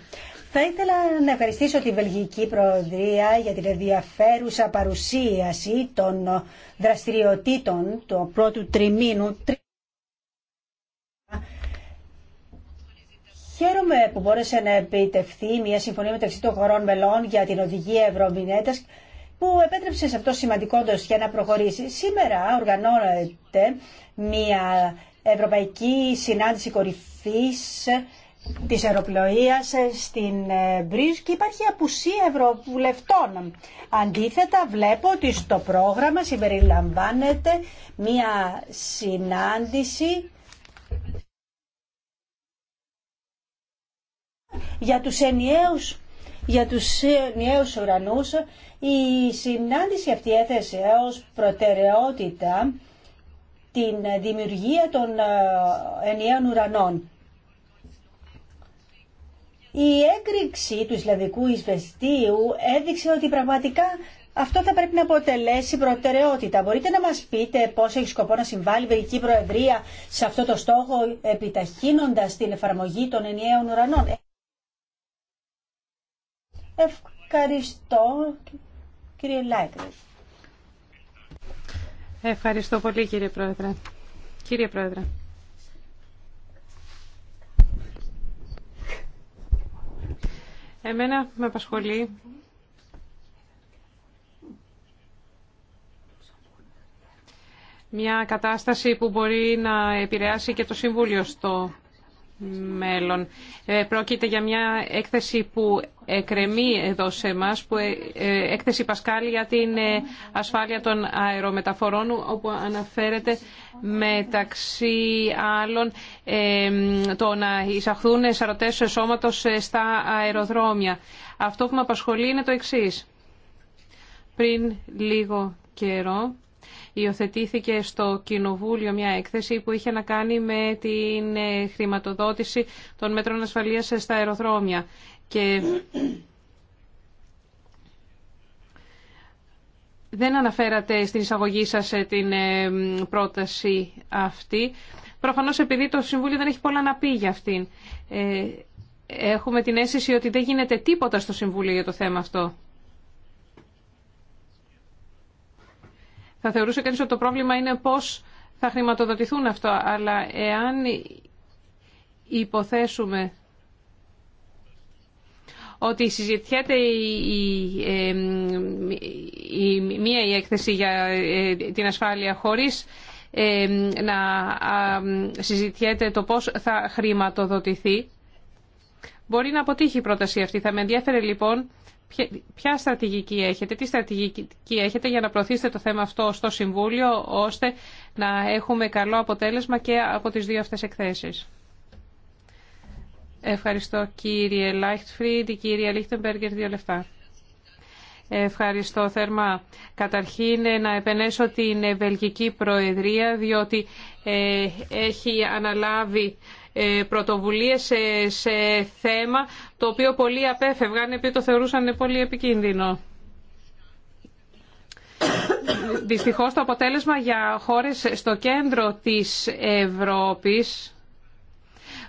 Θα ήθελα να ευχαριστήσω τη Βελγική Προεδρία για την ενδιαφέρουσα παρουσίαση των δραστηριοτήτων του πρώτου τριμήνου Χαίρομαι που μπόρεσε να επιτευχθεί μια συμφωνία μεταξύ των χωρών μελών για την οδηγία Ευρωμηνέτα που επέτρεψε σε αυτό σημαντικό για να προχωρήσει. Σήμερα οργανώνεται μια Ευρωπαϊκή Συνάντηση Κορυφής τη Αεροπλοεία στην ε, Μπρίζ και υπάρχει απουσία ευρωβουλευτών. Αντίθετα βλέπω ότι στο πρόγραμμα συμπεριλαμβάνεται μια συνάντηση για τους ενιαίους για τους ουρανούς, η συνάντηση αυτή έθεσε ως προτεραιότητα την δημιουργία των ε, ενιαίων ουρανών. Η έκρηξη του Ισλαδικού Ισβεστίου έδειξε ότι πραγματικά αυτό θα πρέπει να αποτελέσει προτεραιότητα. Μπορείτε να μας πείτε πώς έχει σκοπό να συμβάλει η Βελική Προεδρία σε αυτό το στόχο επιταχύνοντας την εφαρμογή των ενιαίων ουρανών. Ευχαριστώ, κύριε Λάιτρε. Ευχαριστώ πολύ, κύριε Πρόεδρε. Κύριε Πρόεδρε. Εμένα με απασχολεί μια κατάσταση που μπορεί να επηρεάσει και το Συμβούλιο στο μέλλον. Ε, πρόκειται για μια έκθεση που εκρεμεί εδώ σε που ε, ε, έκθεση Πασκάλη για την ασφάλεια των αερομεταφορών, όπου αναφέρεται μεταξύ άλλων το να εισαχθούν σαρωτές σώματος στα αεροδρόμια. Αυτό που με απασχολεί είναι το εξής. Πριν λίγο καιρό, υιοθετήθηκε στο Κοινοβούλιο μια έκθεση που είχε να κάνει με την ε, χρηματοδότηση των μέτρων ασφαλείας στα αεροδρόμια. Και δεν αναφέρατε στην εισαγωγή σας ε, την ε, πρόταση αυτή. Προφανώς επειδή το Συμβούλιο δεν έχει πολλά να πει για αυτήν. Έχουμε την αίσθηση ότι δεν γίνεται τίποτα στο Συμβούλιο για το θέμα αυτό. Θα θεωρούσε κανείς ότι το πρόβλημα είναι πώς θα χρηματοδοτηθούν αυτό, αλλά εάν υποθέσουμε ότι συζητιέται η, μία η έκθεση για ε, την ασφάλεια χωρίς να συζητιέται το πώς θα χρηματοδοτηθεί. Μπορεί να αποτύχει η πρόταση αυτή. Θα με ενδιαφέρει λοιπόν Ποια στρατηγική έχετε, τι στρατηγική έχετε για να προωθήσετε το θέμα αυτό στο Συμβούλιο, ώστε να έχουμε καλό αποτέλεσμα και από τις δύο αυτές εκθέσεις. Ευχαριστώ κύριε Λάιχτφριντ, η κυρία Λίχτεμπεργκερ, δύο λεφτά. Ευχαριστώ θερμά. Καταρχήν να επενέσω την Βελγική Προεδρία, διότι ε, έχει αναλάβει ε, πρωτοβουλίες σε θέμα το οποίο πολλοί απέφευγαν επειδή το θεωρούσαν πολύ επικίνδυνο. Δυστυχώς το αποτέλεσμα για χώρες στο κέντρο της Ευρώπης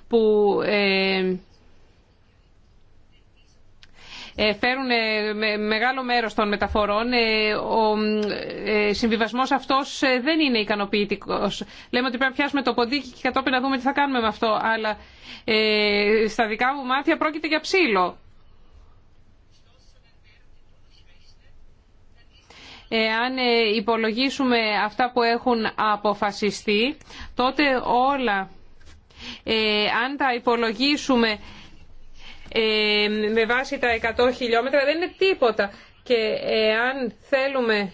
που ε, ε, φέρουν ε, μεγάλο μέρος των μεταφορών. Ε, ο συμβιβασμός αυτός δεν είναι ικανοποιητικός. Λέμε ότι πρέπει να πιάσουμε το ποντίκι και κατόπιν να δούμε τι θα κάνουμε με αυτό. Αλλά στα δικά μου μάτια πρόκειται για ψήλο. εάν υπολογίσουμε αυτά που έχουν αποφασιστεί, τότε όλα, ε, αν τα υπολογίσουμε με βάση τα 100 χιλιόμετρα δεν είναι τίποτα. Και εάν θέλουμε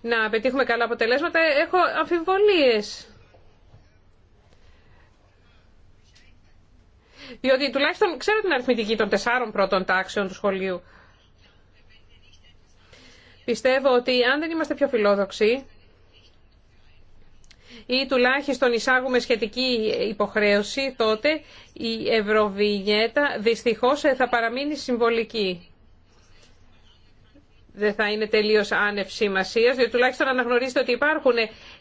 να πετύχουμε καλά αποτελέσματα, έχω αμφιβολίες. Διότι τουλάχιστον ξέρω την αριθμητική των τεσσάρων πρώτων τάξεων του σχολείου. Πιστεύω ότι αν δεν είμαστε πιο φιλόδοξοι, ή τουλάχιστον εισάγουμε σχετική υποχρέωση, τότε η ευρωβινιέτα δυστυχώς θα παραμείνει συμβολική. Δεν θα είναι τελείως άνευ σημασίας, διότι τουλάχιστον αναγνωρίζετε ότι υπάρχουν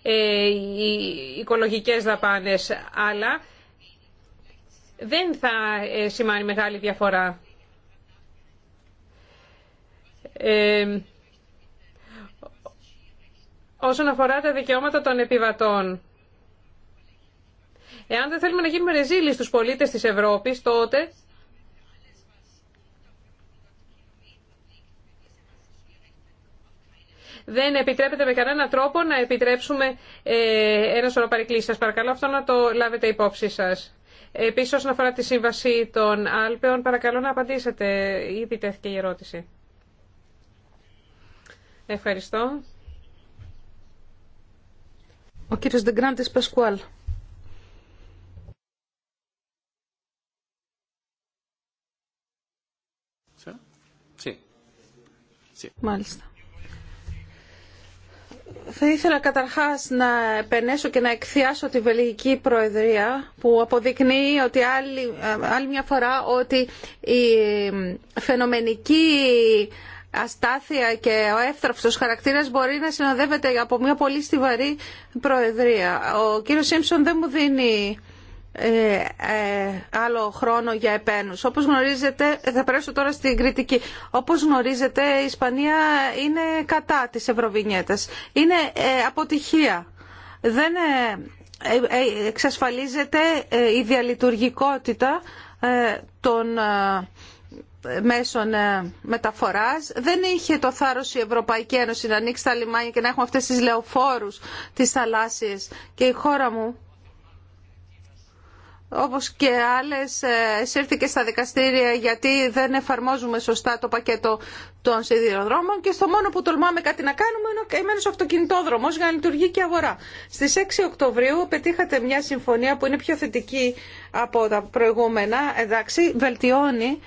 ε, οι οικολογικές δαπάνες, αλλά δεν θα ε, σημάνει μεγάλη διαφορά. Ε, όσον αφορά τα δικαιώματα των επιβατών. Εάν δεν θέλουμε να γίνουμε ρεζίλοι στους πολίτες της Ευρώπης, τότε δεν επιτρέπεται με κανέναν τρόπο να επιτρέψουμε ε, ένα σωρό παρεκκλήσεις. Σας παρακαλώ αυτό να το λάβετε υπόψη σας. Επίσης, όσον αφορά τη σύμβαση των Άλπαιων, παρακαλώ να απαντήσετε. Ήδη τέθηκε η ερώτηση. Ευχαριστώ. Ο κύριος Δεγκράντης Πασκουάλ. Μάλιστα. Θα ήθελα καταρχάς να επενέσω και να εκθιάσω τη Βελγική Προεδρία που αποδεικνύει ότι άλλη, άλλη μια φορά ότι η φαινομενική αστάθεια και ο εύθραυστος χαρακτήρας μπορεί να συνοδεύεται από μια πολύ στιβαρή προεδρία. Ο κύριος Σίμψον δεν μου δίνει ε, ε, άλλο χρόνο για επένους. Όπως γνωρίζετε, θα περάσω τώρα στην κριτική, όπως γνωρίζετε η Ισπανία είναι κατά της Ευρωβινιέτας. Είναι ε, αποτυχία. Δεν ε, ε, εξασφαλίζεται η διαλειτουργικότητα των μέσων ε, μεταφοράς. Δεν είχε το θάρρος η Ευρωπαϊκή Ένωση να ανοίξει τα λιμάνια και να έχουμε αυτές τις λεωφόρους, τις θαλάσσιες. Και η χώρα μου, όπως και άλλες, ε, σύρθηκε στα δικαστήρια γιατί δεν εφαρμόζουμε σωστά το πακέτο των σιδηροδρόμων και στο μόνο που τολμάμε κάτι να κάνουμε είναι ο καημένος αυτοκινητόδρομος για να λειτουργεί και αγορά. Στις 6 Οκτωβρίου πετύχατε μια συμφωνία που είναι πιο θετική από τα προηγούμενα, εντάξει, βελτιώνει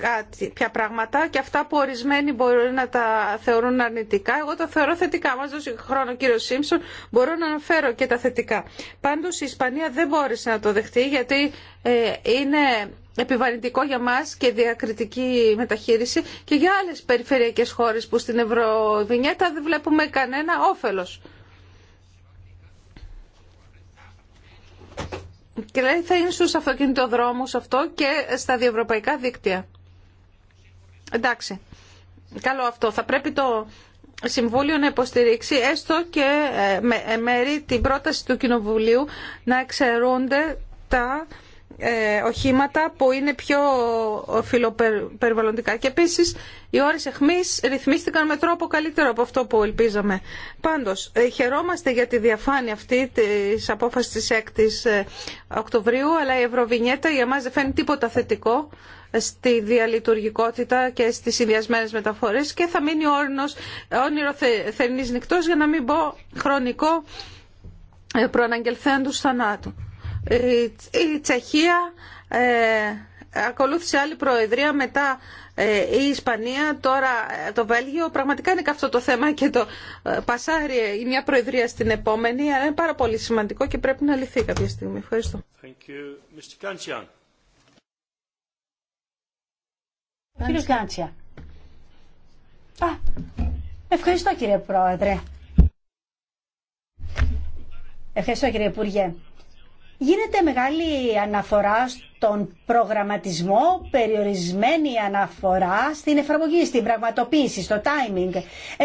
πια ποια πράγματα και αυτά που ορισμένοι μπορούν να τα θεωρούν αρνητικά. Εγώ τα θεωρώ θετικά. Μας δώσει χρόνο κύριο Σίμψον, μπορώ να αναφέρω και τα θετικά. Πάντως η Ισπανία δεν μπόρεσε να το δεχτεί γιατί ε, είναι επιβαρυντικό για μας και διακριτική μεταχείριση και για άλλες περιφερειακέ χώρε που στην Ευρωβινιέτα δεν βλέπουμε κανένα όφελο. Και λέει θα είναι στους αυτοκινητοδρόμους αυτό και στα διευρωπαϊκά δίκτυα. Εντάξει. Καλό αυτό. Θα πρέπει το Συμβούλιο να υποστηρίξει έστω και ε, με μέρη την πρόταση του Κοινοβουλίου να εξαιρούνται τα ε, οχήματα που είναι πιο φιλοπεριβαλλοντικά. Και επίσης οι ώρες εχμής ρυθμίστηκαν με τρόπο καλύτερο από αυτό που ελπίζαμε. Πάντως, ε, χαιρόμαστε για τη διαφάνεια αυτή της απόφασης τη 6 ε, Οκτωβρίου, αλλά η Ευρωβινιέτα για μας δεν φαίνει τίποτα θετικό στη διαλειτουργικότητα και στις συνδυασμένε μεταφορές και θα μείνει όρνος, όνειρο θε, θερινής νυχτός για να μην πω χρονικό προαναγγελθέντους θανάτου. Η Τσεχία ε, ακολούθησε άλλη προεδρία, μετά ε, η Ισπανία, τώρα ε, το Βέλγιο. Πραγματικά είναι αυτό το θέμα και το πασάρι η μια προεδρία στην επόμενη, είναι πάρα πολύ σημαντικό και πρέπει να λυθεί κάποια στιγμή. Ευχαριστώ. Thank you. Mr. Α, ευχαριστώ κύριε Πρόεδρε. Ευχαριστώ κύριε Υπουργέ. Γίνεται μεγάλη αναφορά τον προγραμματισμό, περιορισμένη αναφορά στην εφαρμογή, στην πραγματοποίηση, στο timing.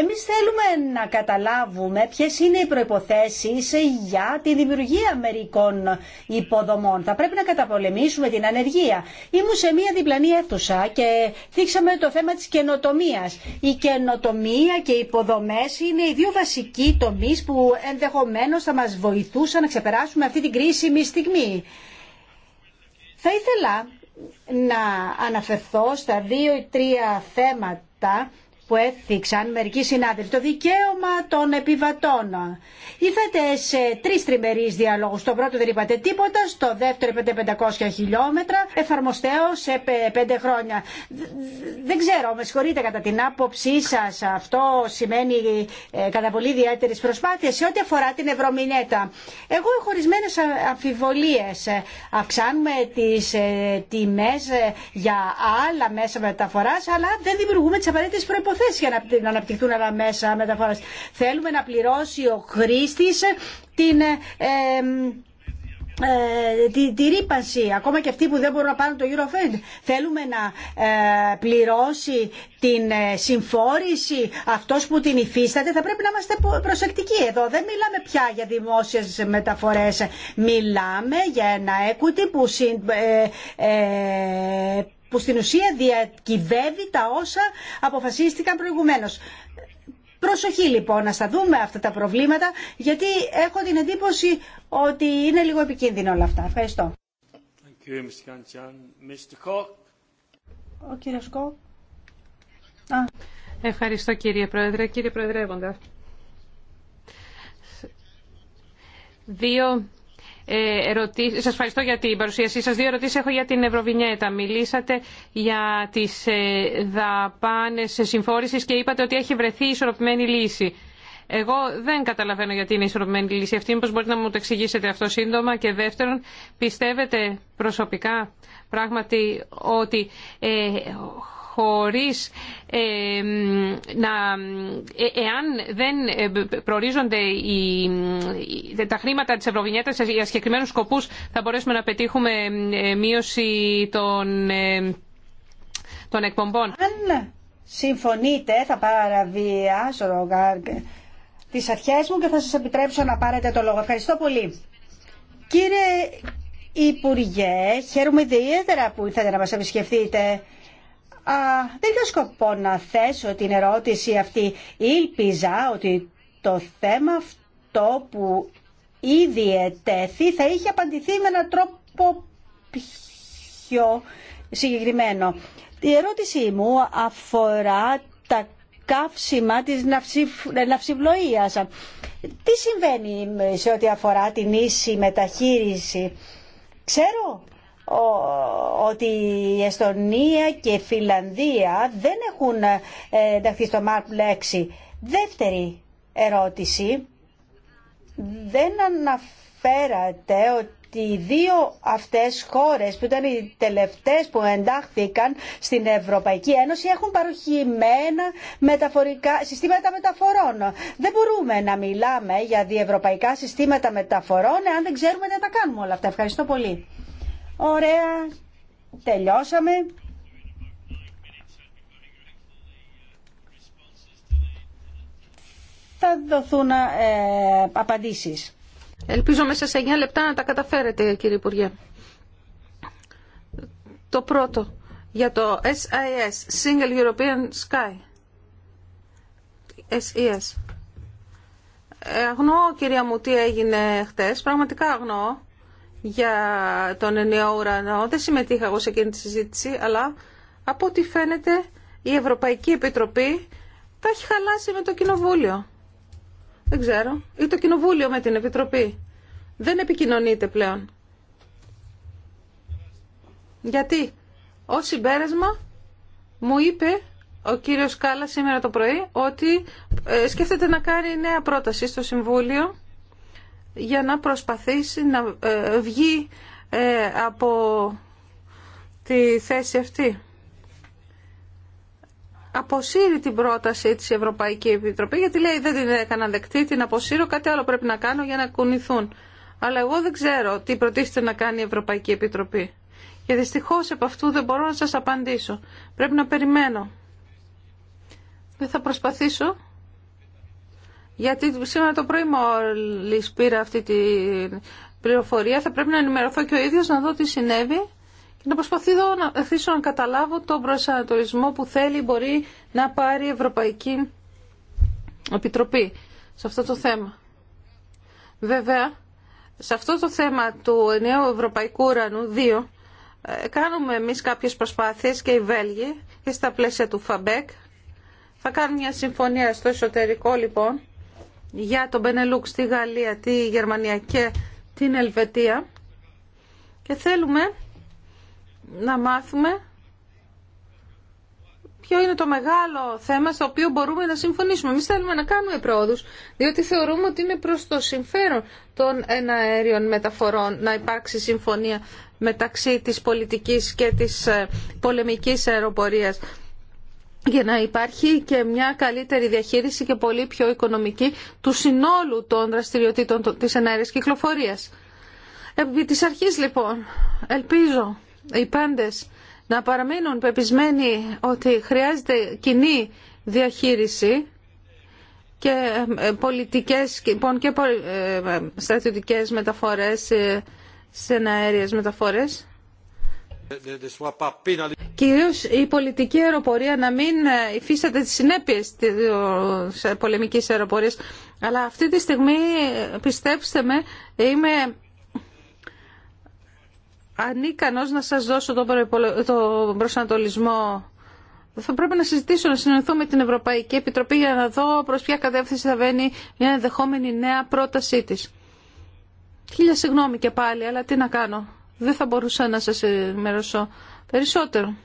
Εμείς θέλουμε να καταλάβουμε ποιες είναι οι προϋποθέσεις για τη δημιουργία μερικών υποδομών. Θα πρέπει να καταπολεμήσουμε την ανεργία. Ήμουν σε μία διπλανή αίθουσα και δείξαμε το θέμα της καινοτομίας. Η καινοτομία και οι υποδομές είναι οι δύο βασικοί τομείς που ενδεχομένως θα μας βοηθούσαν να ξεπεράσουμε αυτή την κρίσιμη στιγμή. Θα ήθελα να αναφερθώ στα δύο ή τρία θέματα που έθιξαν μερικοί συνάδελφοι, το δικαίωμα των επιβατών. Ήρθατε σε τρει τριμερεί διαλόγου. Στον πρώτο δεν είπατε τίποτα, στο δεύτερο είπατε 500 χιλιόμετρα, εφαρμοστέω σε πέντε χρόνια. Δεν ξέρω, με συγχωρείτε κατά την άποψή σα, αυτό σημαίνει ε, κατά πολύ ιδιαίτερη προσπάθεια σε ό,τι αφορά την ευρωμηνέτα Εγώ έχω ορισμένε αμφιβολίε. Αυξάνουμε τι ε, τιμέ ε, για άλλα μέσα μεταφορά, αλλά δεν δημιουργούμε τι απαραίτητε προποθέσει προποθέσει για να αναπτυχθούν άλλα μέσα μεταφορές. Θέλουμε να πληρώσει ο χρήστη την. Ε, ε, τη, τη ρήπανση, ακόμα και αυτοί που δεν μπορούν να πάρουν το Eurofed. Θέλουμε να ε, πληρώσει την ε, συμφόρηση αυτός που την υφίσταται. Θα πρέπει να είμαστε προσεκτικοί εδώ. Δεν μιλάμε πια για δημόσιες μεταφορές. Μιλάμε για ένα equity που συν, που στην ουσία διακυβεύει τα όσα αποφασίστηκαν προηγουμένως. Προσοχή λοιπόν να στα δούμε αυτά τα προβλήματα γιατί έχω την εντύπωση ότι είναι λίγο επικίνδυνο όλα αυτά. Ευχαριστώ. Ευχαριστώ κύριε Πρόεδρε. Κύριε Προεδρεύοντα. Δύο ε, ερωτήσεις. Σας ευχαριστώ για την παρουσίασή σας. Δύο ερωτήσεις έχω για την Ευρωβινιέτα. Μιλήσατε για τις ε, δαπάνες συμφόρησης και είπατε ότι έχει βρεθεί ισορροπημένη λύση. Εγώ δεν καταλαβαίνω γιατί είναι ισορροπημένη λύση αυτή. Μήπως μπορείτε να μου το εξηγήσετε αυτό σύντομα. Και δεύτερον, πιστεύετε προσωπικά πράγματι ότι ε, χωρίς ε, να, ε, εάν δεν ε, προορίζονται οι, τα χρήματα της Ευρωβινιέτας για συγκεκριμένους σκοπούς θα μπορέσουμε να πετύχουμε μείωση των, των εκπομπών. Αν συμφωνείτε θα παραβιάσω τις αρχές μου και θα σας επιτρέψω να πάρετε το λόγο. Ευχαριστώ πολύ. Κύριε Υπουργέ, χαίρομαι ιδιαίτερα που ήρθατε να μας επισκεφτείτε δεν είχα σκοπό να θέσω την ερώτηση αυτή. Ήλπιζα ότι το θέμα αυτό που ήδη ετέθη θα είχε απαντηθεί με έναν τρόπο πιο συγκεκριμένο. Η ερώτησή μου αφορά τα καύσιμα της ναυσιβλοίας. Τι συμβαίνει σε ό,τι αφορά την ίση μεταχείριση. Ξέρω ότι η Εστονία και η Φιλανδία δεν έχουν ε, ενταχθεί στο ΜΑΡΠ λέξη. Δεύτερη ερώτηση. Δεν αναφέρατε ότι οι δύο αυτές χώρες που ήταν οι τελευταίες που εντάχθηκαν στην Ευρωπαϊκή Ένωση έχουν παροχημένα μεταφορικά, συστήματα μεταφορών. Δεν μπορούμε να μιλάμε για διευρωπαϊκά συστήματα μεταφορών αν δεν ξέρουμε να τα κάνουμε όλα αυτά. Ευχαριστώ πολύ. Ωραία, τελειώσαμε. Θα δοθούν ε, απαντήσεις. Ελπίζω μέσα σε 9 λεπτά να τα καταφέρετε κύριε Υπουργέ. Το πρώτο για το SIS, Single European Sky. SIS. Ε, αγνοώ κυρία μου τι έγινε χτες, πραγματικά αγνοώ για τον ενιαίο ουρανό. Δεν συμμετείχα εγώ σε εκείνη τη συζήτηση, αλλά από ό,τι φαίνεται η Ευρωπαϊκή Επιτροπή τα έχει χαλάσει με το Κοινοβούλιο. Δεν ξέρω. Ή το Κοινοβούλιο με την Επιτροπή. Δεν επικοινωνείται πλέον. Γιατί ως συμπέρασμα μου είπε ο κύριος Κάλα σήμερα το πρωί ότι ε, σκέφτεται να κάνει νέα πρόταση στο Συμβούλιο για να προσπαθήσει να ε, βγει ε, από τη θέση αυτή. Αποσύρει την πρόταση της Ευρωπαϊκή Επιτροπή γιατί λέει δεν την έκανα δεκτή, την αποσύρω, κάτι άλλο πρέπει να κάνω για να κουνηθούν. Αλλά εγώ δεν ξέρω τι προτίθεται να κάνει η Ευρωπαϊκή Επιτροπή. Και δυστυχώ από αυτού δεν μπορώ να σας απαντήσω. Πρέπει να περιμένω. Δεν θα προσπαθήσω γιατί σήμερα το πρωί μόλι πήρα αυτή την πληροφορία, θα πρέπει να ενημερωθώ και ο ίδιο να δω τι συνέβη και να προσπαθήσω να, να καταλάβω τον προσανατολισμό που θέλει μπορεί να πάρει η Ευρωπαϊκή Επιτροπή σε αυτό το θέμα. Βέβαια, σε αυτό το θέμα του νέου Ευρωπαϊκού Ουρανού 2, ε, κάνουμε εμείς κάποιες προσπάθειες και οι Βέλγοι και στα πλαίσια του ΦΑΜΠΕΚ. Θα κάνουν μια συμφωνία στο εσωτερικό λοιπόν για τον Μπενελούκ στη Γαλλία, τη Γερμανία και την Ελβετία και θέλουμε να μάθουμε ποιο είναι το μεγάλο θέμα στο οποίο μπορούμε να συμφωνήσουμε. Εμεί θέλουμε να κάνουμε πρόοδους, διότι θεωρούμε ότι είναι προς το συμφέρον των εναέριων μεταφορών να υπάρξει συμφωνία μεταξύ της πολιτικής και της ε, πολεμικής αεροπορίας για να υπάρχει και μια καλύτερη διαχείριση και πολύ πιο οικονομική του συνόλου των δραστηριοτήτων της ενέργειας κυκλοφορίας. Επί της αρχής λοιπόν, ελπίζω οι πάντες να παραμείνουν πεπισμένοι ότι χρειάζεται κοινή διαχείριση και ε, πολιτικές λοιπόν, και ε, ε, στρατιωτικές μεταφορές σε αέριες μεταφορές Κυρίως η πολιτική αεροπορία να μην ε, υφίσταται τις συνέπειες της πολεμικής αεροπορίας. Αλλά αυτή τη στιγμή, πιστέψτε με, είμαι ανίκανος να σας δώσω τον προσανατολισμό. Θα πρέπει να συζητήσω, να συνοηθώ με την Ευρωπαϊκή Επιτροπή για να δω προς ποια κατεύθυνση θα βαίνει μια ενδεχόμενη νέα πρότασή της. Χίλια συγγνώμη και πάλι, αλλά τι να κάνω δεν θα μπορούσα να σας ενημερώσω περισσότερο.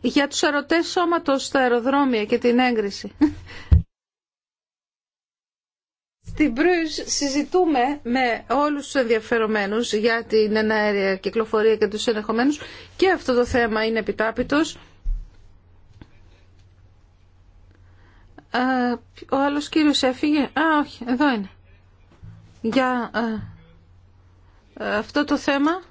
Για τους αρωτές σώματος στα αεροδρόμια και την έγκριση. Στην Μπρουζ συζητούμε με όλους τους ενδιαφερομένους για την εναέρια κυκλοφορία και τους ενεχομένους και αυτό το θέμα είναι επιτάπητος. Ο άλλος κύριος έφυγε. Α, όχι, εδώ είναι. Για αυτό το θέμα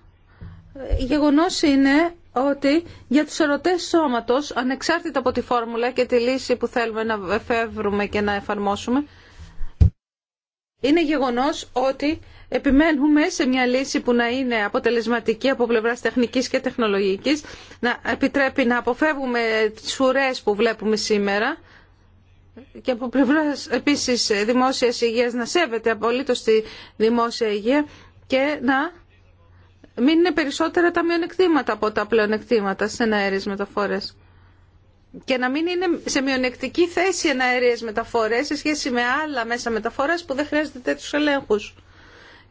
γεγονός είναι ότι για τους ερωτές σώματος, ανεξάρτητα από τη φόρμουλα και τη λύση που θέλουμε να εφεύρουμε και να εφαρμόσουμε, είναι γεγονός ότι επιμένουμε σε μια λύση που να είναι αποτελεσματική από πλευράς τεχνικής και τεχνολογικής, να επιτρέπει να αποφεύγουμε τις φορές που βλέπουμε σήμερα και από πλευράς επίσης δημόσιας υγείας να σέβεται απολύτως τη δημόσια υγεία και να μην είναι περισσότερα τα μειονεκτήματα από τα πλεονεκτήματα σε αέριες μεταφορές. Και να μην είναι σε μειονεκτική θέση αέριες μεταφορές σε σχέση με άλλα μέσα μεταφοράς που δεν χρειάζεται τέτοιου ελέγχους.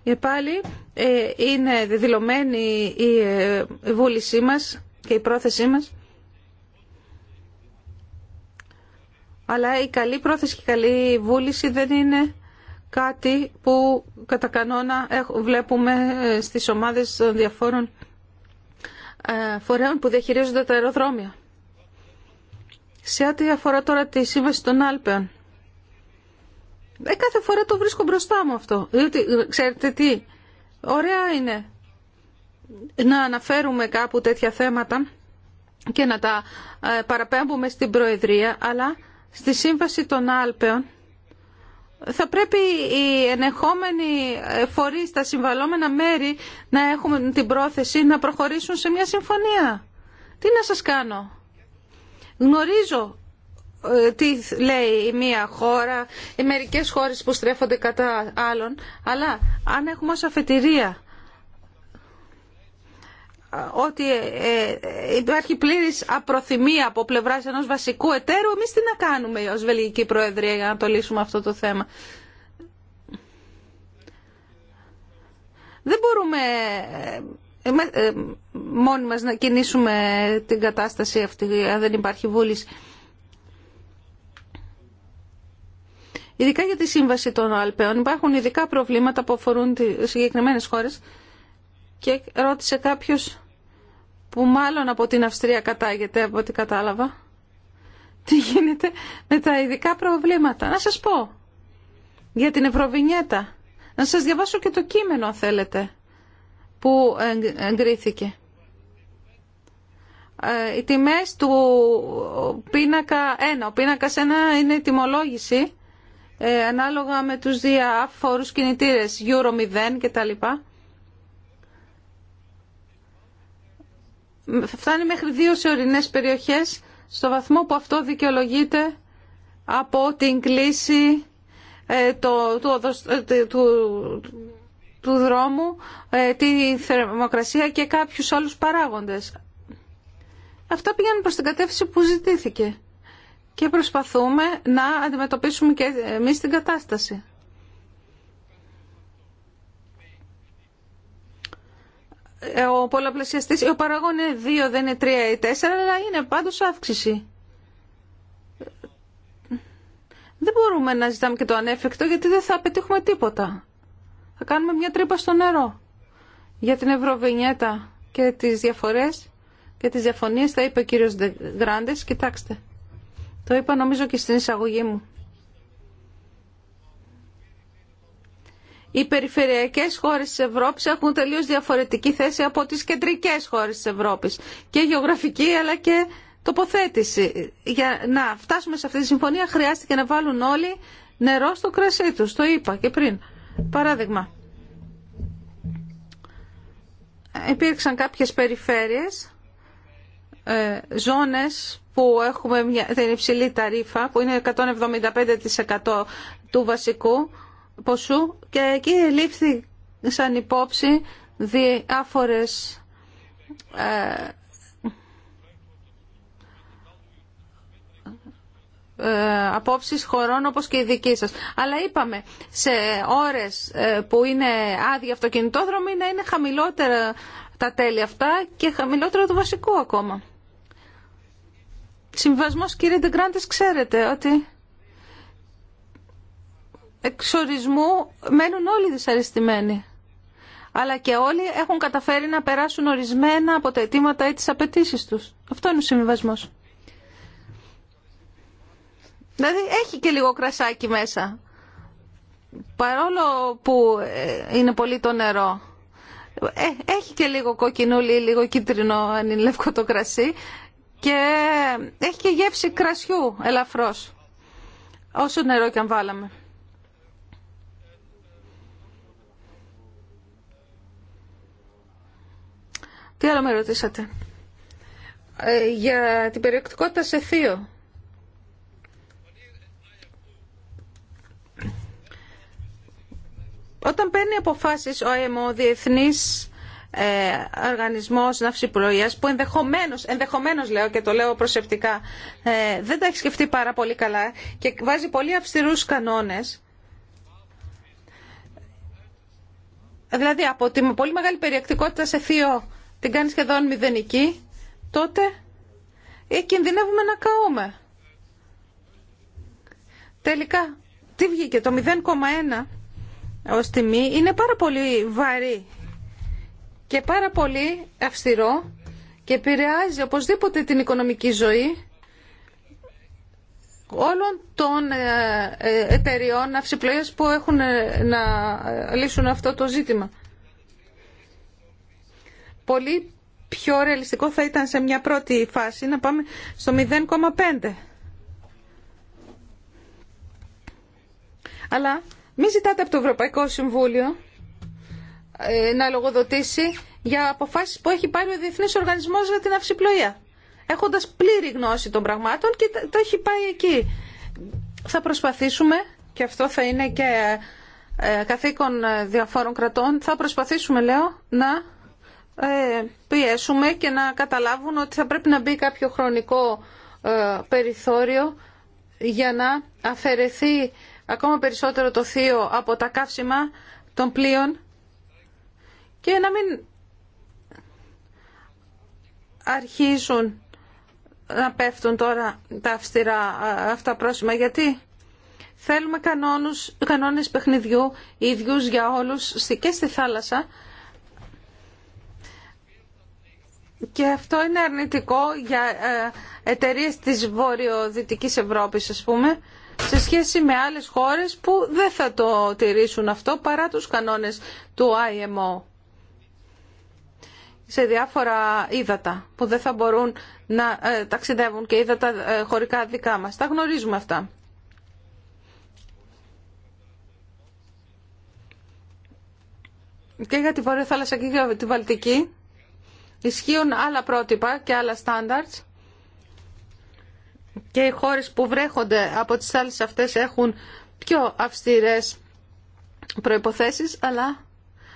Και πάλι ε, είναι δηλωμένη ε, η βούλησή μας και η πρόθεσή μας. Αλλά η καλή πρόθεση και η καλή βούληση δεν είναι κάτι που κατά κανόνα βλέπουμε ε, στις ομάδες των διαφόρων ε, φορέων που διαχειρίζονται τα αεροδρόμια. Σε ό,τι αφορά τώρα τη σύμβαση των Άλπαιων. Ε, κάθε φορά το βρίσκω μπροστά μου αυτό. Ε, ξέρετε τι, ωραία είναι να αναφέρουμε κάπου τέτοια θέματα και να τα παραπέμπουμε στην Προεδρία, αλλά στη σύμβαση των Άλπαιων θα πρέπει οι ενεχόμενοι φορείς, τα συμβαλόμενα μέρη να έχουν την πρόθεση να προχωρήσουν σε μια συμφωνία. Τι να σας κάνω. Γνωρίζω ε, τι λέει η μία χώρα, οι μερικές χώρες που στρέφονται κατά άλλων, αλλά αν έχουμε ως αφετηρία ότι ε, ε, υπάρχει πλήρη απροθυμία από πλευράς ενός βασικού εταίρου, Εμεί τι να κάνουμε ως Βελγική Προεδρία για να το λύσουμε αυτό το θέμα. Δεν μπορούμε ε, μόνοι μας να κινήσουμε την κατάσταση αυτή, αν δεν υπάρχει βούληση. Ειδικά για τη σύμβαση των Αλπαίων υπάρχουν ειδικά προβλήματα που αφορούν τις συγκεκριμένες χώρες και ρώτησε κάποιος που μάλλον από την Αυστρία κατάγεται από ό,τι κατάλαβα. Τι γίνεται με τα ειδικά προβλήματα. Να σας πω για την Ευρωβινιέτα. Να σας διαβάσω και το κείμενο αν θέλετε που εγκρίθηκε. Ε, οι τιμές του πίνακα 1. Ο πίνακας 1 είναι η τιμολόγηση ε, ανάλογα με τους διάφορους κινητήρες Euro 0 κτλ. φτάνει μέχρι δύο σε ορεινές περιοχές στο βαθμό που αυτό δικαιολογείται από την κλίση ε, το, ε, του, του, δρόμου, ε, τη θερμοκρασία και κάποιους άλλους παράγοντες. Αυτά πηγαίνουν προς την κατεύθυνση που ζητήθηκε και προσπαθούμε να αντιμετωπίσουμε και εμείς την κατάσταση. Ε, ο πολλαπλασιαστή, ο παράγων είναι 2, δεν είναι 3 ή 4, αλλά είναι πάντω αύξηση. Δεν μπορούμε να ζητάμε και το ανέφεκτο γιατί δεν θα πετύχουμε τίποτα. Θα κάνουμε μια τρύπα στο νερό. Για την Ευρωβινιέτα και τις διαφορές και τις διαφωνίε, θα είπε ο κύριο Γκράντε. Κοιτάξτε, το είπα νομίζω και στην εισαγωγή μου. οι περιφερειακές χώρες της Ευρώπης έχουν τελείως διαφορετική θέση από τις κεντρικές χώρες της Ευρώπης. Και γεωγραφική αλλά και τοποθέτηση. Για να φτάσουμε σε αυτή τη συμφωνία χρειάστηκε να βάλουν όλοι νερό στο κρασί τους. Το είπα και πριν. Παράδειγμα. Υπήρξαν κάποιες περιφέρειες, ε, ζώνες που έχουμε την υψηλή ταρίφα, που είναι 175% του βασικού, ποσού και εκεί λήφθησαν υπόψη διάφορες ε, ε, απόψεις χωρών όπως και η δική σας. Αλλά είπαμε σε ώρες ε, που είναι άδεια αυτοκινητόδρομη να είναι χαμηλότερα τα τέλη αυτά και χαμηλότερο το βασικό ακόμα. Συμβασμός κύριε Ντεγκράντες ξέρετε ότι εξορισμού μένουν όλοι δυσαρεστημένοι. Αλλά και όλοι έχουν καταφέρει να περάσουν ορισμένα από τα αιτήματα ή τις απαιτήσει τους. Αυτό είναι ο συμβιβασμό. Δηλαδή έχει και λίγο κρασάκι μέσα. Παρόλο που ε, είναι πολύ το νερό. Ε, έχει και λίγο κοκκινούλι, λίγο κίτρινο αν είναι λευκό το κρασί και έχει και γεύση κρασιού ελαφρώς όσο νερό και αν βάλαμε. Τι άλλο με ρωτήσατε. Ε, για την περιεκτικότητα σε θείο. Όταν παίρνει αποφάσεις ο ΑΕΜΟ, ο Διεθνής ε, Οργανισμός που ενδεχομένως, ενδεχομένως λέω και το λέω προσεκτικά, ε, δεν τα έχει σκεφτεί πάρα πολύ καλά και βάζει πολύ αυστηρούς κανόνες, δηλαδή από την πολύ μεγάλη περιεκτικότητα σε θείο την κάνει σχεδόν μηδενική, τότε ε, κινδυνεύουμε να καούμε. Τελικά, τι βγήκε, το 0,1 ως τιμή είναι πάρα πολύ βαρύ και πάρα πολύ αυστηρό και επηρεάζει οπωσδήποτε την οικονομική ζωή όλων των ε, ε, εταιριών αυσιπλοίες που έχουν ε, να λύσουν αυτό το ζήτημα πολύ πιο ρεαλιστικό θα ήταν σε μια πρώτη φάση να πάμε στο 0,5. Αλλά μην ζητάτε από το Ευρωπαϊκό Συμβούλιο ε, να λογοδοτήσει για αποφάσεις που έχει πάρει ο Διεθνής Οργανισμός για την Αυσιπλοεία. Έχοντας πλήρη γνώση των πραγμάτων και το έχει πάει εκεί. Θα προσπαθήσουμε, και αυτό θα είναι και ε, καθήκον ε, διαφόρων κρατών, θα προσπαθήσουμε, λέω, να ε, πιέσουμε και να καταλάβουν ότι θα πρέπει να μπει κάποιο χρονικό ε, περιθώριο για να αφαιρεθεί ακόμα περισσότερο το θείο από τα καύσιμα των πλοίων και να μην αρχίσουν να πέφτουν τώρα τα αυστηρά ε, αυτά πρόσημα. Γιατί θέλουμε κανόνους, κανόνες παιχνιδιού ίδιους για όλους και στη θάλασσα Και αυτό είναι αρνητικό για ε, εταιρείε της βορειοδυτικής Ευρώπης, ας πούμε, σε σχέση με άλλες χώρες που δεν θα το τηρήσουν αυτό παρά τους κανόνες του IMO σε διάφορα ύδατα που δεν θα μπορούν να ε, ταξιδεύουν και ύδατα ε, χωρικά δικά μας. Τα γνωρίζουμε αυτά. Και για τη Βόρεια Θάλασσα και για τη Βαλτική ισχύουν άλλα πρότυπα και άλλα στάνταρτς και οι χώρες που βρέχονται από τις άλλες αυτές έχουν πιο αυστηρές προϋποθέσεις, αλλά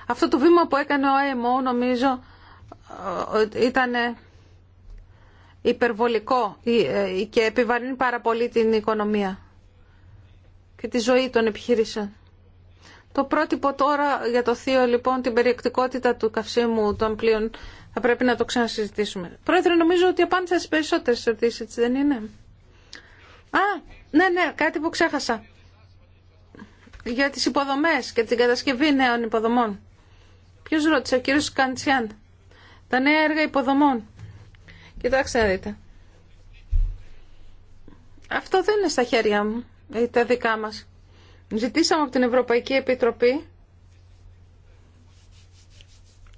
αυτό το βήμα που έκανε ο ΑΕΜΟ νομίζω ε, ήταν υπερβολικό ε, και επιβαρύνει πάρα πολύ την οικονομία και τη ζωή των επιχειρήσεων. Το πρότυπο τώρα για το θείο λοιπόν την περιεκτικότητα του καυσίμου των πλοίων θα πρέπει να το ξανασυζητήσουμε. Πρόεδρε, νομίζω ότι απάντησα στι περισσότερε ερωτήσει έτσι δεν είναι. Α, ναι, ναι, κάτι που ξέχασα. Για τι υποδομέ και την κατασκευή νέων υποδομών. Ποιο ρώτησε, ο κύριο Καντσιάν. Τα νέα έργα υποδομών. Κοιτάξτε να δείτε. Αυτό δεν είναι στα χέρια μου, τα δικά μα. Ζητήσαμε από την Ευρωπαϊκή Επιτροπή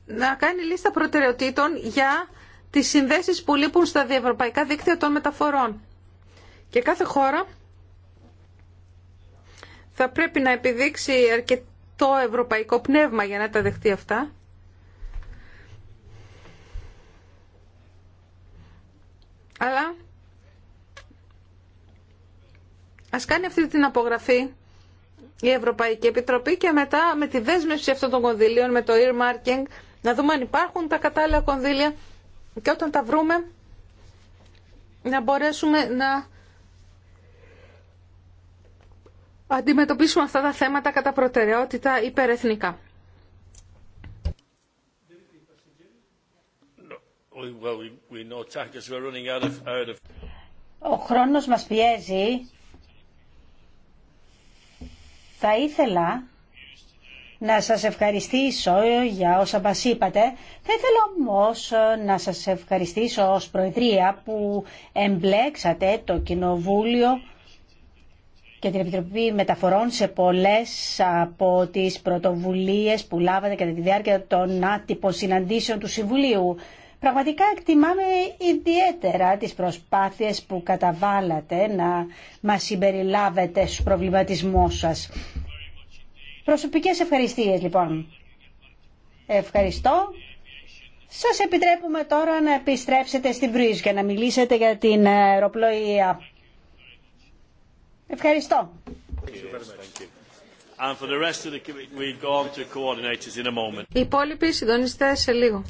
να κάνει λίστα προτεραιοτήτων για τις συνδέσεις που λείπουν στα διευρωπαϊκά δίκτυα των μεταφορών. Και κάθε χώρα θα πρέπει να επιδείξει αρκετό ευρωπαϊκό πνεύμα για να τα δεχτεί αυτά. Αλλά ας κάνει αυτή την απογραφή η Ευρωπαϊκή Επιτροπή και μετά με τη δέσμευση αυτών των κονδυλίων, με το earmarking, να δούμε αν υπάρχουν τα κατάλληλα κονδύλια και όταν τα βρούμε να μπορέσουμε να αντιμετωπίσουμε αυτά τα θέματα κατά προτεραιότητα υπερεθνικά. Ο χρόνος μας πιέζει. Θα ήθελα να σας ευχαριστήσω για όσα μας είπατε. Θα ήθελα όμως ε, να σας ευχαριστήσω ως Προεδρία που εμπλέξατε το Κοινοβούλιο και την Επιτροπή Μεταφορών σε πολλές από τις πρωτοβουλίες που λάβατε κατά τη διάρκεια των άτυπων συναντήσεων του Συμβουλίου. Πραγματικά εκτιμάμε ιδιαίτερα τις προσπάθειες που καταβάλατε να μας συμπεριλάβετε στους προβληματισμούς σας. Προσωπικές ευχαριστίες λοιπόν. Ευχαριστώ. Σας επιτρέπουμε τώρα να επιστρέψετε στην Βρύζ και να μιλήσετε για την αεροπλοεία. Ευχαριστώ. Οι υπόλοιποι συντονιστές σε λίγο.